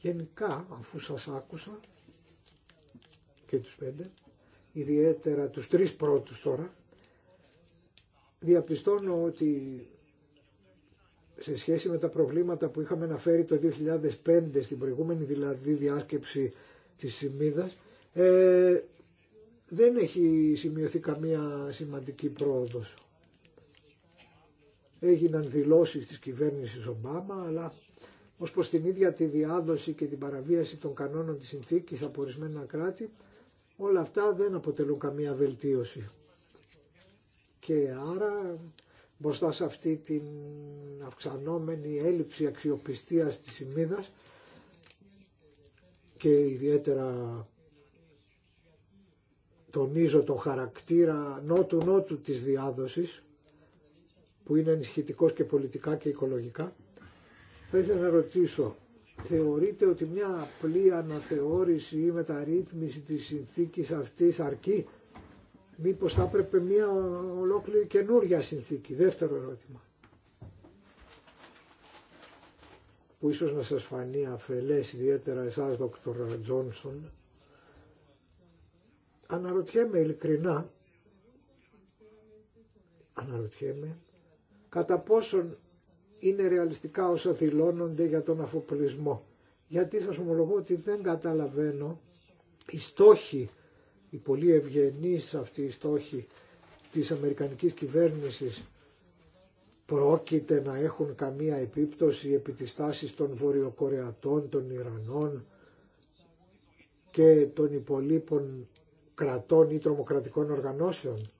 γενικά, αφού σας άκουσα και τους πέντε, ιδιαίτερα τους τρεις πρώτους τώρα, διαπιστώνω ότι σε σχέση με τα προβλήματα που είχαμε αναφέρει το 2005 στην προηγούμενη δηλαδή διάσκεψη της Σιμίδας ε, δεν έχει σημειωθεί καμία σημαντική πρόοδος. Έγιναν δηλώσεις της κυβέρνησης Ομπάμα, αλλά ως προς την ίδια τη διάδοση και την παραβίαση των κανόνων της συνθήκης από ορισμένα κράτη, όλα αυτά δεν αποτελούν καμία βελτίωση. Και άρα μπροστά σε αυτή την αυξανόμενη έλλειψη αξιοπιστίας της ημίδας και ιδιαίτερα τονίζω τον χαρακτήρα νότου-νότου της διάδοσης που είναι ενισχυτικός και πολιτικά και οικολογικά θα ήθελα να ρωτήσω, θεωρείτε ότι μια απλή αναθεώρηση ή μεταρρύθμιση της συνθήκης αυτής αρκεί. Μήπως θα έπρεπε μια ολόκληρη καινούργια συνθήκη. Δεύτερο ερώτημα. Που ίσως να σας φανεί αφελές ιδιαίτερα εσάς, δόκτωρα Τζόνσον. Αναρωτιέμαι ειλικρινά, αναρωτιέμαι, κατά πόσον είναι ρεαλιστικά όσα δηλώνονται για τον αφοπλισμό. Γιατί σας ομολογώ ότι δεν καταλαβαίνω οι στόχοι, οι πολύ ευγενείς αυτοί οι στόχοι της Αμερικανικής κυβέρνησης πρόκειται να έχουν καμία επίπτωση επί της τάσης των Βορειοκορεατών, των Ιρανών και των υπολείπων κρατών ή τρομοκρατικών οργανώσεων.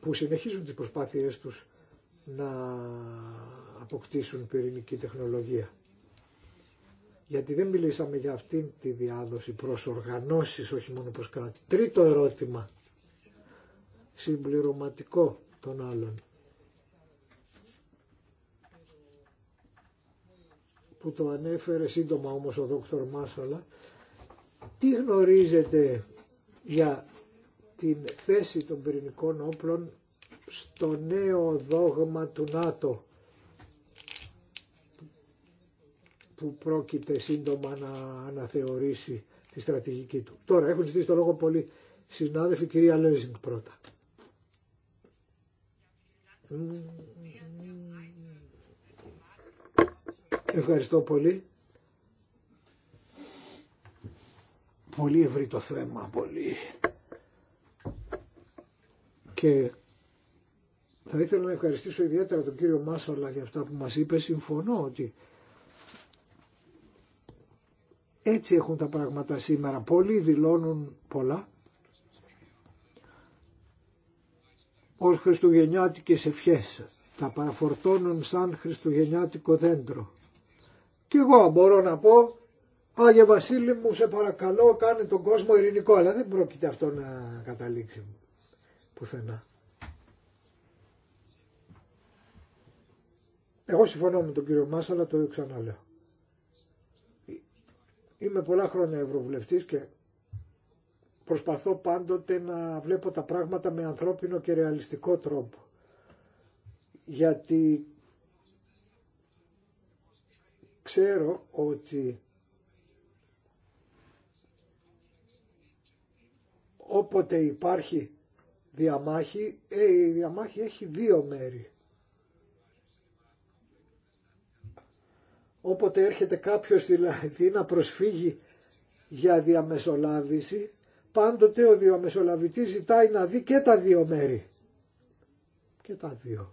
που συνεχίζουν τις προσπάθειές τους να αποκτήσουν πυρηνική τεχνολογία. Γιατί δεν μιλήσαμε για αυτήν τη διάδοση προς οργανώσεις, όχι μόνο προς κράτη. Τρίτο ερώτημα, συμπληρωματικό των άλλων. που το ανέφερε σύντομα όμως ο δόκτωρ Μάσολα, τι γνωρίζετε για την θέση των πυρηνικών όπλων στο νέο δόγμα του ΝΑΤΟ που πρόκειται σύντομα να αναθεωρήσει τη στρατηγική του. Τώρα έχουν ζητήσει το λόγο πολύ συνάδελφοι κυρία Λέζινγκ πρώτα. Ευχαριστώ πολύ. Πολύ ευρύ το θέμα, πολύ και θα ήθελα να ευχαριστήσω ιδιαίτερα τον κύριο Μάσολα για αυτά που μας είπε. Συμφωνώ ότι έτσι έχουν τα πράγματα σήμερα. Πολλοί δηλώνουν πολλά. Ως χριστουγεννιάτικες ευχές. Τα παραφορτώνουν σαν χριστουγεννιάτικο δέντρο. Κι εγώ μπορώ να πω, Άγιε Βασίλη μου σε παρακαλώ κάνε τον κόσμο ειρηνικό, αλλά δεν πρόκειται αυτό να καταλήξει πουθενά. Εγώ συμφωνώ με τον κύριο Μάσα, αλλά το ξαναλέω. Είμαι πολλά χρόνια ευρωβουλευτής και προσπαθώ πάντοτε να βλέπω τα πράγματα με ανθρώπινο και ρεαλιστικό τρόπο. Γιατί ξέρω ότι όποτε υπάρχει διαμάχη, ε, η διαμάχη έχει δύο μέρη. Όποτε έρχεται κάποιος δηλαδή να προσφύγει για διαμεσολάβηση, πάντοτε ο διαμεσολαβητής ζητάει να δει και τα δύο μέρη. Και τα δύο.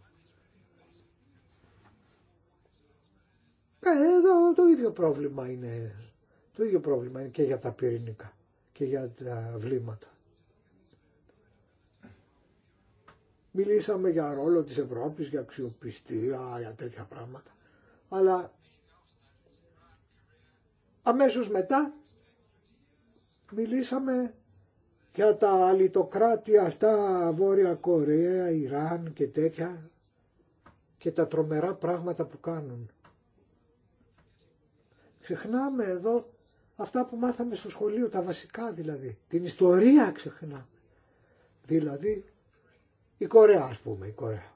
Ε, το ίδιο πρόβλημα είναι. Το ίδιο πρόβλημα είναι και για τα πυρηνικά και για τα βλήματα. Μιλήσαμε για ρόλο της Ευρώπης, για αξιοπιστία, για τέτοια πράγματα. Αλλά αμέσως μετά μιλήσαμε για τα αλυτοκράτη αυτά, Βόρεια Κορέα, Ιράν και τέτοια και τα τρομερά πράγματα που κάνουν. Ξεχνάμε εδώ αυτά που μάθαμε στο σχολείο, τα βασικά δηλαδή. Την ιστορία ξεχνάμε. Δηλαδή η Κορέα ας πούμε, η Κορέα.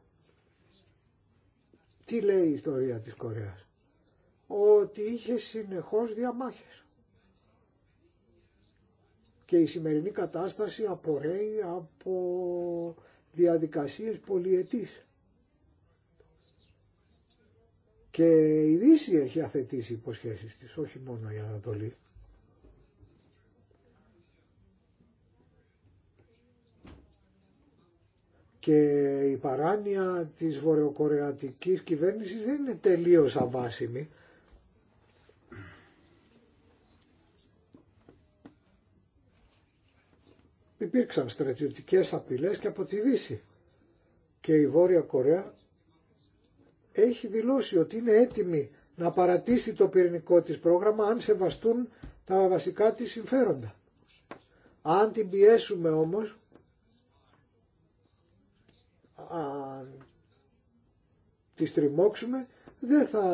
Τι λέει η ιστορία της Κορέας. Ότι είχε συνεχώς διαμάχες. Και η σημερινή κατάσταση απορρέει από διαδικασίες πολιετής. Και η Δύση έχει αθετήσει υποσχέσεις της, όχι μόνο η Ανατολή. και η παράνοια της βορειοκορεατικής κυβέρνησης δεν είναι τελείως αβάσιμη. Υπήρξαν στρατιωτικές απειλές και από τη Δύση και η Βόρεια Κορέα έχει δηλώσει ότι είναι έτοιμη να παρατήσει το πυρηνικό της πρόγραμμα αν σεβαστούν τα βασικά της συμφέροντα. Αν την πιέσουμε όμως αν τις τριμώξουμε δεν θα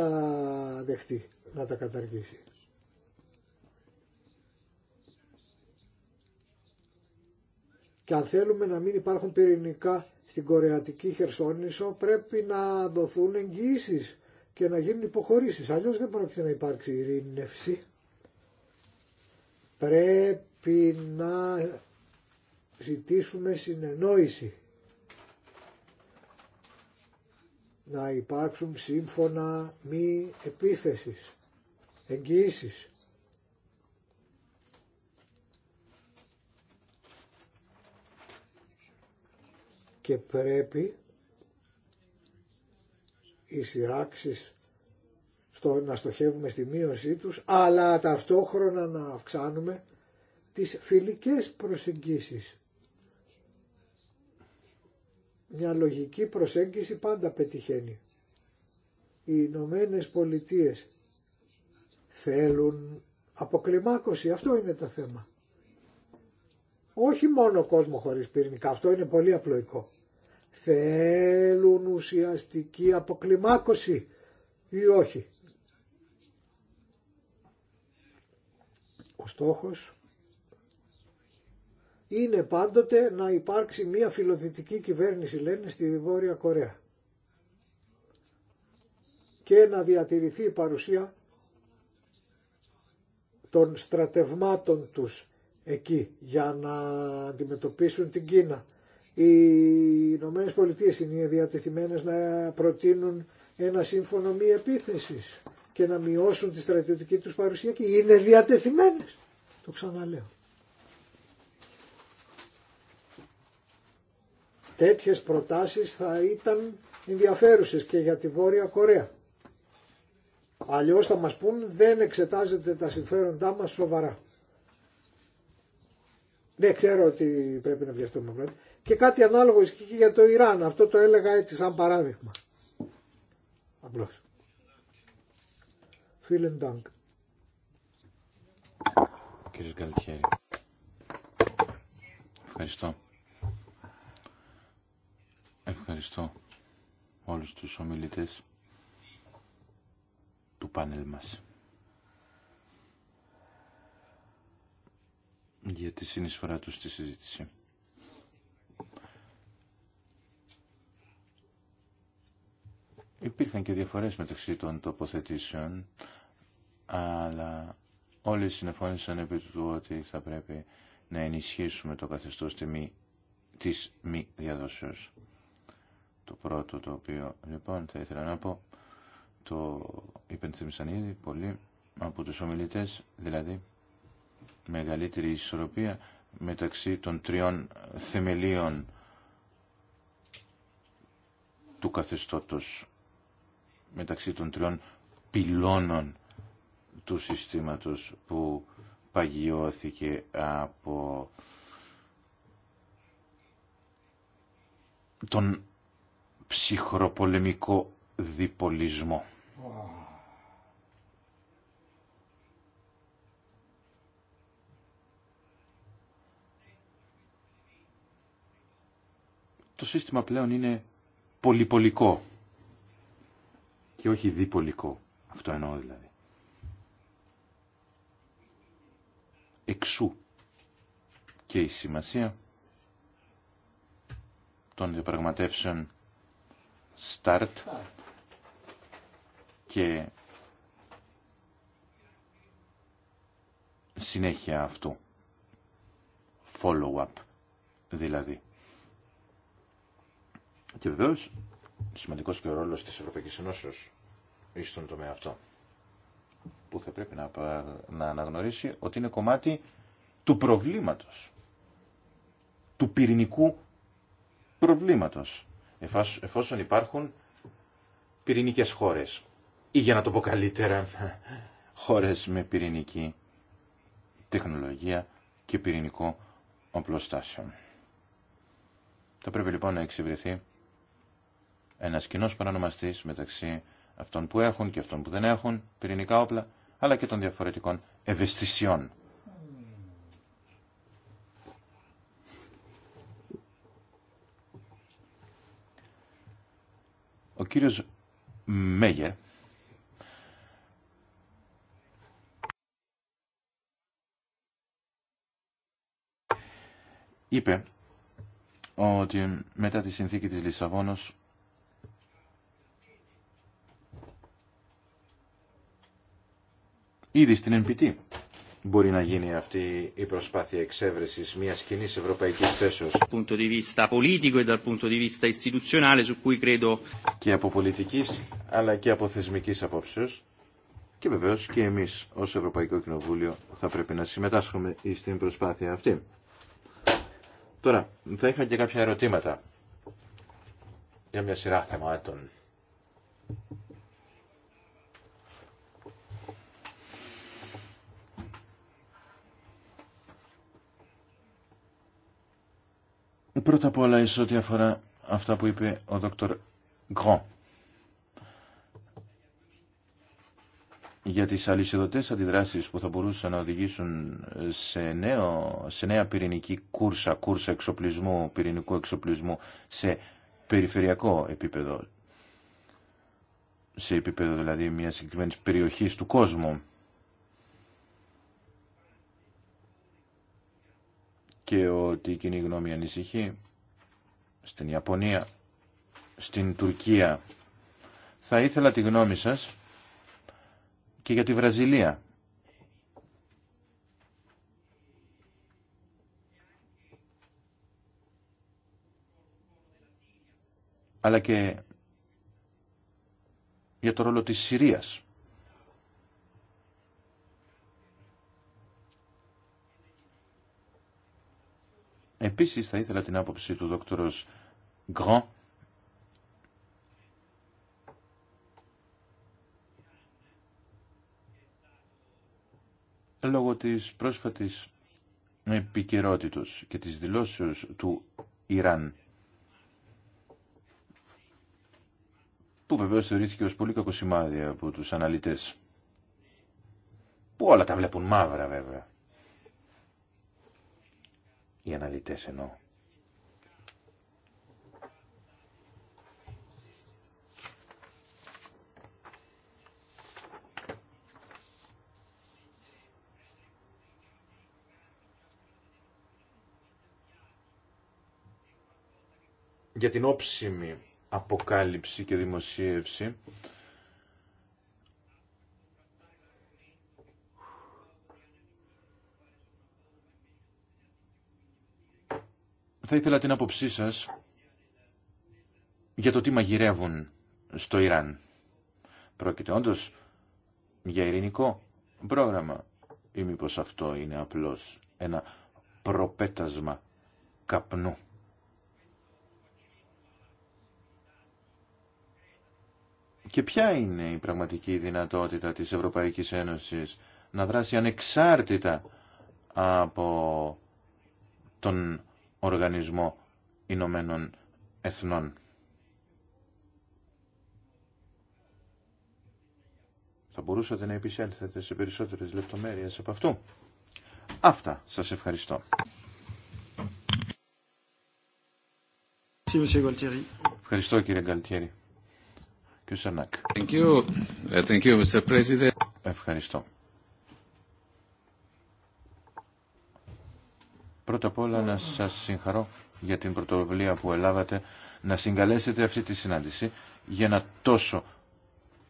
δεχτεί να τα καταργήσει. Και αν θέλουμε να μην υπάρχουν πυρηνικά στην Κορεατική Χερσόνησο πρέπει να δοθούν εγγυήσει και να γίνουν υποχωρήσεις. Αλλιώς δεν πρόκειται να υπάρξει ειρήνευση. Πρέπει να ζητήσουμε συνεννόηση να υπάρξουν σύμφωνα μη επίθεσης, εγγυήσεις. Και πρέπει οι σειράξεις να στοχεύουμε στη μείωσή τους, αλλά ταυτόχρονα να αυξάνουμε τις φιλικές προσεγγίσεις μια λογική προσέγγιση πάντα πετυχαίνει. Οι Ηνωμένε Πολιτείε θέλουν αποκλιμάκωση, αυτό είναι το θέμα. Όχι μόνο κόσμο χωρίς πυρηνικά, αυτό είναι πολύ απλοϊκό. Θέλουν ουσιαστική αποκλιμάκωση ή όχι. Ο στόχος είναι πάντοτε να υπάρξει μια φιλοδυτική κυβέρνηση, λένε, στη Βόρεια Κορέα και να διατηρηθεί η παρουσία των στρατευμάτων τους εκεί για να αντιμετωπίσουν την Κίνα. Οι Ηνωμένε Πολιτείε είναι διατεθειμένες να προτείνουν ένα σύμφωνο μη επίθεσης και να μειώσουν τη στρατιωτική τους παρουσία και είναι διατεθειμένες. Το ξαναλέω. Τέτοιες προτάσεις θα ήταν ενδιαφέρουσες και για τη Βόρεια Κορέα. Αλλιώς θα μας πούν δεν εξετάζεται τα συμφέροντά μας σοβαρά. Ναι, ξέρω ότι πρέπει να βιαστούμε πρώτα. Και κάτι ανάλογο ισχύει και για το Ιράν. Αυτό το έλεγα έτσι σαν παράδειγμα. Απλώς. Φίλεν Ντάγκ. Κύριε Γκαλτιέρη. Ευχαριστώ. Ευχαριστώ όλους τους ομιλητές του πάνελ μας για τη συνεισφορά τους στη συζήτηση. Υπήρχαν και διαφορές μεταξύ των τοποθετήσεων, αλλά όλοι συνεφώνησαν επί του ότι θα πρέπει να ενισχύσουμε το καθεστώς της μη διαδόσεως. Το πρώτο το οποίο λοιπόν θα ήθελα να πω το υπενθυμίσαν ήδη πολλοί από τους ομιλητές, δηλαδή μεγαλύτερη ισορροπία μεταξύ των τριών θεμελίων του καθεστώτος, μεταξύ των τριών πυλώνων του συστήματος που παγιώθηκε από τον ψυχροπολεμικό διπολισμό. Το σύστημα πλέον είναι πολυπολικό και όχι διπολικό. Αυτό εννοώ δηλαδή. Εξού και η σημασία των διαπραγματεύσεων start και συνέχεια αυτού. Follow-up δηλαδή. Και βεβαίω σημαντικός και ο ρόλο τη Ευρωπαϊκή Ενώσεω στον τομέα αυτό. Που θα πρέπει να, να αναγνωρίσει ότι είναι κομμάτι του προβλήματος. Του πυρηνικού προβλήματος εφόσον υπάρχουν πυρηνικές χώρες. Ή για να το πω καλύτερα, χώρες με πυρηνική τεχνολογία και πυρηνικό οπλοστάσιο. Θα πρέπει λοιπόν να εξυπηρεθεί ένα κοινό παρανομαστής μεταξύ αυτών που έχουν και αυτών που δεν έχουν πυρηνικά όπλα, αλλά και των διαφορετικών ευαισθησιών Ο κύριος Μέγερ είπε ότι μετά τη συνθήκη της Λισαβόνος ήδη στην NPT μπορεί να γίνει αυτή η προσπάθεια εξέβρεση μια κοινή ευρωπαϊκής θέσεως. Και από πολιτική, αλλά και από θεσμική απόψεω. Και βεβαίω και εμεί ω Ευρωπαϊκό Κοινοβούλιο θα πρέπει να συμμετάσχουμε στην προσπάθεια αυτή. Τώρα, θα είχα και κάποια ερωτήματα για μια σειρά θεμάτων. Πρώτα απ' όλα, εις ό,τι αφορά αυτά που είπε ο δόκτωρ Γκρό. για τις αλυσιδωτές αντιδράσεις που θα μπορούσαν να οδηγήσουν σε, νέο, σε νέα πυρηνική κούρσα, κούρσα εξοπλισμού, πυρηνικού εξοπλισμού σε περιφερειακό επίπεδο, σε επίπεδο δηλαδή μια συγκεκριμένη περιοχή του κόσμου. και ότι η κοινή γνώμη ανησυχεί στην Ιαπωνία, στην Τουρκία. Θα ήθελα τη γνώμη σας και για τη Βραζιλία. αλλά και για το ρόλο της Συρίας. Επίσης θα ήθελα την άποψη του δόκτωρος Γκραν λόγω της πρόσφατης επικαιρότητα και της δηλώσεως του Ιράν που βεβαίως θεωρήθηκε ως πολύ κακό από τους αναλυτές που όλα τα βλέπουν μαύρα βέβαια οι αναλυτές εννοώ. Για την όψιμη αποκάλυψη και δημοσίευση Θα ήθελα την άποψή σας για το τι μαγειρεύουν στο Ιράν. Πρόκειται όντως για ειρηνικό πρόγραμμα ή μήπω αυτό είναι απλώς ένα προπέτασμα καπνού. Και ποια είναι η πραγματική δυνατότητα της Ευρωπαϊκής Ένωσης να δράσει ανεξάρτητα από τον Οργανισμό Ηνωμένων Εθνών. Θα μπορούσατε να επισέλθετε σε περισσότερες λεπτομέρειες από αυτού. Αυτά. Σας ευχαριστώ. Ευχαριστώ κύριε Γκαλτιέρη. Κύριε Σανάκ. Ευχαριστώ. Πρώτα απ' όλα να σας συγχαρώ για την πρωτοβουλία που ελάβατε να συγκαλέσετε αυτή τη συνάντηση για ένα τόσο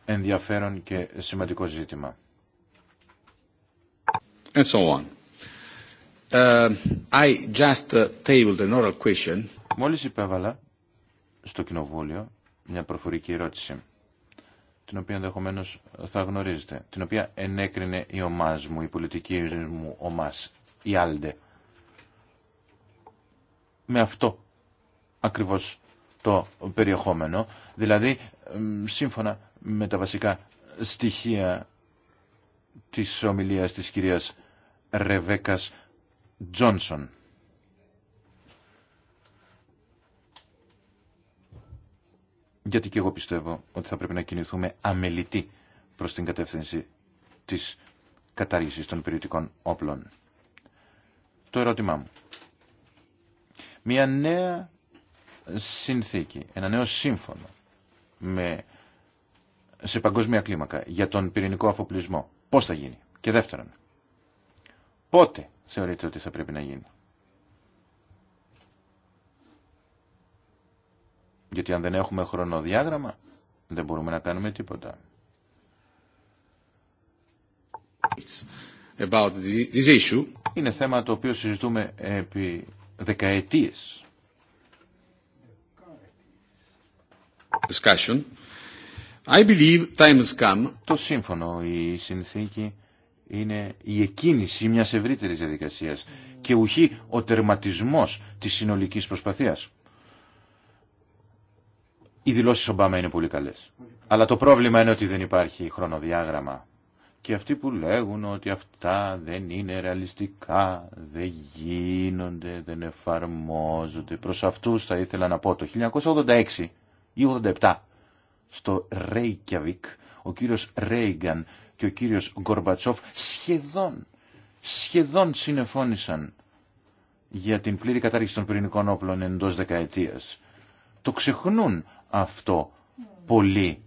ενδιαφέρον και σημαντικό ζήτημα. And so uh, I just uh, tabled question. Μόλις υπέβαλα στο Κοινοβούλιο μια προφορική ερώτηση, την οποία ενδεχομένω θα γνωρίζετε, την οποία ενέκρινε η ομάς μου, η πολιτική μου ομάς, η Άλντε με αυτό ακριβώς το περιεχόμενο, δηλαδή σύμφωνα με τα βασικά στοιχεία της ομιλίας της κυρίας Ρεβέκας Τζόνσον. Γιατί και εγώ πιστεύω ότι θα πρέπει να κινηθούμε αμελητή προς την κατεύθυνση της κατάργησης των περιοτικών όπλων. Το ερώτημά μου μια νέα συνθήκη, ένα νέο σύμφωνο με, σε παγκόσμια κλίμακα για τον πυρηνικό αφοπλισμό. Πώς θα γίνει. Και δεύτερον, πότε θεωρείτε ότι θα πρέπει να γίνει. Γιατί αν δεν έχουμε χρονοδιάγραμμα, δεν μπορούμε να κάνουμε τίποτα. About this issue. Είναι θέμα το οποίο συζητούμε επί δεκαετίες. Το σύμφωνο, η συνθήκη είναι η εκκίνηση μιας ευρύτερης διαδικασίας και ουχή ο τερματισμός της συνολικής προσπαθίας. Οι δηλώσεις Ομπάμα είναι πολύ καλές. Αλλά το πρόβλημα είναι ότι δεν υπάρχει χρονοδιάγραμμα και αυτοί που λέγουν ότι αυτά δεν είναι ρεαλιστικά, δεν γίνονται, δεν εφαρμόζονται. Προς αυτούς θα ήθελα να πω το 1986 ή 87 στο Ρέικιαβικ ο κύριος Ρέιγκαν και ο κύριος Γκορμπατσόφ σχεδόν, σχεδόν συνεφώνησαν για την πλήρη κατάργηση των πυρηνικών όπλων εντός δεκαετίας. Το ξεχνούν αυτό πολύ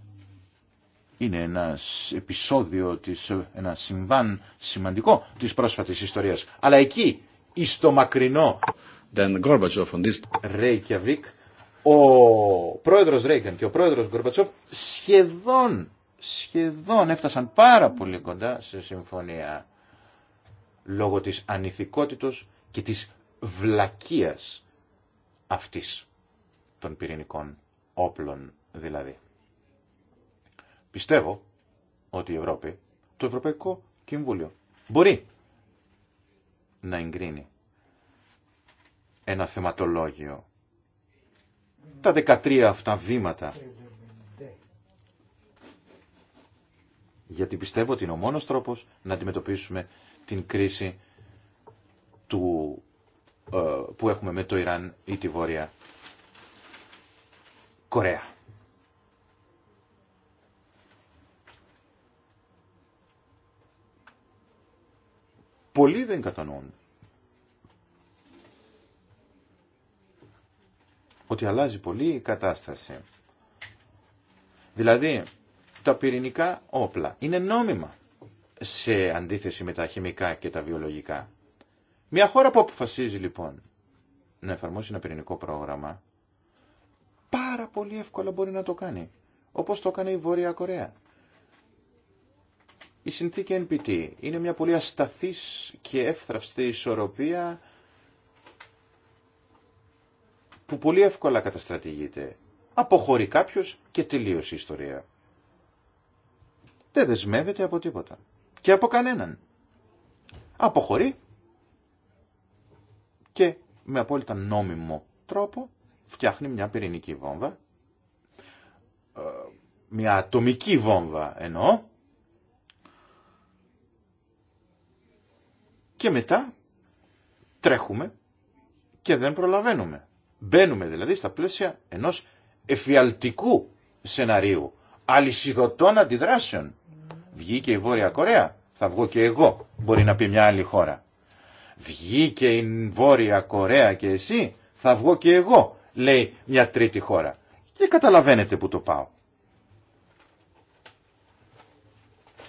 είναι ένα επεισόδιο, της, ένα συμβάν σημαντικό της πρόσφατης ιστορίας. Αλλά εκεί, εις το μακρινό Then Gorbachev ο πρόεδρος Ρέικαν και ο πρόεδρος Γκορμπατσόφ σχεδόν, σχεδόν έφτασαν πάρα πολύ κοντά σε συμφωνία λόγω της ανηθικότητος και της βλακείας αυτής των πυρηνικών όπλων δηλαδή. Πιστεύω ότι η Ευρώπη, το Ευρωπαϊκό Κοινβούλιο, μπορεί να εγκρίνει ένα θεματολόγιο. Τα 13 αυτά βήματα. Γιατί πιστεύω ότι είναι ο μόνος τρόπος να αντιμετωπίσουμε την κρίση του, ε, που έχουμε με το Ιράν ή τη Βόρεια Κορέα. πολλοί δεν κατανοούν. Ότι αλλάζει πολύ η κατάσταση. Δηλαδή, τα πυρηνικά όπλα είναι νόμιμα σε αντίθεση με τα χημικά και τα βιολογικά. Μια χώρα που αποφασίζει λοιπόν να εφαρμόσει ένα πυρηνικό πρόγραμμα, πάρα πολύ εύκολα μπορεί να το κάνει. Όπως το έκανε η Βόρεια Κορέα. Η συνθήκη NPT είναι μια πολύ ασταθής και εύθραυστη ισορροπία που πολύ εύκολα καταστρατηγείται. Αποχωρεί κάποιος και τελείωσε η ιστορία. Δεν δεσμεύεται από τίποτα. Και από κανέναν. Αποχωρεί και με απόλυτα νόμιμο τρόπο φτιάχνει μια πυρηνική βόμβα. Ε, μια ατομική βόμβα εννοώ και μετά τρέχουμε και δεν προλαβαίνουμε. Μπαίνουμε δηλαδή στα πλαίσια ενός εφιαλτικού σεναρίου, αλυσιδωτών αντιδράσεων. Βγήκε η Βόρεια Κορέα, θα βγω και εγώ, μπορεί να πει μια άλλη χώρα. Βγήκε η Βόρεια Κορέα και εσύ, θα βγω και εγώ, λέει μια τρίτη χώρα. Και καταλαβαίνετε που το πάω.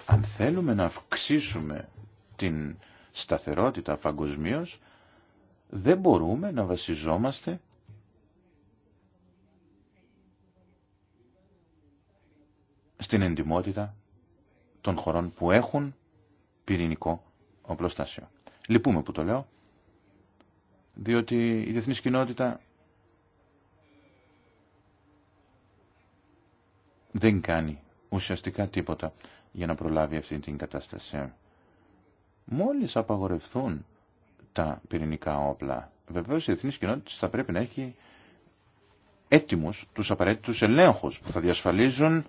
Αν θέλουμε να αυξήσουμε την σταθερότητα παγκοσμίω, δεν μπορούμε να βασιζόμαστε στην εντιμότητα των χωρών που έχουν πυρηνικό οπλοστάσιο. Λυπούμε που το λέω, διότι η διεθνή κοινότητα δεν κάνει ουσιαστικά τίποτα για να προλάβει αυτή την κατάσταση μόλις απαγορευθούν τα πυρηνικά όπλα, βεβαίως η Εθνική κοινότητα θα πρέπει να έχει έτοιμους τους απαραίτητους ελέγχους που θα διασφαλίζουν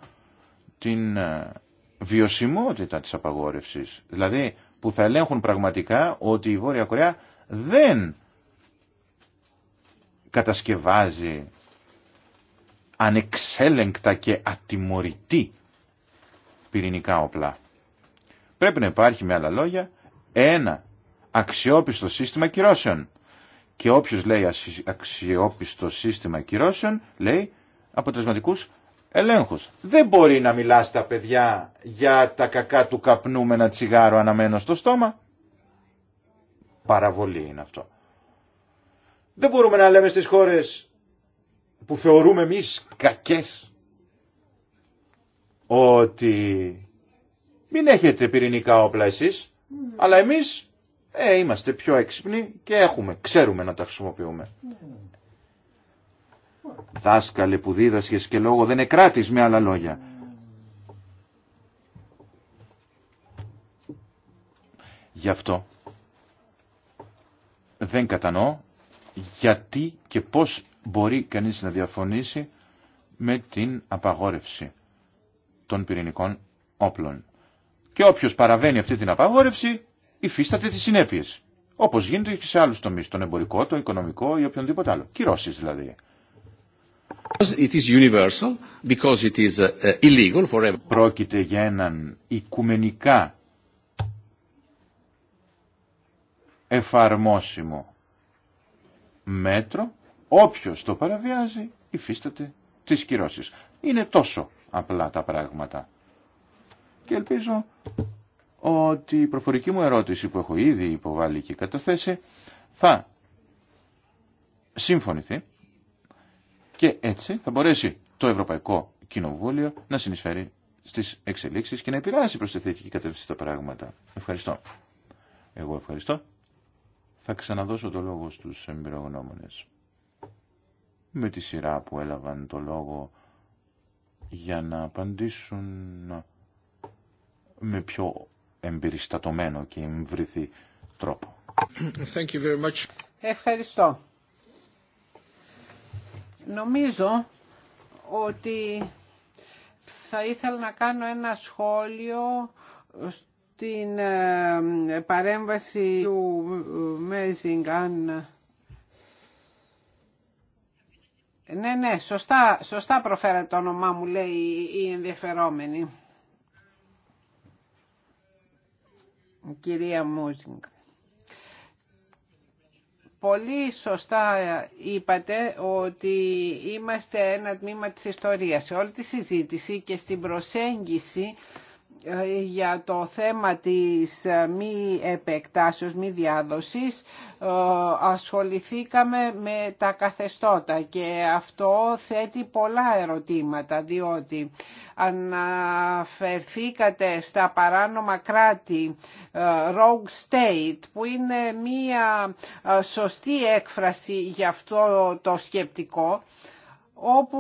την ε, βιωσιμότητα της απαγόρευσης. Δηλαδή που θα ελέγχουν πραγματικά ότι η Βόρεια Κορέα δεν κατασκευάζει ανεξέλεγκτα και ατιμωρητή πυρηνικά όπλα. Πρέπει να υπάρχει με άλλα λόγια ένα αξιόπιστο σύστημα κυρώσεων. Και όποιο λέει αξιόπιστο σύστημα κυρώσεων, λέει αποτελεσματικού ελέγχου. Δεν μπορεί να μιλά τα παιδιά για τα κακά του καπνού με ένα τσιγάρο αναμένο στο στόμα. Παραβολή είναι αυτό. Δεν μπορούμε να λέμε στις χώρες που θεωρούμε εμείς κακές ότι μην έχετε πυρηνικά όπλα εσείς. Mm-hmm. Αλλά εμείς ε, είμαστε πιο έξυπνοι και έχουμε, ξέρουμε να τα χρησιμοποιούμε. Mm-hmm. Δάσκαλε που δίδασκες και λόγο δεν εκράτης με άλλα λόγια. Γι' αυτό δεν κατανοώ γιατί και πώς μπορεί κανείς να διαφωνήσει με την απαγόρευση των πυρηνικών όπλων. Και όποιο παραβαίνει αυτή την απαγόρευση υφίσταται τι συνέπειε. Όπως γίνεται και σε άλλου τομεί, τον εμπορικό, το οικονομικό ή οποιονδήποτε άλλο. Κυρώσεις δηλαδή. Uh, Πρόκειται για έναν οικουμενικά εφαρμόσιμο μέτρο. Όποιος το παραβιάζει υφίσταται τις κυρώσεις. Είναι τόσο απλά τα πράγματα και ελπίζω ότι η προφορική μου ερώτηση που έχω ήδη υποβάλει και καταθέσει θα συμφωνηθεί και έτσι θα μπορέσει το Ευρωπαϊκό Κοινοβούλιο να συνεισφέρει στις εξελίξεις και να επηρεάσει προς τη θετική κατεύθυνση τα πράγματα. Ευχαριστώ. Εγώ ευχαριστώ. Θα ξαναδώσω το λόγο στους εμπειρογνώμονες. Με τη σειρά που έλαβαν το λόγο για να απαντήσουν με πιο εμπεριστατωμένο και εμβρυθή τρόπο. Thank you very much. Ευχαριστώ. Νομίζω ότι θα ήθελα να κάνω ένα σχόλιο στην ε, παρέμβαση του Μέζιγκαν. Ναι, ναι, σωστά, σωστά προφέρατε το όνομά μου, λέει η ενδιαφερόμενη. κυρία Μούζινγκ. Πολύ σωστά ε, είπατε ότι είμαστε ένα τμήμα της ιστορίας. Σε όλη τη συζήτηση και στην προσέγγιση ε, για το θέμα της ε, μη επεκτάσεως, μη διάδοσης ε, ασχοληθήκαμε με τα καθεστώτα και αυτό θέτει πολλά ερωτήματα διότι αναφερθήκατε στα παράνομα κράτη ε, rogue state που είναι μία ε, σωστή έκφραση για αυτό το σκεπτικό όπου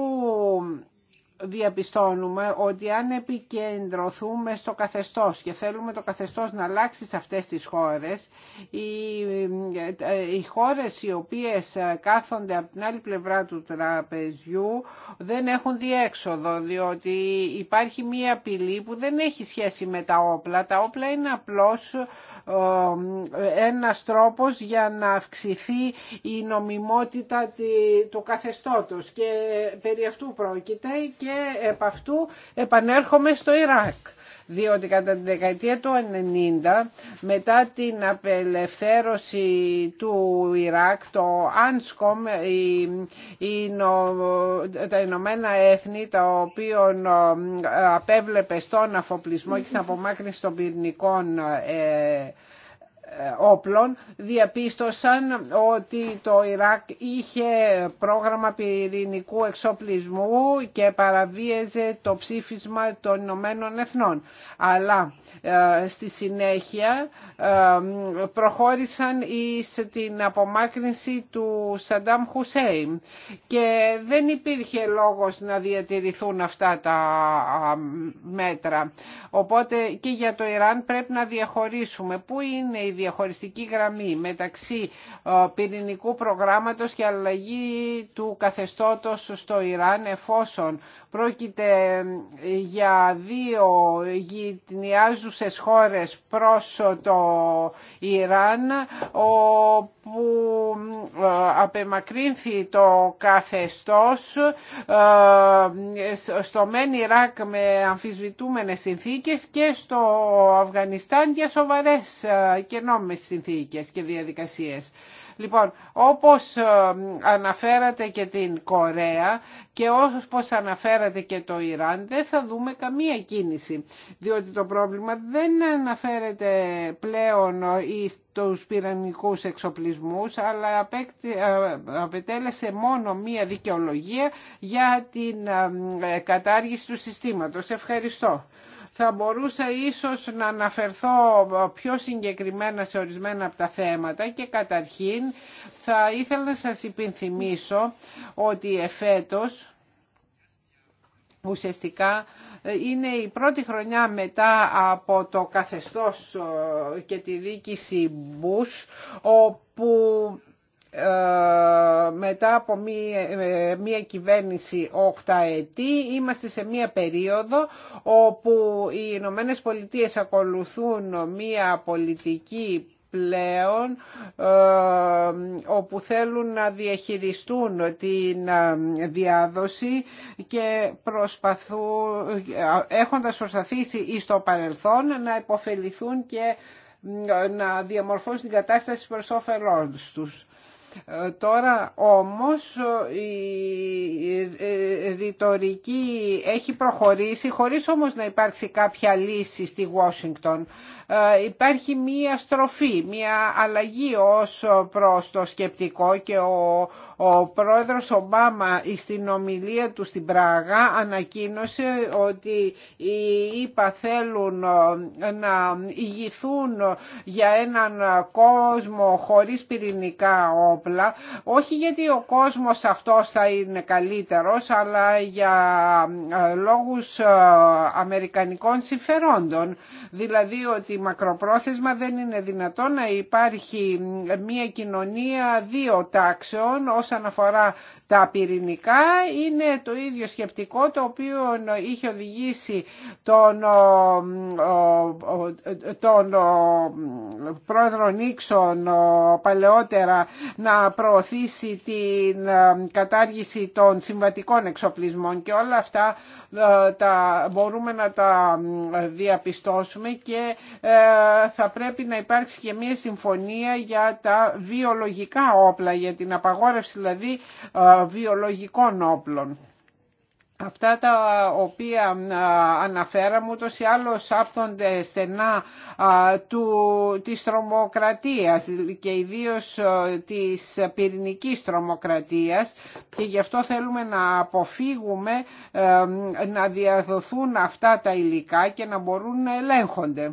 διαπιστώνουμε ότι αν επικεντρωθούμε στο καθεστώς και θέλουμε το καθεστώς να αλλάξει σε αυτές τις χώρες, οι, ε, οι χώρες οι οποίες ε, κάθονται από την άλλη πλευρά του τραπεζιού δεν έχουν διέξοδο, διότι υπάρχει μία απειλή που δεν έχει σχέση με τα όπλα. Τα όπλα είναι απλώς ε, ένας τρόπος για να αυξηθεί η νομιμότητα του καθεστώτος και περί αυτού πρόκειται και και επ' αυτού επανέρχομαι στο Ιράκ διότι κατά τη δεκαετία του 90 μετά την απελευθέρωση του Ιράκ το Άνσκομ η, τα Ηνωμένα Έθνη τα οποία ε, απέβλεπε στον αφοπλισμό και στην απομάκρυνση των πυρηνικών ε, ε, όπλων διαπίστωσαν ότι το Ιράκ είχε πρόγραμμα πυρηνικού εξοπλισμού και παραβίαζε το ψήφισμα των Ηνωμένων Εθνών. Αλλά ε, στη συνέχεια ε, προχώρησαν εις την απομάκρυνση του Σαντάμ Χουσέιμ και δεν υπήρχε λόγος να διατηρηθούν αυτά τα μέτρα. Οπότε και για το Ιράν πρέπει να διαχωρίσουμε πού είναι η διαχωριστική γραμμή μεταξύ ε, πυρηνικού προγράμματος και αλλαγή του καθεστώτος στο Ιράν εφόσον πρόκειται ε, για δύο γειτνιάζουσες χώρες προς ε, το Ιράν όπου απεμακρύνθη το καθεστώς στο Μέν Ιράκ με αμφισβητούμενες συνθήκες και στο Αφγανιστάν για σοβαρές και νόμιμες συνθήκες και διαδικασίες. Λοιπόν, όπως ε, αναφέρατε και την Κορέα και όπως αναφέρατε και το Ιράν, δεν θα δούμε καμία κίνηση, διότι το πρόβλημα δεν αναφέρεται πλέον στους πυρανικούς εξοπλισμούς, αλλά ε, απετέλεσε μόνο μία δικαιολογία για την ε, κατάργηση του συστήματος. Ευχαριστώ. Θα μπορούσα ίσως να αναφερθώ πιο συγκεκριμένα σε ορισμένα από τα θέματα και καταρχήν θα ήθελα να σας υπενθυμίσω ότι εφέτος ουσιαστικά ε, είναι η πρώτη χρονιά μετά από το καθεστώς ε, και τη δίκηση Μπούς όπου ε, μετά από μία, ε, μία κυβέρνηση 8 ετή είμαστε σε μία περίοδο όπου οι Ηνωμένε Πολιτείε ακολουθούν μία πολιτική πλέον ε, όπου θέλουν να διαχειριστούν την διάδοση και προσπαθούν, έχοντας προσπαθήσει στο παρελθόν να υποφεληθούν και να διαμορφώσουν την κατάσταση προς όφελός τους. Ε, τώρα όμως ε, η ρητορική έχει προχωρήσει χωρίς όμως να υπάρξει κάποια λύση στη Washington. Ε, υπάρχει μία στροφή, μία αλλαγή ως προς το σκεπτικό και ο, ο πρόεδρος Ομπάμα στην ομιλία του στην Πράγα ανακοίνωσε ότι οι ΙΠΑ θέλουν να ηγηθούν για έναν κόσμο χωρίς πυρηνικά όπλα όπλα, όχι γιατί ο κόσμος αυτός θα είναι καλύτερος, αλλά για ε, λόγους ε, αμερικανικών συμφερόντων. Δηλαδή ότι μακροπρόθεσμα δεν είναι δυνατό να υπάρχει μια κοινωνία δύο τάξεων όσον αφορά τα πυρηνικά. Είναι το ίδιο σκεπτικό το οποίο είχε οδηγήσει τον, τον πρόεδρο Νίξον παλαιότερα να να προωθήσει την ε, κατάργηση των συμβατικών εξοπλισμών και όλα αυτά ε, τα μπορούμε να τα διαπιστώσουμε και ε, θα πρέπει να υπάρξει και μια συμφωνία για τα βιολογικά όπλα, για την απαγόρευση δηλαδή βιολογικών όπλων. Αυτά τα οποία αναφέραμε ούτως ή άλλως άπτονται στενά του, της τρομοκρατίας και ιδίως της πυρηνικής τρομοκρατίας και γι' αυτό θέλουμε να αποφύγουμε να διαδοθούν αυτά τα υλικά και να μπορούν να ελέγχονται.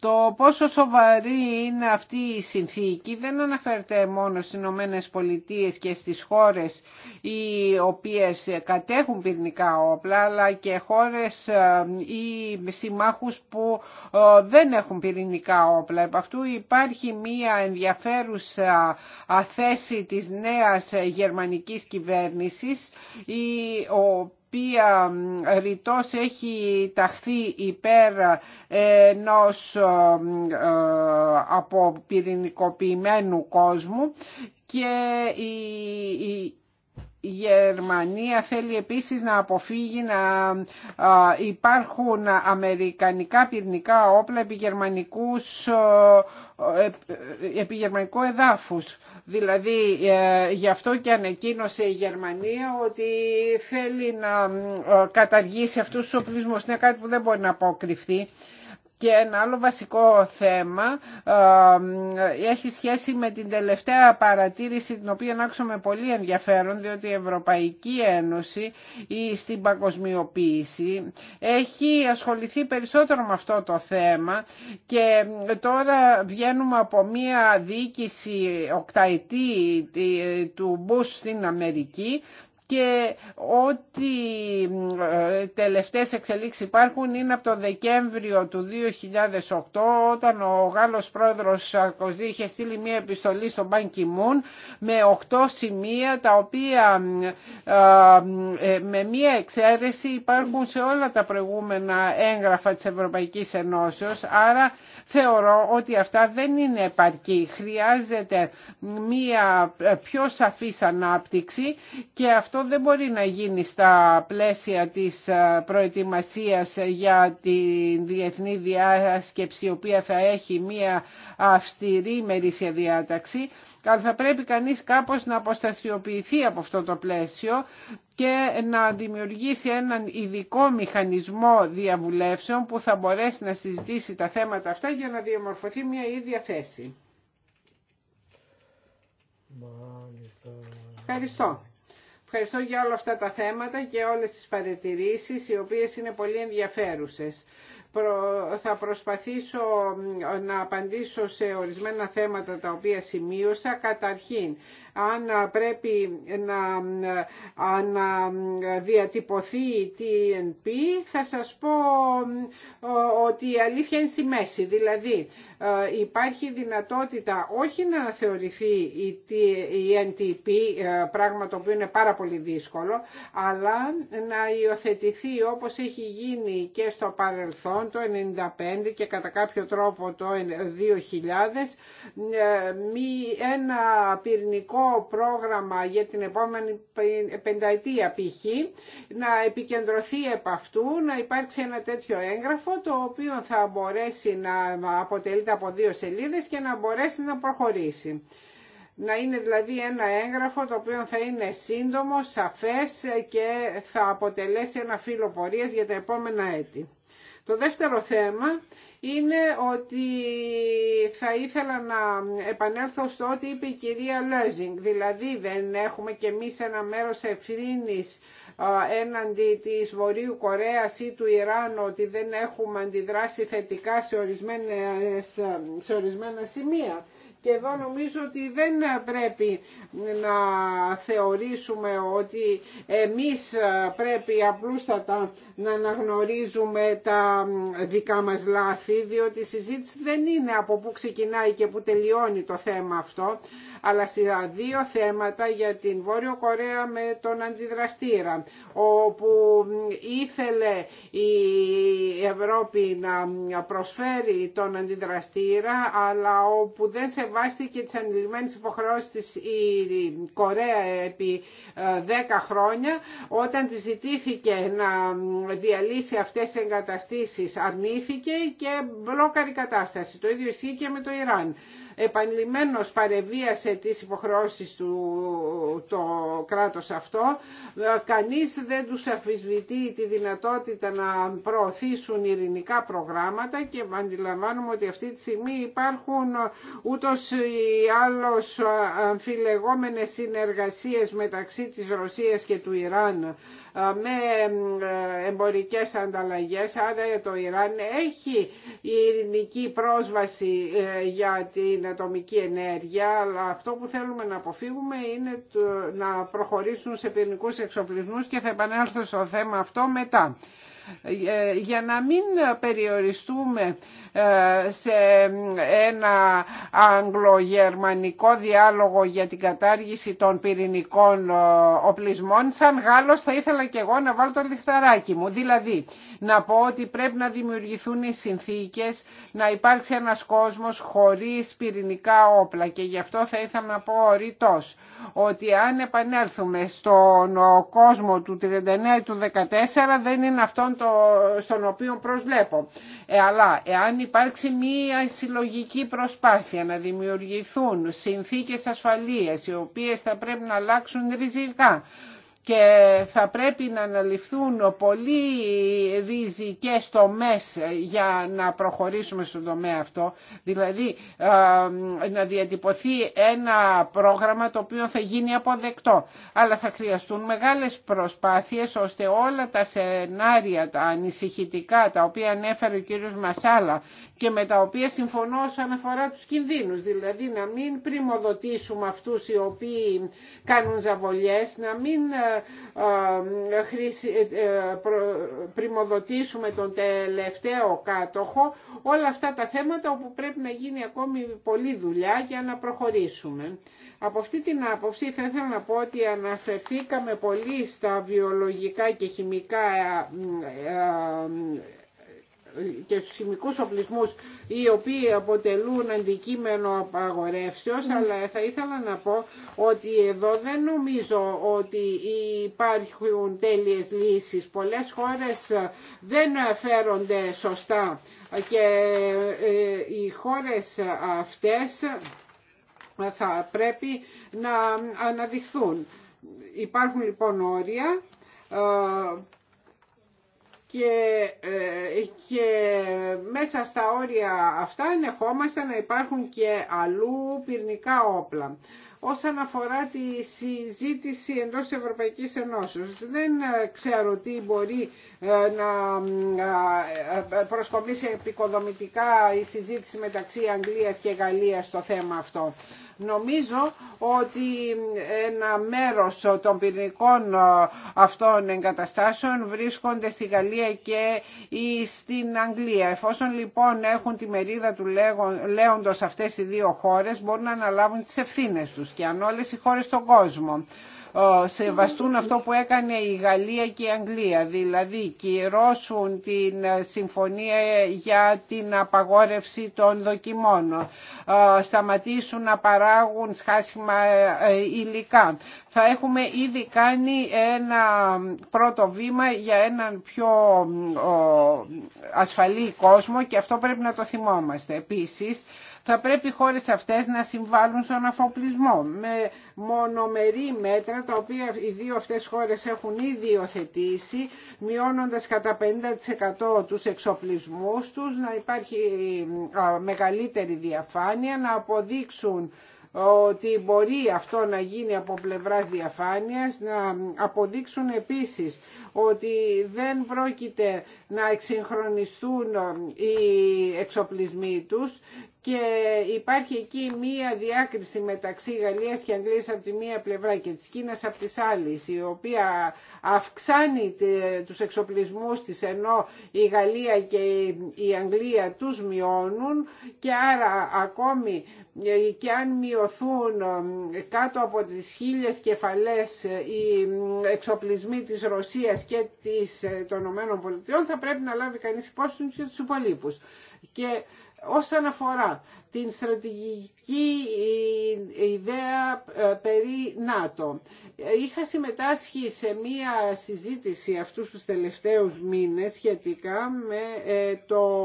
Το πόσο σοβαρή είναι αυτή η συνθήκη δεν αναφέρεται μόνο στις Ηνωμένε Πολιτείε και στις χώρες οι οποίες κατέχουν πυρηνικά όπλα αλλά και χώρες ε, ή συμμάχους που ε, δεν έχουν πυρηνικά όπλα. Επ' αυτού υπάρχει μία ενδιαφέρουσα θέση της νέας γερμανικής κυβέρνησης η οποία ρητός έχει ταχθεί υπέρ ενός ε, αποπυρηνικοποιημένου κόσμου και η, η Γερμανία θέλει επίσης να αποφύγει να υπάρχουν αμερικανικά πυρηνικά όπλα επί, γερμανικούς, ε, επί γερμανικού εδάφους. Δηλαδή ε, γι' αυτό και ανακοίνωσε η Γερμανία ότι θέλει να καταργήσει αυτούς τους οπλισμούς. Είναι κάτι που δεν μπορεί να αποκρυφθεί. Και ένα άλλο βασικό θέμα ε, έχει σχέση με την τελευταία παρατήρηση την οποία άκουσα με πολύ ενδιαφέρον διότι η Ευρωπαϊκή Ένωση ή στην παγκοσμιοποίηση έχει ασχοληθεί περισσότερο με αυτό το θέμα και τώρα βγαίνουμε από μία διοίκηση οκταετή ε, του Μπούς στην Αμερική και ό,τι ε, τελευταίες εξελίξεις υπάρχουν είναι από το Δεκέμβριο του 2008 όταν ο Γάλλος πρόεδρος Σαρκοζή είχε στείλει μια επιστολή στον Μπαν με οκτώ σημεία τα οποία ε, ε, με μια εξαίρεση υπάρχουν σε όλα τα προηγούμενα έγγραφα της Ευρωπαϊκής Ενώσεως άρα θεωρώ ότι αυτά δεν είναι επαρκή. Χρειάζεται μια πιο σαφής ανάπτυξη και αυτό αυτό δεν μπορεί να γίνει στα πλαίσια της ε, προετοιμασίας ε, για τη διεθνή διάσκεψη η οποία θα έχει μία αυστηρή μερίσια διάταξη αλλά θα πρέπει κανείς κάπως να αποστασιοποιηθεί από αυτό το πλαίσιο και να δημιουργήσει έναν ειδικό μηχανισμό διαβουλεύσεων που θα μπορέσει να συζητήσει τα θέματα αυτά για να διαμορφωθεί μια ίδια θέση. Ευχαριστώ ευχαριστώ για όλα αυτά τα θέματα και όλες τις παρατηρήσεις οι οποίες είναι πολύ ενδιαφέρουσες. Θα προσπαθήσω να απαντήσω σε ορισμένα θέματα τα οποία σημείωσα. Καταρχήν, αν πρέπει να αναδιατυπωθεί η TNP θα σας πω ότι η αλήθεια είναι στη μέση. Δηλαδή ε, υπάρχει δυνατότητα όχι να θεωρηθεί η NTP, ε, πράγμα το οποίο είναι πάρα πολύ δύσκολο, αλλά να υιοθετηθεί όπως έχει γίνει και στο παρελθόν το 1995 και κατά κάποιο τρόπο το 2000 ε, ένα πυρηνικό πρόγραμμα για την επόμενη πενταετία π.χ. να επικεντρωθεί επ' αυτού, να υπάρξει ένα τέτοιο έγγραφο το οποίο θα μπορέσει να αποτελείται από δύο σελίδες και να μπορέσει να προχωρήσει. Να είναι δηλαδή ένα έγγραφο το οποίο θα είναι σύντομο, σαφές και θα αποτελέσει ένα φύλλο πορείας για τα επόμενα έτη. Το δεύτερο θέμα είναι ότι θα ήθελα να επανέλθω στο ότι είπε η κυρία Λέζινγκ. Δηλαδή δεν έχουμε και εμείς ένα μέρος ευθύνης έναντι της Βορείου Κορέας ή του Ιράν ότι δεν έχουμε αντιδράσει θετικά σε σε ορισμένα σημεία. Και εδώ νομίζω ότι δεν πρέπει να θεωρήσουμε ότι εμείς πρέπει απλούστατα να αναγνωρίζουμε τα δικά μας λάθη, διότι η συζήτηση δεν είναι από πού ξεκινάει και πού τελειώνει το θέμα αυτό, αλλά στα δύο θέματα για την Βόρειο Κορέα με τον αντιδραστήρα, όπου ήθελε η Ευρώπη να προσφέρει τον αντιδραστήρα, αλλά όπου δεν σεβάστηκε τις ανηλυμένες υποχρεώσεις της η Κορέα επί 10 ε, χρόνια, όταν της ζητήθηκε να διαλύσει αυτές τις εγκαταστήσεις αρνήθηκε και μπλόκαρε η κατάσταση. Το ίδιο ισχύει και με το Ιράν επανειλημμένως παρεβίασε τις υποχρεώσεις του το κράτος αυτό. Ε, κανείς δεν τους αφισβητεί τη δυνατότητα να προωθήσουν ειρηνικά προγράμματα και αντιλαμβάνουμε ότι αυτή τη στιγμή υπάρχουν ε, ούτως ή άλλως ε, αμφιλεγόμενες συνεργασίες μεταξύ της Ρωσίας και του Ιράν με εμπορικές ανταλλαγές, άρα το Ιράν έχει ειρηνική πρόσβαση για την την ατομική ενέργεια, αλλά αυτό που θέλουμε να αποφύγουμε είναι να προχωρήσουν σε πυρηνικούς εξοπλισμούς και θα επανέλθω στο θέμα αυτό μετά. Ε, για να μην περιοριστούμε ε, σε ένα αγγλογερμανικό διάλογο για την κατάργηση των πυρηνικών ε, οπλισμών. Σαν Γάλλος θα ήθελα και εγώ να βάλω το λιχταράκι μου. Δηλαδή να πω ότι πρέπει να δημιουργηθούν οι συνθήκες να υπάρξει ένας κόσμος χωρίς πυρηνικά όπλα και γι' αυτό θα ήθελα να πω ρητός ότι αν επανέλθουμε στον ε, κόσμο του 39 ή του 14 δεν είναι αυτόν στον οποίο προσβλέπω. Ε, αλλά εάν υπάρξει μία συλλογική προσπάθεια να δημιουργηθούν συνθήκες ασφαλείας οι οποίες θα πρέπει να αλλάξουν ριζικά και θα πρέπει να αναλυφθούν πολύ ριζικές τομές για να προχωρήσουμε στον τομέα αυτό. Δηλαδή ε, να διατυπωθεί ένα πρόγραμμα το οποίο θα γίνει αποδεκτό. Αλλά θα χρειαστούν μεγάλες προσπάθειες ώστε όλα τα σενάρια, τα ανησυχητικά, τα οποία ανέφερε ο κύριος Μασάλα και με τα οποία συμφωνώ όσον αφορά τους κινδύνους. Δηλαδή να μην πρημοδοτήσουμε αυτούς οι οποίοι κάνουν ζαβολιές, να μην ε, ε, ε, ε, πρημοδοτήσουμε τον τελευταίο κάτοχο, όλα αυτά τα θέματα όπου πρέπει να γίνει ακόμη πολλή δουλειά για να προχωρήσουμε. Από αυτή την άποψη θα ήθελα να πω ότι αναφερθήκαμε πολύ στα βιολογικά και χημικά και στους χημικούς οπλισμούς οι οποίοι αποτελούν αντικείμενο απαγορεύσεως αλλά θα ήθελα να πω ότι εδώ δεν νομίζω ότι υπάρχουν τέλειες λύσεις. Πολλές χώρες δεν φέρονται σωστά και ε, οι χώρες αυτές θα πρέπει να αναδειχθούν. Υπάρχουν λοιπόν όρια ε, και, ε, και μέσα στα όρια αυτά ενεχόμαστε να υπάρχουν και αλλού πυρνικά όπλα. Όσον αφορά τη συζήτηση εντός της Ευρωπαϊκής Ενώσεως, δεν ξέρω τι μπορεί ε, να ε, προσκομίσει επικοδομητικά η συζήτηση μεταξύ Αγγλίας και Γαλλίας στο θέμα αυτό. Νομίζω ότι ένα μέρος των πυρηνικών αυτών εγκαταστάσεων βρίσκονται στη Γαλλία και στην Αγγλία. Εφόσον λοιπόν έχουν τη μερίδα του λέοντος αυτές οι δύο χώρες μπορούν να αναλάβουν τις ευθύνες τους και αν όλες οι χώρες στον κόσμο ε, σεβαστούν αυτό που έκανε η Γαλλία και η Αγγλία, δηλαδή κυρώσουν την ε, συμφωνία για την απαγόρευση των δοκιμών, ε, σταματήσουν να παράγουν σχάσιμα υλικά. Θα έχουμε ήδη κάνει ένα πρώτο βήμα για έναν πιο ασφαλή κόσμο και αυτό πρέπει να το θυμόμαστε. Επίσης, θα πρέπει οι χώρες αυτές να συμβάλλουν στον αφοπλισμό με μονομερή μέτρα τα οποία οι δύο αυτές χώρες έχουν ήδη υιοθετήσει μειώνοντας κατά 50% τους εξοπλισμούς τους, να υπάρχει ε, μεγαλύτερη διαφάνεια, να αποδείξουν ε, ότι μπορεί αυτό να γίνει από πλευράς διαφάνειας, να αποδείξουν επίσης ότι δεν πρόκειται να εξυγχρονιστούν ε, οι εξοπλισμοί τους και υπάρχει εκεί μία διάκριση μεταξύ Γαλλίας και Αγγλίας από τη μία πλευρά και της Κίνας από τις άλλη, η οποία αυξάνει τους εξοπλισμούς της ενώ η Γαλλία και η Αγγλία τους μειώνουν και άρα ακόμη ε, και αν μειωθούν ε, κάτω από τις χίλιες κεφαλές ε, οι εξοπλισμοί της Ρωσίας και της, των ΗΠΑ θα πρέπει να λάβει κανείς υπόψη και τους υπολείπους. Και όσον αφορά την στρατηγική ε, ιδέα ε, περί ΝΑΤΟ. Είχα συμμετάσχει σε μία συζήτηση αυτούς τους τελευταίους μήνες σχετικά με ε, το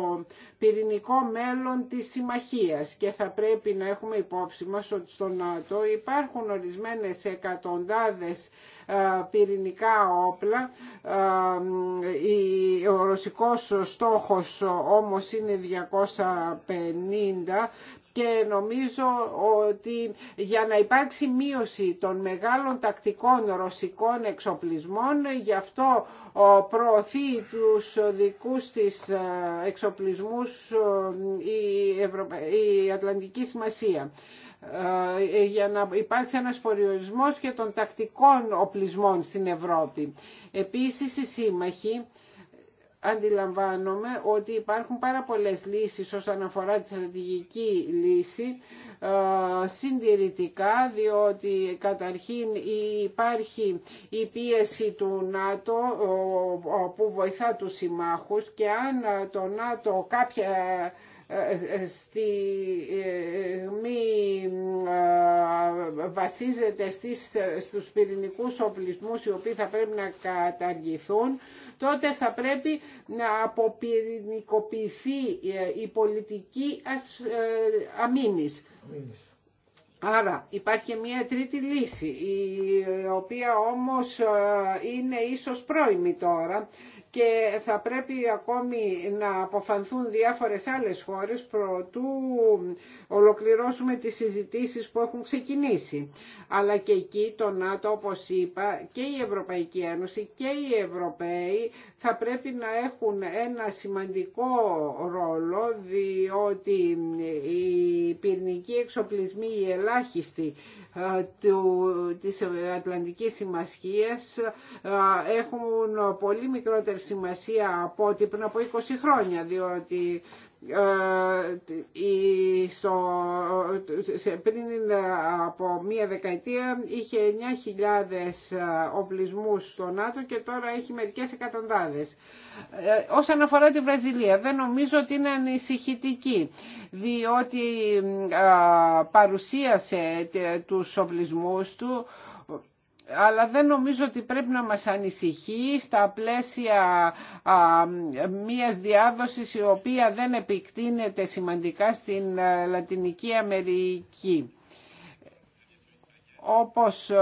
πυρηνικό μέλλον της συμμαχίας και θα πρέπει να έχουμε υπόψη μας ότι στο ΝΑΤΟ υπάρχουν ορισμένες εκατοντάδες πυρηνικά όπλα. Ο ρωσικός στόχος όμως είναι 250 και νομίζω ότι για να υπάρξει μείωση των μεγάλων τακτικών ρωσικών εξοπλισμών γι' αυτό προωθεί τους δικούς της ε, εξοπλισμούς ε, η, η Ατλαντική Σημασία ε, για να υπάρξει ένας περιορισμός και των τακτικών οπλισμών στην Ευρώπη. Επίσης οι σύμμαχοι αντιλαμβάνομαι ότι υπάρχουν πάρα πολλές λύσεις όσον αφορά τη στρατηγική λύση ε, συντηρητικά διότι καταρχήν υπάρχει η πίεση του ΝΑΤΟ που βοηθά τους συμμάχους και αν το ΝΑΤΟ κάποια στη ε, ε, ε, βασίζεται στις, στους πυρηνικούς οπλισμούς οι οποίοι θα πρέπει να καταργηθούν τότε θα πρέπει να αποπυρηνικοποιηθεί η πολιτική αμήνης. Άρα υπάρχει και μια τρίτη λύση, η οποία όμως είναι ίσως πρώιμη τώρα, και θα πρέπει ακόμη να αποφανθούν διάφορες άλλες χώρες προτού ολοκληρώσουμε τις συζητήσεις που έχουν ξεκινήσει. Αλλά και εκεί το ΝΑΤΟ όπως είπα και η Ευρωπαϊκή Ένωση και οι Ευρωπαίοι θα πρέπει να έχουν ένα σημαντικό ρόλο διότι οι πυρηνικοί εξοπλισμοί οι ελάχιστοι ε, της Ατλαντικής Συμμασχίας ε, έχουν πολύ μικρότερη σημασία από ό,τι πριν από 20 χρόνια, διότι ε, στο, σε, πριν από μία δεκαετία είχε 9.000 ε, οπλισμούς στο ΝΑΤΟ και τώρα έχει μερικές εκατοντάδες. Ε, όσον αφορά τη Βραζιλία δεν νομίζω ότι είναι ανησυχητική διότι ε, παρουσίασε τε, τους οπλισμούς του αλλά δεν νομίζω ότι πρέπει να μας ανησυχεί στα πλαίσια μιας διάδοσης η οποία δεν επικτείνεται σημαντικά στην ε, Λατινική Αμερική. Όπως ε,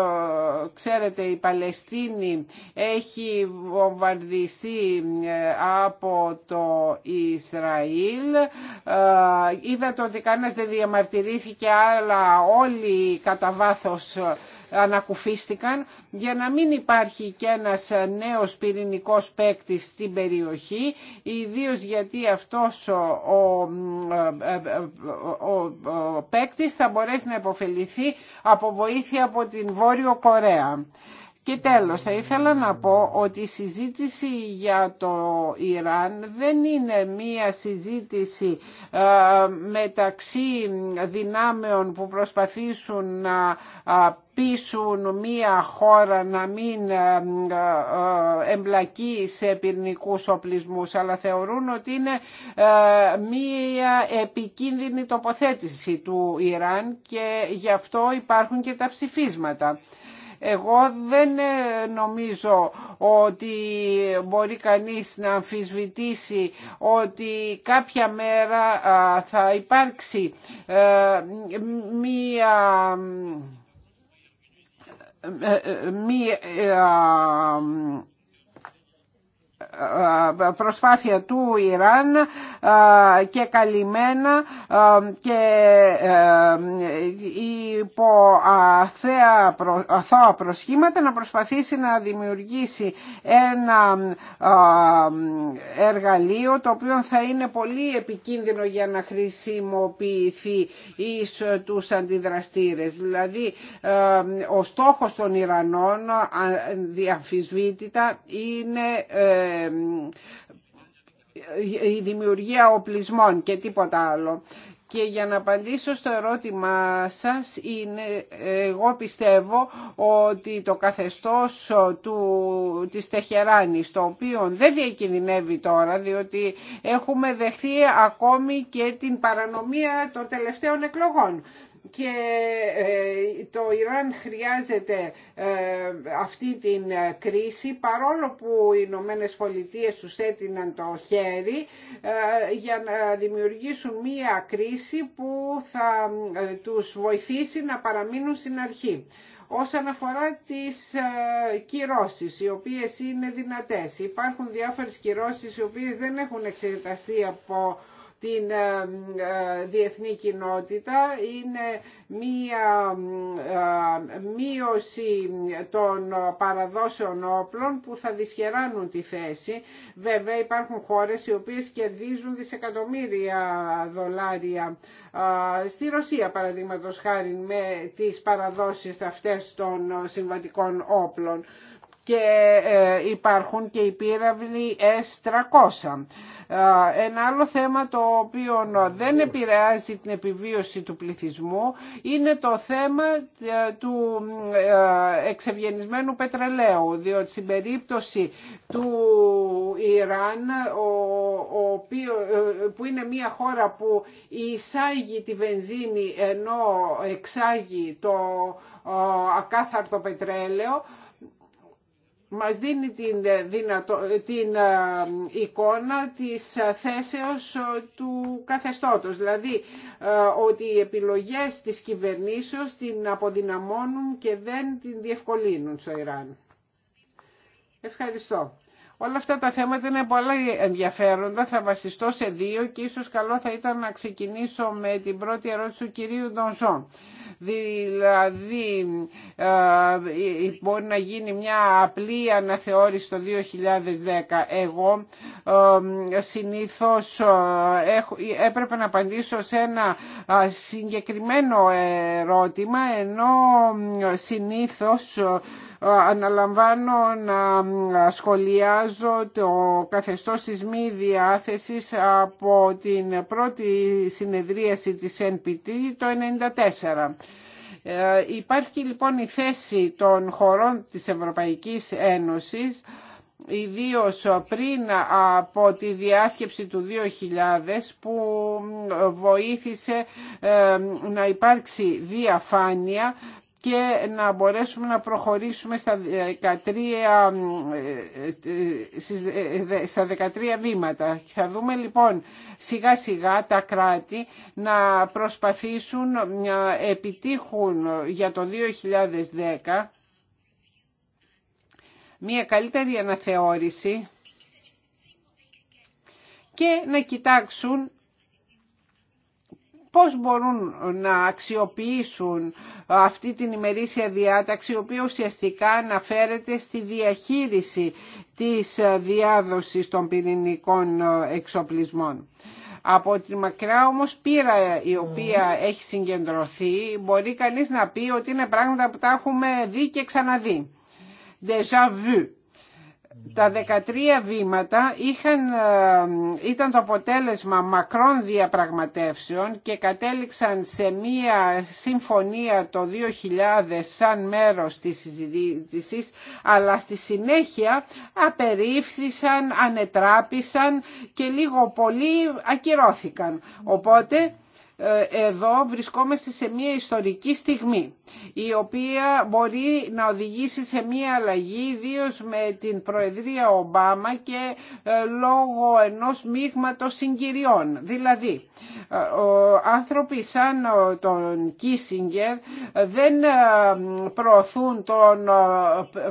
ξέρετε η Παλαιστίνη έχει βομβαρδιστεί ε, από το Ισραήλ. Είδατε ότι κανένας δεν διαμαρτυρήθηκε αλλά όλοι κατά βάθος ανακουφίστηκαν για να μην υπάρχει και ένας νέος πυρηνικός παίκτη στην περιοχή ιδίω γιατί αυτός ο, ο, ο παίκτη θα μπορέσει να υποφεληθεί από βοήθεια από την Βόρειο Κορέα. Και τέλος, θα ήθελα να πω ότι η συζήτηση για το Ιράν δεν είναι μία συζήτηση ε, μεταξύ δυνάμεων που προσπαθήσουν να ε, πείσουν μία χώρα να μην ε, εμπλακεί σε πυρνικούς οπλισμούς, αλλά θεωρούν ότι είναι μία επικίνδυνη τοποθέτηση του Ιράν και γι' αυτό υπάρχουν και τα ψηφίσματα. Εγώ δεν ε, νομίζω ότι μπορεί κανείς να αμφισβητήσει ότι κάποια μέρα θα υπάρξει ε, μία ε, μία ε, προσπάθεια του Ιράν ε, και καλυμμένα ε, και υπό αθέα, αθώα προσχήματα να προσπαθήσει να δημιουργήσει ένα εργαλείο το οποίο θα είναι πολύ επικίνδυνο για να χρησιμοποιηθεί εις τους αντιδραστήρες. Δηλαδή ο στόχος των Ιρανών διαμφισβήτητα είναι ε, η δημιουργία οπλισμών και τίποτα άλλο. Και για να απαντήσω στο ερώτημα σας, εγώ πιστεύω ότι το καθεστώς του, της Τεχεράνης, το οποίο δεν διακινδυνεύει τώρα, διότι έχουμε δεχθεί ακόμη και την παρανομία των τελευταίων εκλογών και ε, το Ιράν χρειάζεται ε, αυτή την ε, κρίση παρόλο που οι Ηνωμένε Πολιτείες τους έτειναν το χέρι για να δημιουργήσουν μία κρίση που θα τους βοηθήσει να παραμείνουν στην αρχή. Όσον αφορά τις κυρώσεις, οι οποίες είναι δυνατές, υπάρχουν διάφορες κυρώσεις οι οποίες δεν έχουν εξεταστεί από την ε, ε, διεθνή κοινότητα. Είναι μία ε, μείωση των παραδόσεων όπλων που θα δυσχεράνουν τη θέση. Βέβαια υπάρχουν χώρες οι οποίες κερδίζουν δισεκατομμύρια δολάρια στη Ρωσία παραδείγματος χάρη με τις παραδόσεις αυτές των συμβατικών όπλων και υπάρχουν και οι πύραυλοι S-300. Ε, ένα άλλο θέμα το οποίο δεν επηρεάζει την επιβίωση του πληθυσμού είναι το θέμα ε, του ε, εξευγενισμένου πετρελαίου διότι στην περίπτωση του Ιράν ο που είναι μια χώρα που εισάγει τη βενζίνη ενώ εξάγει το ακάθαρτο πετρέλαιο μας δίνει την, ε, την ε, εικόνα της ε, θέσεως του καθεστώτος. Δηλαδή ότι οι επιλογές της κυβερνήσεως την αποδυναμώνουν και δεν την διευκολύνουν στο Ιράν. Ευχαριστώ. Όλα αυτά τα θέματα είναι πολλά ενδιαφέροντα. Θα βασιστώ σε δύο και ίσως καλό θα ήταν να ξεκινήσω με την πρώτη ερώτηση του κυρίου Ντονζόν. Δηλαδή, μπορεί να γίνει μια απλή αναθεώρηση το 2010. Εγώ συνήθως έπρεπε να απαντήσω σε ένα συγκεκριμένο ερώτημα, ενώ συνήθως ε, αναλαμβάνω να σχολιάζω το καθεστώς της μη διάθεσης από την πρώτη συνεδρίαση της NPT το 1994. Ε, υπάρχει λοιπόν η θέση των χωρών της Ευρωπαϊκής Ένωσης ιδίως πριν από τη διάσκεψη του 2000 που βοήθησε ε, να υπάρξει διαφάνεια και να μπορέσουμε να προχωρήσουμε στα 13, 13 βήματα. Θα δούμε λοιπόν σιγά σιγά τα κράτη να προσπαθήσουν να επιτύχουν για το 2010 μια καλύτερη αναθεώρηση και να κοιτάξουν πώς μπορούν να αξιοποιήσουν αυτή την ημερήσια διάταξη η οποία ουσιαστικά αναφέρεται στη διαχείριση της διάδοσης των πυρηνικών εξοπλισμών. Από τη μακρά όμως πείρα η οποία έχει συγκεντρωθεί μπορεί κανείς να πει ότι είναι πράγματα που τα έχουμε δει και ξαναδεί. Déjà vu. Τα 13 βήματα είχαν, ε, ήταν το αποτέλεσμα μακρών διαπραγματεύσεων και κατέληξαν σε μία συμφωνία το 2000 σαν μέρος της συζήτηση, αλλά στη συνέχεια απερίφθησαν, ανετράπησαν και λίγο πολύ ακυρώθηκαν. Οπότε ε, εδώ βρισκόμαστε σε μια ιστορική στιγμή η οποία μπορεί να οδηγήσει σε μια αλλαγή ιδίω με την Προεδρία Ομπάμα και ε, λόγω ενός μείγματος συγκυριών. Δηλαδή, ε, άνθρωποι σαν τον Κίσιγκερ δεν προωθούν τον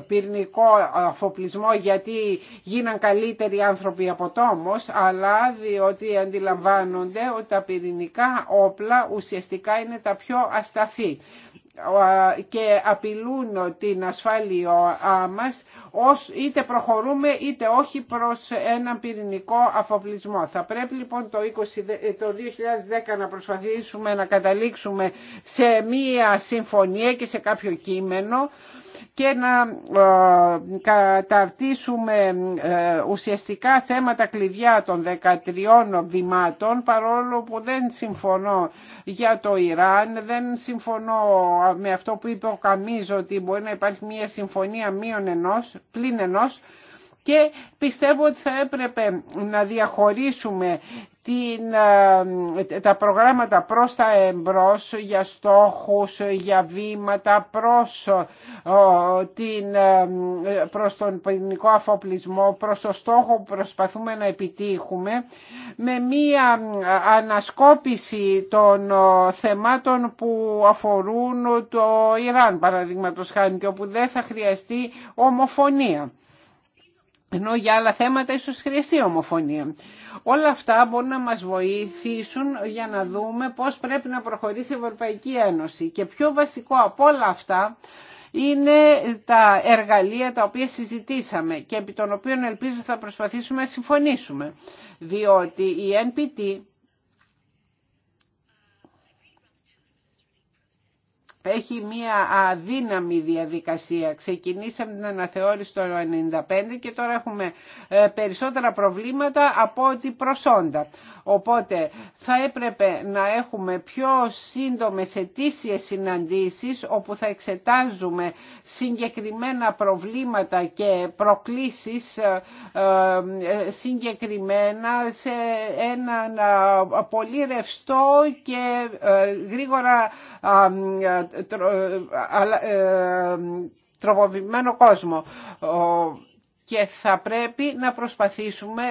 πυρηνικό αφοπλισμό γιατί γίναν καλύτεροι άνθρωποι από τόμος, αλλά διότι αντιλαμβάνονται ότι τα πυρηνικά όπλα ουσιαστικά είναι τα πιο ασταθή και απειλούν την ασφάλειά μας ως είτε προχωρούμε είτε όχι προς έναν πυρηνικό αφοπλισμό. Θα πρέπει λοιπόν το, 20, ε, το 2010 να προσπαθήσουμε να καταλήξουμε σε μία συμφωνία και σε κάποιο κείμενο και να ε, καταρτήσουμε ε, ουσιαστικά θέματα κλειδιά των 13 βημάτων παρόλο που δεν συμφωνώ για το Ιράν, δεν συμφωνώ με αυτό που είπε ο Καμίζ ότι μπορεί να υπάρχει μια συμφωνία μείον ενός, πλην ενός και πιστεύω ότι θα έπρεπε να διαχωρίσουμε ε, τα προγράμματα προς τα εμπρός για στόχους, για βήματα προς, ε, την, ε, προς τον ποινικό αφοπλισμό, προς το στόχο που προσπαθούμε να επιτύχουμε με μία ανασκόπηση των θεμάτων που αφορούν το Ιράν παραδείγματος χάνει και όπου δεν θα χρειαστεί ομοφωνία ενώ για άλλα θέματα ίσως χρειαστεί ομοφωνία. Όλα αυτά μπορούν να μας βοηθήσουν για να δούμε πώς πρέπει να προχωρήσει η Ευρωπαϊκή Ένωση. Και πιο βασικό από όλα αυτά είναι τα εργαλεία τα οποία συζητήσαμε και επί των οποίων ελπίζω θα προσπαθήσουμε να συμφωνήσουμε. Διότι η NPT έχει μία αδύναμη διαδικασία. Ξεκινήσαμε την αναθεώρηση το 1995 και τώρα έχουμε ε, περισσότερα προβλήματα από ό,τι προσόντα. Οπότε θα έπρεπε να έχουμε πιο σύντομες ετήσιες συναντήσεις όπου θα εξετάζουμε συγκεκριμένα προβλήματα και προκλήσεις ε, ε, συγκεκριμένα σε έναν πολύ ρευστό και γρήγορα ε, ε, τροποποιημένο κόσμο και θα πρέπει να προσπαθήσουμε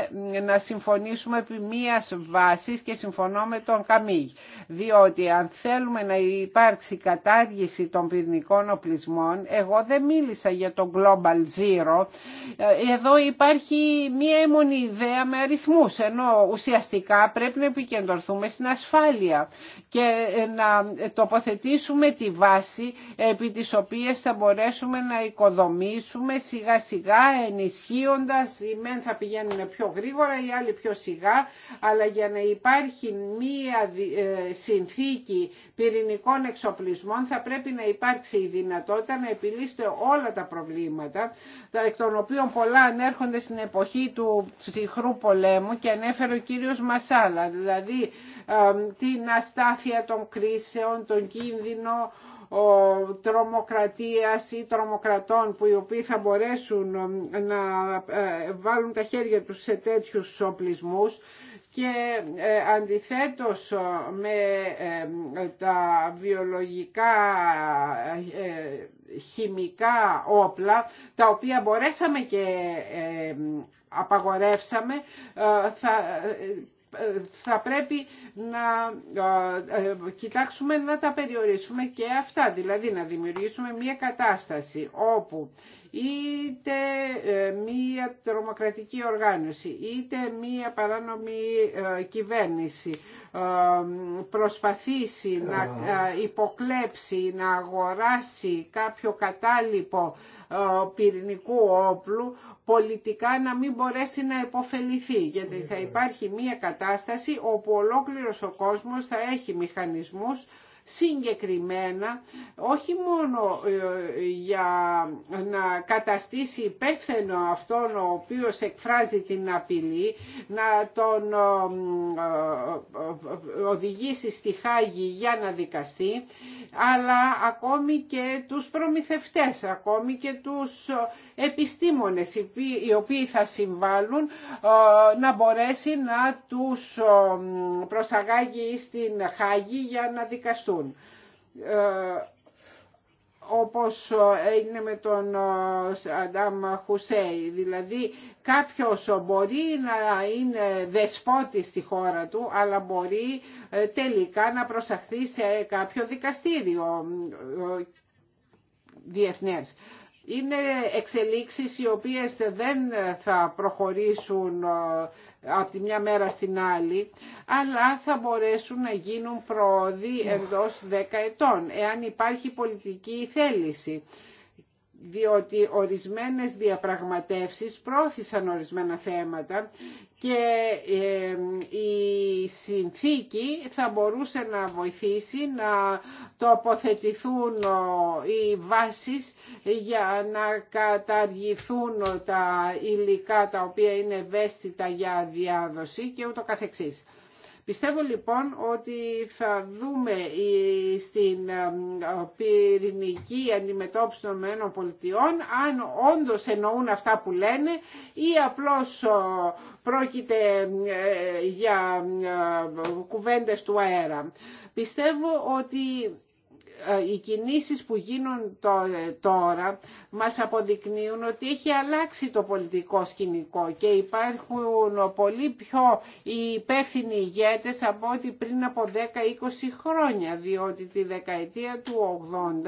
να συμφωνήσουμε επί μίας βάσης και συμφωνώ με τον Καμίγ. Διότι αν θέλουμε να υπάρξει κατάργηση των πυρηνικών οπλισμών, εγώ δεν μίλησα για το Global Zero, ε, εδώ υπάρχει μία αίμονη ιδέα με αριθμούς, ενώ ουσιαστικά πρέπει να επικεντρωθούμε στην ασφάλεια και ε, να τοποθετήσουμε τη βάση επί της οποίας θα μπορέσουμε να οικοδομήσουμε σιγά σιγά ενισχύοντας, οι μεν θα πηγαίνουν πιο γρήγορα, οι άλλοι πιο σιγά, αλλά για να υπάρχει μία ε, συνθήκη πυρηνικών εξοπλισμών θα πρέπει να υπάρξει η δυνατότητα να επιλύσετε όλα τα προβλήματα, εκ των οποίων πολλά ανέρχονται στην εποχή του ψυχρού πολέμου και ανέφερε ο κύριος Μασάλα, δηλαδή ε, την αστάθεια των κρίσεων, τον κίνδυνο, ο τρομοκρατίας ή τρομοκρατών που οι οποίοι θα μπορέσουν ε, να ε, βάλουν τα χέρια τους σε τέτοιους οπλισμούς και ε, αντιθέτως με τα βιολογικά χημικά όπλα τα οποία μπορέσαμε και απαγορεύσαμε θα θα πρέπει να ε, κοιτάξουμε να τα περιορίσουμε και αυτά, δηλαδή να δημιουργήσουμε μια κατάσταση όπου είτε ε, μία τρομοκρατική οργάνωση, είτε μία παράνομη ε, κυβέρνηση ε, προσπαθήσει να υποκλέψει, να αγοράσει κάποιο κατάλοιπο πυρηνικού όπλου πολιτικά να μην μπορέσει να υποφεληθεί γιατί θα υπάρχει μια κατάσταση όπου ολόκληρος ο κόσμος θα έχει μηχανισμούς συγκεκριμένα όχι μόνο ε, για να καταστήσει υπεύθυνο αυτόν ο οποίος εκφράζει την απειλή, να τον ε, ε, οδηγήσει στη Χάγη για να δικαστεί, αλλά ακόμη και τους προμηθευτές, ακόμη και τους επιστήμονες οι οποίοι θα συμβάλλουν ε, να μπορέσει να τους ε, προσαγάγει στην Χάγη για να δικαστούν ε, όπως έγινε με τον Αντάμ Χουσέι. Δηλαδή κάποιος μπορεί να είναι δεσπότης στη χώρα του, αλλά μπορεί τελικά να προσαχθεί σε κάποιο δικαστήριο διεθνές. Είναι εξελίξεις οι οποίες δεν θα προχωρήσουν ε, από τη μια μέρα στην άλλη, αλλά θα μπορέσουν να γίνουν προόδοι εντός 10 ετών, εάν υπάρχει πολιτική θέληση διότι ορισμένες διαπραγματεύσεις πρόθυσαν ορισμένα θέματα και η συνθήκη θα μπορούσε να βοηθήσει να τοποθετηθούν οι βάσεις για να καταργηθούν τα υλικά τα οποία είναι ευαίσθητα για διάδοση και ούτω καθεξής. Πιστεύω λοιπόν ότι θα δούμε στην ε, πυρηνική αντιμετώπιση των ΗΠΑ αν όντως εννοούν αυτά που λένε ή απλώς ε, πρόκειται ε, για κουβέντες του αέρα. Πιστεύω ότι ε, οι κινήσεις που γίνουν ε, τώρα μας αποδεικνύουν ότι έχει αλλάξει το πολιτικό σκηνικό και υπάρχουν πολύ πιο υπεύθυνοι ηγέτες από ό,τι πριν από 10-20 χρόνια διότι τη δεκαετία του 80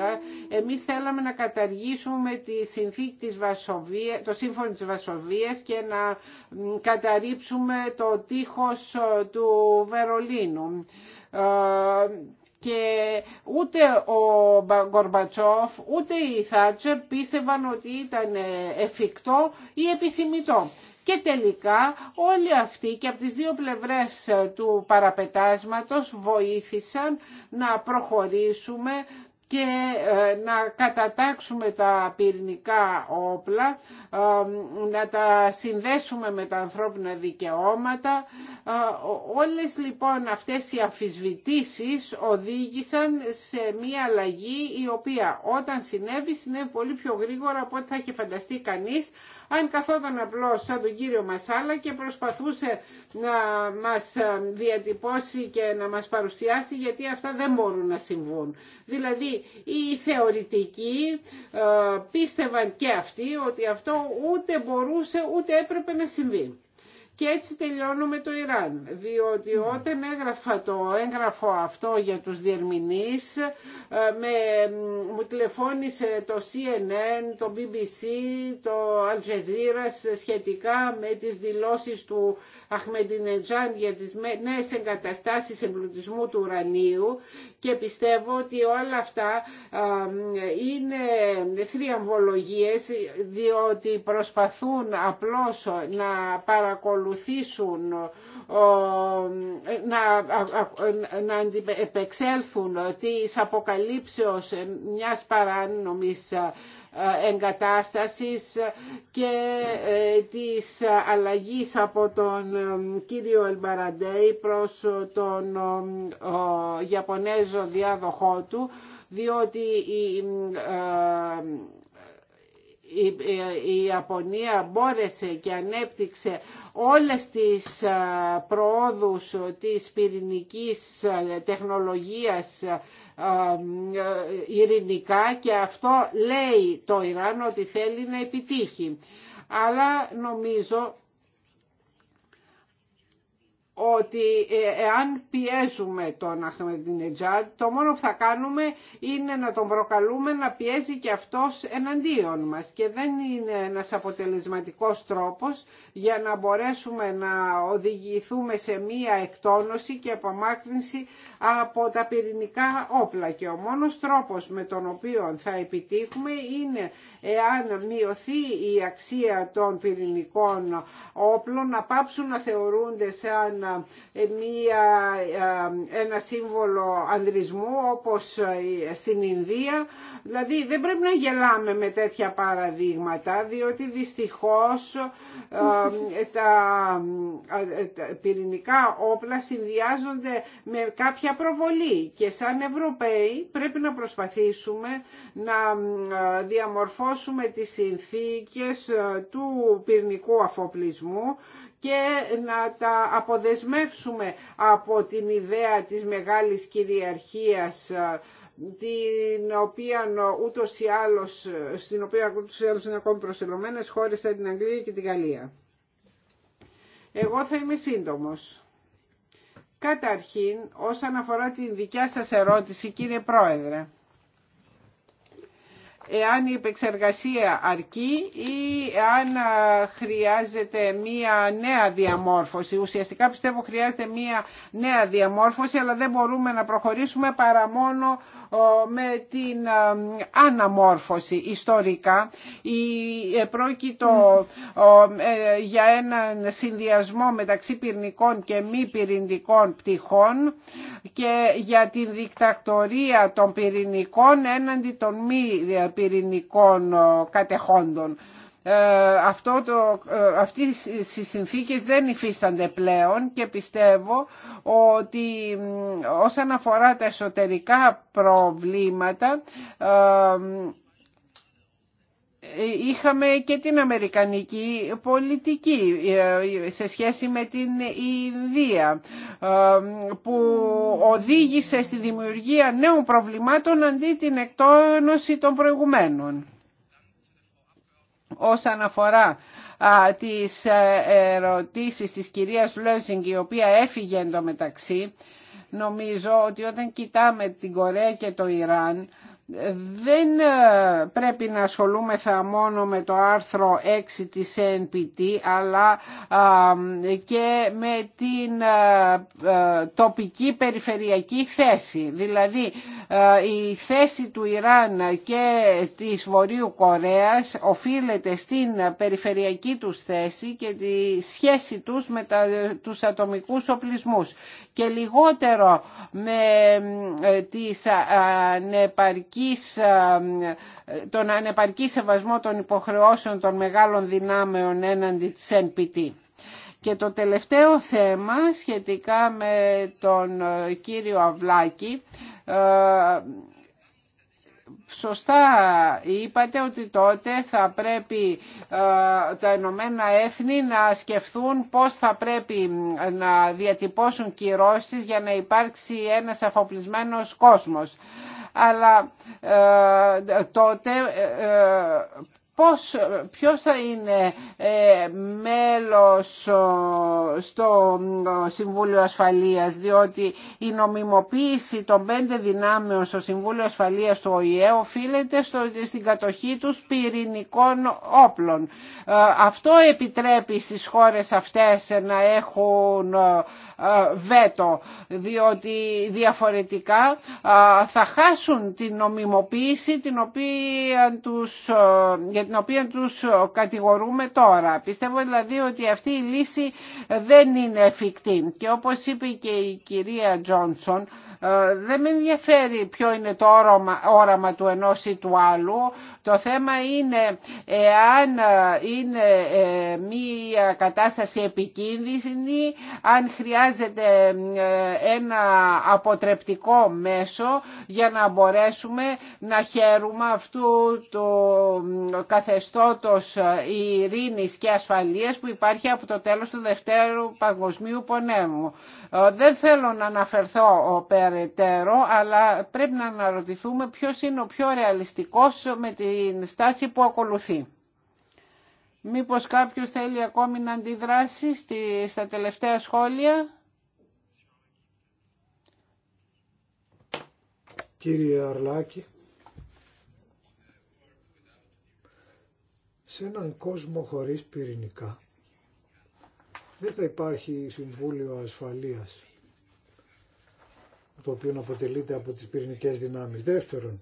εμείς θέλαμε να καταργήσουμε τη συνθήκη της Βασοβία, το σύμφωνο της Βασοβίας και να καταρρίψουμε το τείχος ε, του Βερολίνου και ούτε ο Γκορμπατσόφ ούτε η Θάτσερ πίστευαν ότι ήταν ε, εφικτό ή επιθυμητό. Και τελικά όλοι αυτοί και από τις δύο πλευρές ε, του παραπετάσματος βοήθησαν να προχωρήσουμε και ε, να κατατάξουμε τα πυρηνικά όπλα, ε, να τα συνδέσουμε με τα ανθρώπινα δικαιώματα. Ε, όλες λοιπόν αυτές οι αφισβητήσεις οδήγησαν σε μια αλλαγή η οποία όταν συνέβη συνέβη πολύ πιο γρήγορα από ό,τι θα είχε φανταστεί κανείς αν καθόταν απλώς σαν τον κύριο Μασάλα και προσπαθούσε να μας ε, διατυπώσει και να μας παρουσιάσει γιατί αυτά δεν μπορούν να συμβούν. Δηλαδή οι θεωρητικοί ε, πίστευαν και αυτοί ότι αυτό ούτε μπορούσε ούτε έπρεπε να συμβεί. Και έτσι τελειώνουμε το Ιράν, διότι ναι. όταν έγραφα το έγγραφο αυτό για τους διερμηνείς, ε, με, μου τηλεφώνησε το CNN, το BBC, το Al Jazeera σχετικά με τις δηλώσεις του Αχμεντινετζάν για τις νέες εγκαταστάσεις εμπλουτισμού του ουρανίου και πιστεύω ότι όλα αυτά ε, είναι θριαμβολογίες διότι προσπαθούν απλώς να παρακολουθούν ακολουθήσουν, να επεξέλθουν της αποκαλύψεως μιας παράνομης εγκατάστασης και ε, της αλλαγής από τον ε, κύριο Ελμπαραντέη προς τον Ιαπωνέζο διάδοχό του διότι η, ε, η Ιαπωνία μπόρεσε και ανέπτυξε όλες τις ε, προόδους της πυρηνικής ε, τεχνολογίας ε, ειρηνικά και αυτό λέει το Ιράν ότι θέλει να επιτύχει. Αλλά νομίζω ότι ε, εάν πιέζουμε τον Αχμεντινετζάντ, το μόνο που θα κάνουμε είναι να τον προκαλούμε να πιέζει και αυτός εναντίον μας και δεν είναι ένας αποτελεσματικός τρόπος για να μπορέσουμε να οδηγηθούμε σε μία εκτόνωση και απομάκρυνση από τα πυρηνικά όπλα και ο μόνος τρόπος με τον οποίο θα επιτύχουμε είναι εάν μειωθεί η αξία των πυρηνικών όπλων να πάψουν να θεωρούνται σαν ε, ένα σύμβολο ανδρισμού όπως ε, στην Ινδία δηλαδή δεν πρέπει να γελάμε με τέτοια παραδείγματα διότι δυστυχώς ε, τα πυρηνικά όπλα συνδυάζονται με κάποια κάποια προβολή και σαν Ευρωπαίοι πρέπει να προσπαθήσουμε να διαμορφώσουμε τις συνθήκες του πυρνικού αφοπλισμού και να τα αποδεσμεύσουμε από την ιδέα της μεγάλης κυριαρχίας την οποία ούτως ή στην οποία ούτως ή άλλως είναι ακόμη προσελωμένες χώρες σαν την Αγγλία και την Γαλλία. Εγώ θα είμαι σύντομος. Καταρχήν, όσον αφορά την δικιά σας ερώτηση, κύριε Πρόεδρε, εάν η επεξεργασία αρκεί ή αν χρειάζεται μία νέα διαμόρφωση. Ουσιαστικά πιστεύω χρειάζεται μία νέα διαμόρφωση, αλλά δεν μπορούμε να προχωρήσουμε παρά μόνο με την αναμόρφωση ιστορικά. Η ε, πρόκειτο ε, για έναν συνδυασμό μεταξύ πυρηνικών και μη πυρηνικών πτυχών και για την δικτακτορία των πυρηνικών έναντι των μη ε, πυρηνικών ε, κατεχόντων. Ε, αυτό το, ε, αυτοί οι συνθήκες δεν υφίστανται πλέον και πιστεύω ότι όσον αφορά τα εσωτερικά προβλήματα είχαμε και την Αμερικανική πολιτική ε, σε σχέση με την Ινδία ε, που οδήγησε στη δημιουργία νέων προβλημάτων αντί την εκτόνωση των προηγουμένων. Όσον αφορά τις ε, ερωτήσεις της κυρίας Λόζινγκ η οποία έφυγε εντωμεταξύ νομίζω ότι όταν κοιτάμε την Κορέα και το Ιράν δεν ε, πρέπει να ασχολούμεθα μόνο με το άρθρο 6 της NPT αλλά και με την ε, ε, τοπική περιφερειακή θέση. Δηλαδή η θέση του Ιράν και της Βορείου Κορέας οφείλεται στην περιφερειακή τους θέση και τη σχέση τους με τους ατομικούς οπλισμούς και λιγότερο με τις ανεπαρκή ε, ε, τον ανεπαρκή σεβασμό των υποχρεώσεων των μεγάλων δυνάμεων έναντι της NPT. Και το τελευταίο θέμα σχετικά με τον ε, κύριο Αυλάκη, Σωστά είπατε ότι τότε θα πρέπει τα Ηνωμένα Έθνη να σκεφτούν πώς θα πρέπει να διατυπώσουν κυρώσεις για να υπάρξει ένας αφοπλισμένος κόσμος αλλά ε, τότε ε, ε, πώς, ποιος θα είναι ε, μέλος στο Συμβούλιο Ασφαλείας διότι η νομιμοποίηση των πέντε δυνάμεων στο Συμβούλιο Ασφαλείας του ΟΗΕ οφείλεται στο, στην κατοχή τους πυρηνικών όπλων. Ε, αυτό επιτρέπει στις χώρες αυτές να έχουν ε, βέτο διότι διαφορετικά θα χάσουν την νομιμοποίηση την οποία τους, την οποία τους κατηγορούμε τώρα. Πιστεύω δηλαδή ότι αυτή η λύση δεν είναι εφικτή. Και όπως είπε και η κυρία Τζόνσον, ε, δεν με ενδιαφέρει ποιο είναι το όραμα, όραμα του ενός ή του άλλου. Το θέμα είναι εάν ε, είναι ε, μία κατάσταση επικίνδυνη, αν χρειάζεται ένα αποτρεπτικό μέσο για να μπορέσουμε να χαίρουμε αυτού του καθεστώτος ειρήνης και ασφαλείας που υπάρχει από το τέλος του Δευτέρου Παγκοσμίου Πονέμου. Δεν θέλω να αναφερθώ πέρα περαιτέρω, αλλά πρέπει να αναρωτηθούμε ποιος είναι ο πιο ρεαλιστικός με την στάση που ακολουθεί. Μήπως κάποιος θέλει ακόμη να αντιδράσει στη, στα τελευταία σχόλια. Κύριε Αρλάκη, σε έναν κόσμο χωρίς πυρηνικά δεν θα υπάρχει Συμβούλιο Ασφαλείας το οποίο αποτελείται από τις πυρηνικές δυνάμεις. Δεύτερον,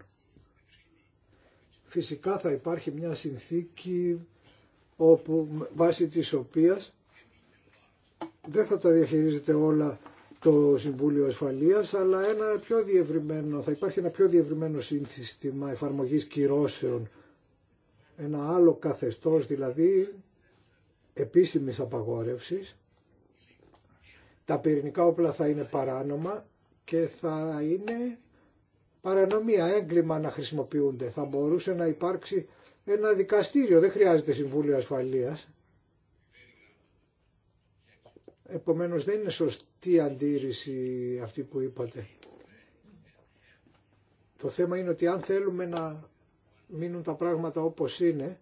φυσικά θα υπάρχει μια συνθήκη όπου βάσει της οποίας δεν θα τα διαχειρίζεται όλα το Συμβούλιο Ασφαλείας, αλλά ένα πιο διευρυμένο, θα υπάρχει ένα πιο διευρυμένο σύνθημα εφαρμογής κυρώσεων, ένα άλλο καθεστώς δηλαδή επίσημης απαγόρευσης. Τα πυρηνικά όπλα θα είναι παράνομα και θα είναι παρανομία, έγκλημα να χρησιμοποιούνται. Θα μπορούσε να υπάρξει ένα δικαστήριο, δεν χρειάζεται Συμβούλιο Ασφαλείας. Επομένως δεν είναι σωστή αντίρρηση αυτή που είπατε. Το θέμα είναι ότι αν θέλουμε να μείνουν τα πράγματα όπως είναι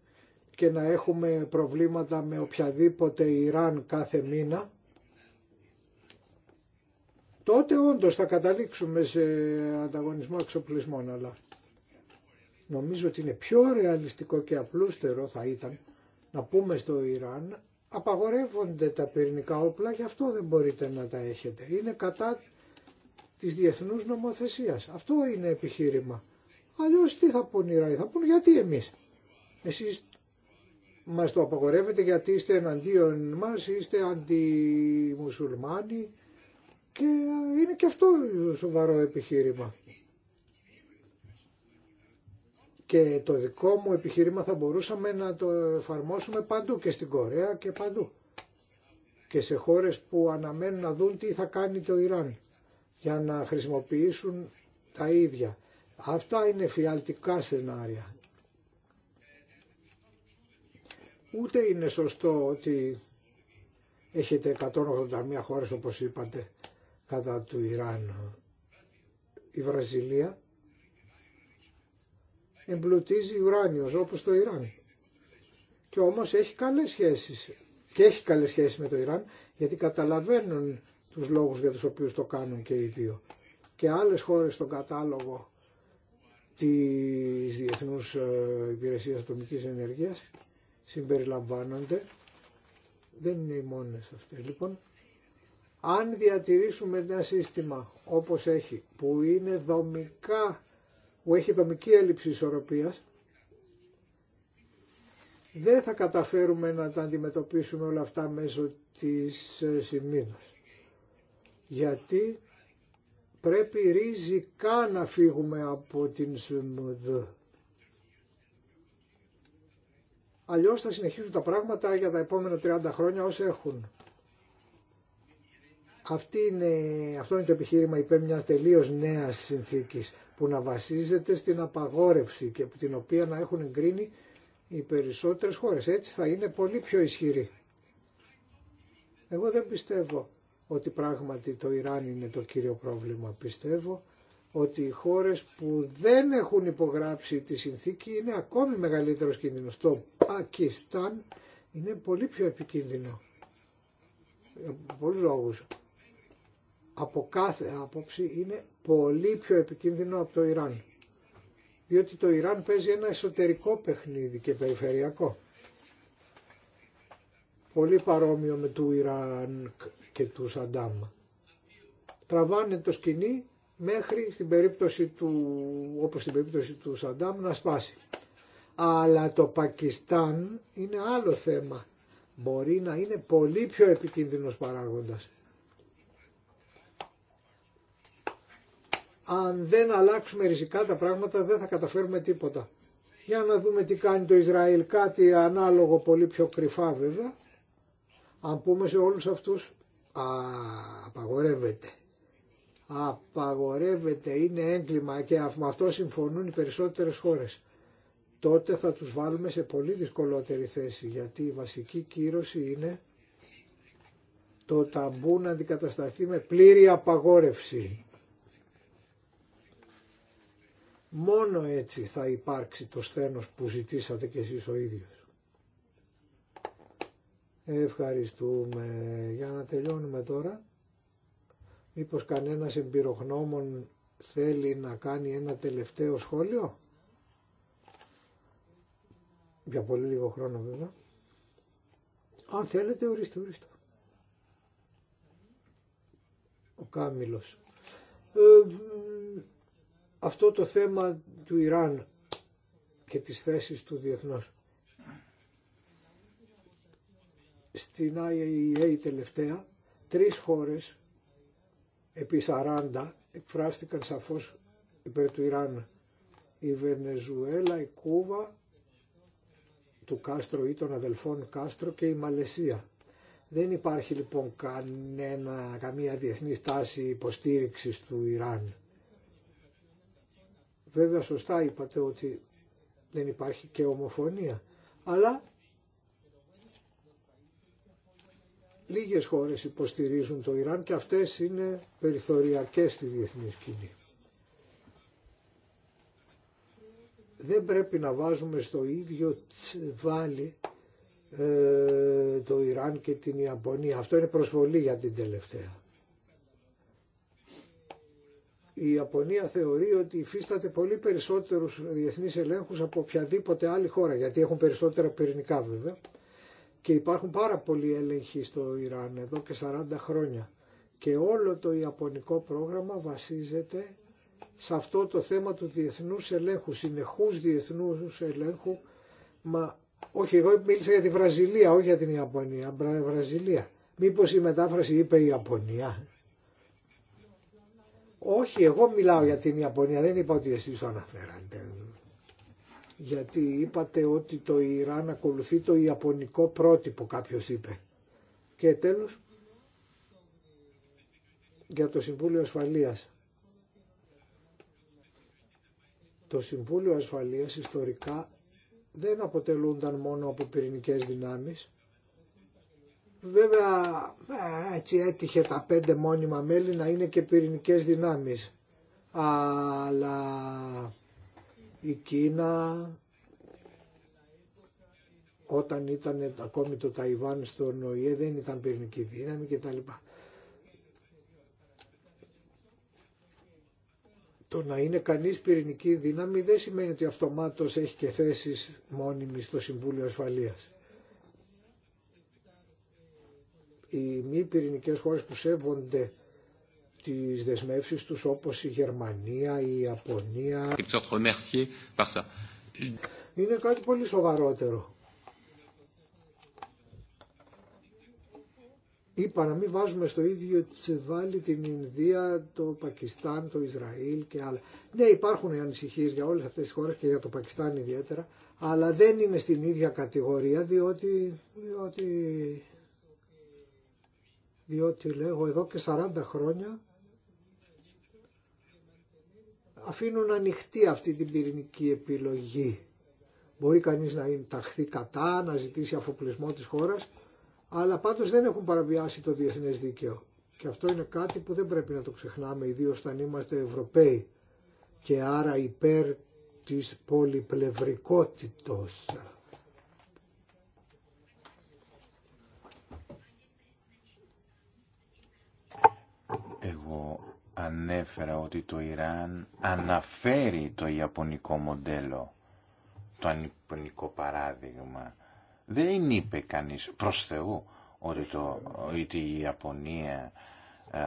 και να έχουμε προβλήματα με οποιαδήποτε Ιράν κάθε μήνα, τότε όντως θα καταλήξουμε σε ανταγωνισμό εξοπλισμών, αλλά νομίζω ότι είναι πιο ρεαλιστικό και απλούστερο θα ήταν να πούμε στο Ιράν απαγορεύονται τα πυρηνικά όπλα, γι' αυτό δεν μπορείτε να τα έχετε. Είναι κατά της διεθνούς νομοθεσίας. Αυτό είναι επιχείρημα. Αλλιώς τι θα πούν οι Ιράνοι, θα πούν γιατί εμείς. Εσείς μας το απαγορεύετε γιατί είστε εναντίον μας, είστε αντιμουσουλμάνοι, και είναι και αυτό σοβαρό επιχείρημα. Και το δικό μου επιχείρημα θα μπορούσαμε να το εφαρμόσουμε παντού και στην Κορέα και παντού. Και σε χώρες που αναμένουν να δουν τι θα κάνει το Ιράν για να χρησιμοποιήσουν τα ίδια. Αυτά είναι φιαλτικά σενάρια. Ούτε είναι σωστό ότι έχετε 181 χώρες όπως είπατε κατά του Ιράν. Η Βραζιλία εμπλουτίζει ουράνιος όπως το Ιράν. Και όμως έχει καλές σχέσεις και έχει καλές σχέσεις με το Ιράν γιατί καταλαβαίνουν τους λόγους για τους οποίους το κάνουν και οι δύο. Και άλλες χώρες στον κατάλογο της Διεθνούς ε, Υπηρεσίας Ατομικής Ενεργείας συμπεριλαμβάνονται. Δεν είναι οι μόνες αυτές. Λοιπόν, αν διατηρήσουμε ένα σύστημα όπως έχει, που είναι δομικά, που έχει δομική έλλειψη ισορροπίας, δεν θα καταφέρουμε να τα αντιμετωπίσουμε όλα αυτά μέσω της ε, σημείνας. Γιατί πρέπει ριζικά να φύγουμε από την ΣΜΔ. Αλλιώς θα συνεχίσουν τα πράγματα για τα επόμενα 30 χρόνια όσοι έχουν αυτό είναι το επιχείρημα υπέρ μια τελείω νέα συνθήκη που να βασίζεται στην απαγόρευση και την οποία να έχουν εγκρίνει οι περισσότερες χώρες. Έτσι θα είναι πολύ πιο ισχυρή. Εγώ δεν πιστεύω ότι πράγματι το Ιράν είναι το κύριο πρόβλημα. Πιστεύω ότι οι χώρες που δεν έχουν υπογράψει τη συνθήκη είναι ακόμη μεγαλύτερος κίνδυνος. Το Πακιστάν είναι πολύ πιο επικίνδυνο. πολλούς λόγους από κάθε άποψη είναι πολύ πιο επικίνδυνο από το Ιράν. Διότι το Ιράν παίζει ένα εσωτερικό παιχνίδι και περιφερειακό. Πολύ παρόμοιο με του Ιράν και του Σαντάμ. Τραβάνε το σκηνή μέχρι στην περίπτωση του, όπως στην περίπτωση του Σαντάμ να σπάσει. Αλλά το Πακιστάν είναι άλλο θέμα. Μπορεί να είναι πολύ πιο επικίνδυνος παράγοντας. αν δεν αλλάξουμε ριζικά τα πράγματα δεν θα καταφέρουμε τίποτα. Για να δούμε τι κάνει το Ισραήλ, κάτι ανάλογο πολύ πιο κρυφά βέβαια. Αν πούμε σε όλους αυτούς, α, απαγορεύεται. Απαγορεύεται, είναι έγκλημα και με αυτό συμφωνούν οι περισσότερες χώρες. Τότε θα τους βάλουμε σε πολύ δυσκολότερη θέση, γιατί η βασική κύρωση είναι το ταμπού να αντικατασταθεί με πλήρη απαγόρευση. Μόνο έτσι θα υπάρξει το σθένος που ζητήσατε και εσείς ο ίδιος. Ευχαριστούμε. Για να τελειώνουμε τώρα. Μήπως κανένας εμπειρογνώμων θέλει να κάνει ένα τελευταίο σχόλιο. Για πολύ λίγο χρόνο βέβαια. Αν θέλετε ορίστε ορίστε. Ο Κάμιλος. Ε, αυτό το θέμα του Ιράν και τις θέσεις του διεθνώς. Στην IAEA e τελευταία, τρεις χώρες επί 40 εκφράστηκαν σαφώς υπέρ του Ιράν. Η Βενεζουέλα, η Κούβα, του Κάστρο ή των αδελφών Κάστρο και η Μαλαισία. Δεν υπάρχει λοιπόν κανένα, καμία διεθνή στάση υποστήριξης του Ιράν. Βέβαια σωστά είπατε ότι δεν υπάρχει και ομοφωνία, αλλά λίγες χώρες υποστηρίζουν το Ιράν και αυτές είναι περιθωριακές στη διεθνή σκηνή. Δεν πρέπει να βάζουμε στο ίδιο τσβάλι ε, το Ιράν και την Ιαπωνία. Αυτό είναι προσβολή για την τελευταία η Ιαπωνία θεωρεί ότι υφίσταται πολύ περισσότερους διεθνείς ελέγχους από οποιαδήποτε άλλη χώρα, γιατί έχουν περισσότερα πυρηνικά βέβαια. Και υπάρχουν πάρα πολλοί έλεγχοι στο Ιράν εδώ και 40 χρόνια. Και όλο το Ιαπωνικό πρόγραμμα βασίζεται σε αυτό το θέμα του διεθνούς ελέγχου, συνεχούς διεθνούς ελέγχου, μα όχι, εγώ μίλησα για τη Βραζιλία, όχι για την Ιαπωνία. Βραζιλία. Μήπως η μετάφραση είπε η Ιαπωνία. Όχι, εγώ μιλάω για την Ιαπωνία, δεν είπα ότι εσείς το αναφέρατε. Γιατί είπατε ότι το Ιράν ακολουθεί το Ιαπωνικό πρότυπο, κάποιος είπε. Και τέλος, για το Συμβούλιο Ασφαλείας. Το Συμβούλιο Ασφαλείας ιστορικά δεν αποτελούνταν μόνο από πυρηνικές δυνάμεις, Βέβαια έτσι έτυχε τα πέντε μόνιμα μέλη να είναι και πυρηνικές δυνάμεις. Αλλά η Κίνα όταν ήταν ακόμη το Ταϊβάν στο ΝοΙΕ δεν ήταν πυρηνική δύναμη κτλ. Το να είναι κανείς πυρηνική δύναμη δεν σημαίνει ότι αυτομάτως έχει και θέσεις μόνιμη στο Συμβούλιο Ασφαλείας. οι μη πυρηνικές χώρες που σέβονται τις δεσμεύσεις τους όπως η Γερμανία, η Ιαπωνία. Είναι κάτι πολύ σοβαρότερο. Είπα να μην βάζουμε στο ίδιο τσεβάλι την Ινδία, το Πακιστάν, το Ισραήλ και άλλα. Ναι υπάρχουν ανησυχίε για όλες αυτές τις χώρες και για το Πακιστάν ιδιαίτερα, αλλά δεν είναι στην ίδια κατηγορία διότι, διότι διότι λέγω εδώ και 40 χρόνια αφήνουν ανοιχτή αυτή την πυρηνική επιλογή. Μπορεί κανείς να είναι ταχθεί κατά, να ζητήσει αφοπλισμό της χώρας, αλλά πάντως δεν έχουν παραβιάσει το διεθνές δίκαιο. Και αυτό είναι κάτι που δεν πρέπει να το ξεχνάμε, ιδίως όταν είμαστε Ευρωπαίοι και άρα υπέρ της πολυπλευρικότητος. Εγώ ανέφερα ότι το Ιράν αναφέρει το ιαπωνικό μοντέλο, το ιαπωνικό παράδειγμα. Δεν είπε κανείς προς Θεού ότι, η Ιαπωνία ε, ε,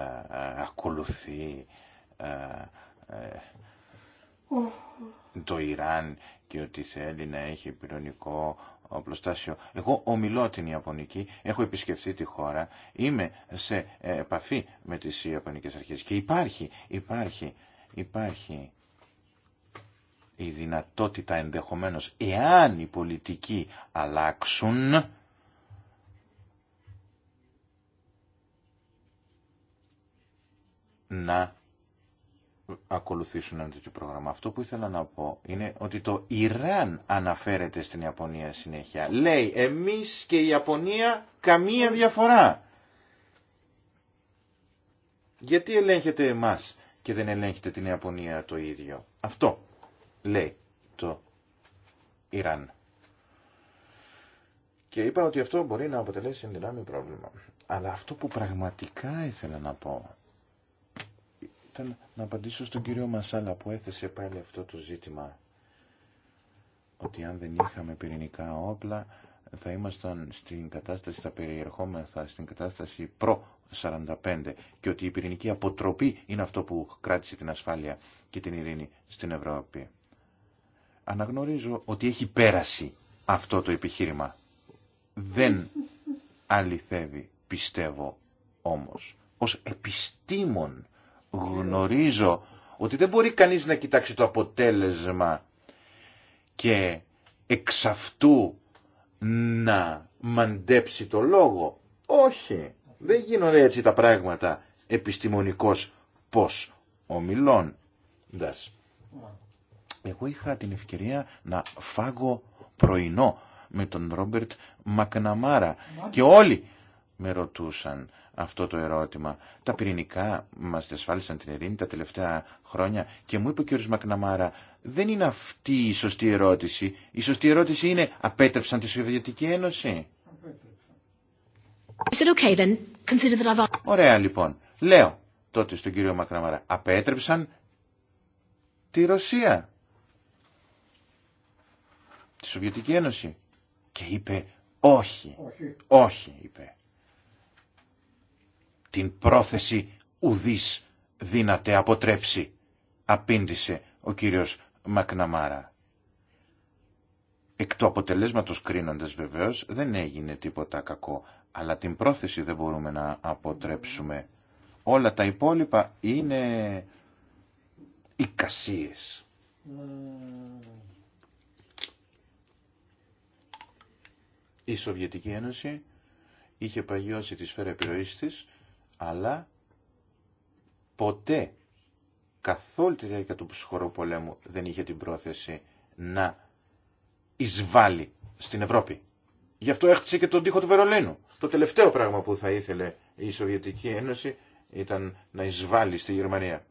ακολουθεί ε, το Ιράν και ότι θέλει να έχει πυρονικό οπλοστάσιο. Εγώ ομιλώ την Ιαπωνική, έχω επισκεφθεί τη χώρα, είμαι σε επαφή με τις Ιαπωνικές αρχές και υπάρχει, υπάρχει, υπάρχει η δυνατότητα ενδεχομένως εάν οι πολιτικοί αλλάξουν να ακολουθήσουν ένα τέτοιο πρόγραμμα. Αυτό που ήθελα να πω είναι ότι το Ιράν αναφέρεται στην Ιαπωνία συνέχεια. Λέει εμείς και η Ιαπωνία καμία διαφορά. Γιατί ελέγχετε εμάς και δεν ελέγχετε την Ιαπωνία το ίδιο. Αυτό λέει το Ιράν. Και είπα ότι αυτό μπορεί να αποτελέσει ενδυνάμει πρόβλημα. Αλλά αυτό που πραγματικά ήθελα να πω ήταν να απαντήσω στον κύριο Μασάλα που έθεσε πάλι αυτό το ζήτημα. Ότι αν δεν είχαμε πυρηνικά όπλα θα ήμασταν στην κατάσταση, θα περιερχόμεθα στην κατάσταση προ 45 και ότι η πυρηνική αποτροπή είναι αυτό που κράτησε την ασφάλεια και την ειρήνη στην Ευρώπη. Αναγνωρίζω ότι έχει πέρασει αυτό το επιχείρημα. Δεν αληθεύει, πιστεύω όμως. Ως επιστήμον γνωρίζω ότι δεν μπορεί κανείς να κοιτάξει το αποτέλεσμα και εξ αυτού να μαντέψει το λόγο. Όχι, δεν γίνονται έτσι τα πράγματα επιστημονικός πως ομιλώντας. Εγώ είχα την ευκαιρία να φάγω πρωινό με τον Ρόμπερτ Μακναμάρα και όλοι με ρωτούσαν αυτό το ερώτημα. Τα πυρηνικά μας διασφάλισαν την ειρήνη τα τελευταία χρόνια και μου είπε ο κ. Μακναμάρα δεν είναι αυτή η σωστή ερώτηση. Η σωστή ερώτηση είναι απέτρεψαν τη Σοβιετική Ένωση. Okay, Ωραία λοιπόν. Λέω τότε στον κύριο Μακναμάρα απέτρεψαν τη Ρωσία. Τη Σοβιετική Ένωση. Και είπε όχι. Όχι, όχι είπε την πρόθεση ουδής δύναται αποτρέψει, απήντησε ο κύριος Μακναμάρα. Εκ του αποτελέσματος κρίνοντας βεβαίως δεν έγινε τίποτα κακό, αλλά την πρόθεση δεν μπορούμε να αποτρέψουμε. Όλα τα υπόλοιπα είναι οικασίες. Η Σοβιετική Ένωση είχε παγιώσει τη σφαίρα επιρροής της αλλά ποτέ καθ' τη διάρκεια του ψυχρού πολέμου δεν είχε την πρόθεση να εισβάλλει στην Ευρώπη. Γι' αυτό έχτισε και τον τοίχο του Βερολίνου. Το τελευταίο πράγμα που θα ήθελε η Σοβιετική Ένωση ήταν να εισβάλλει στη Γερμανία.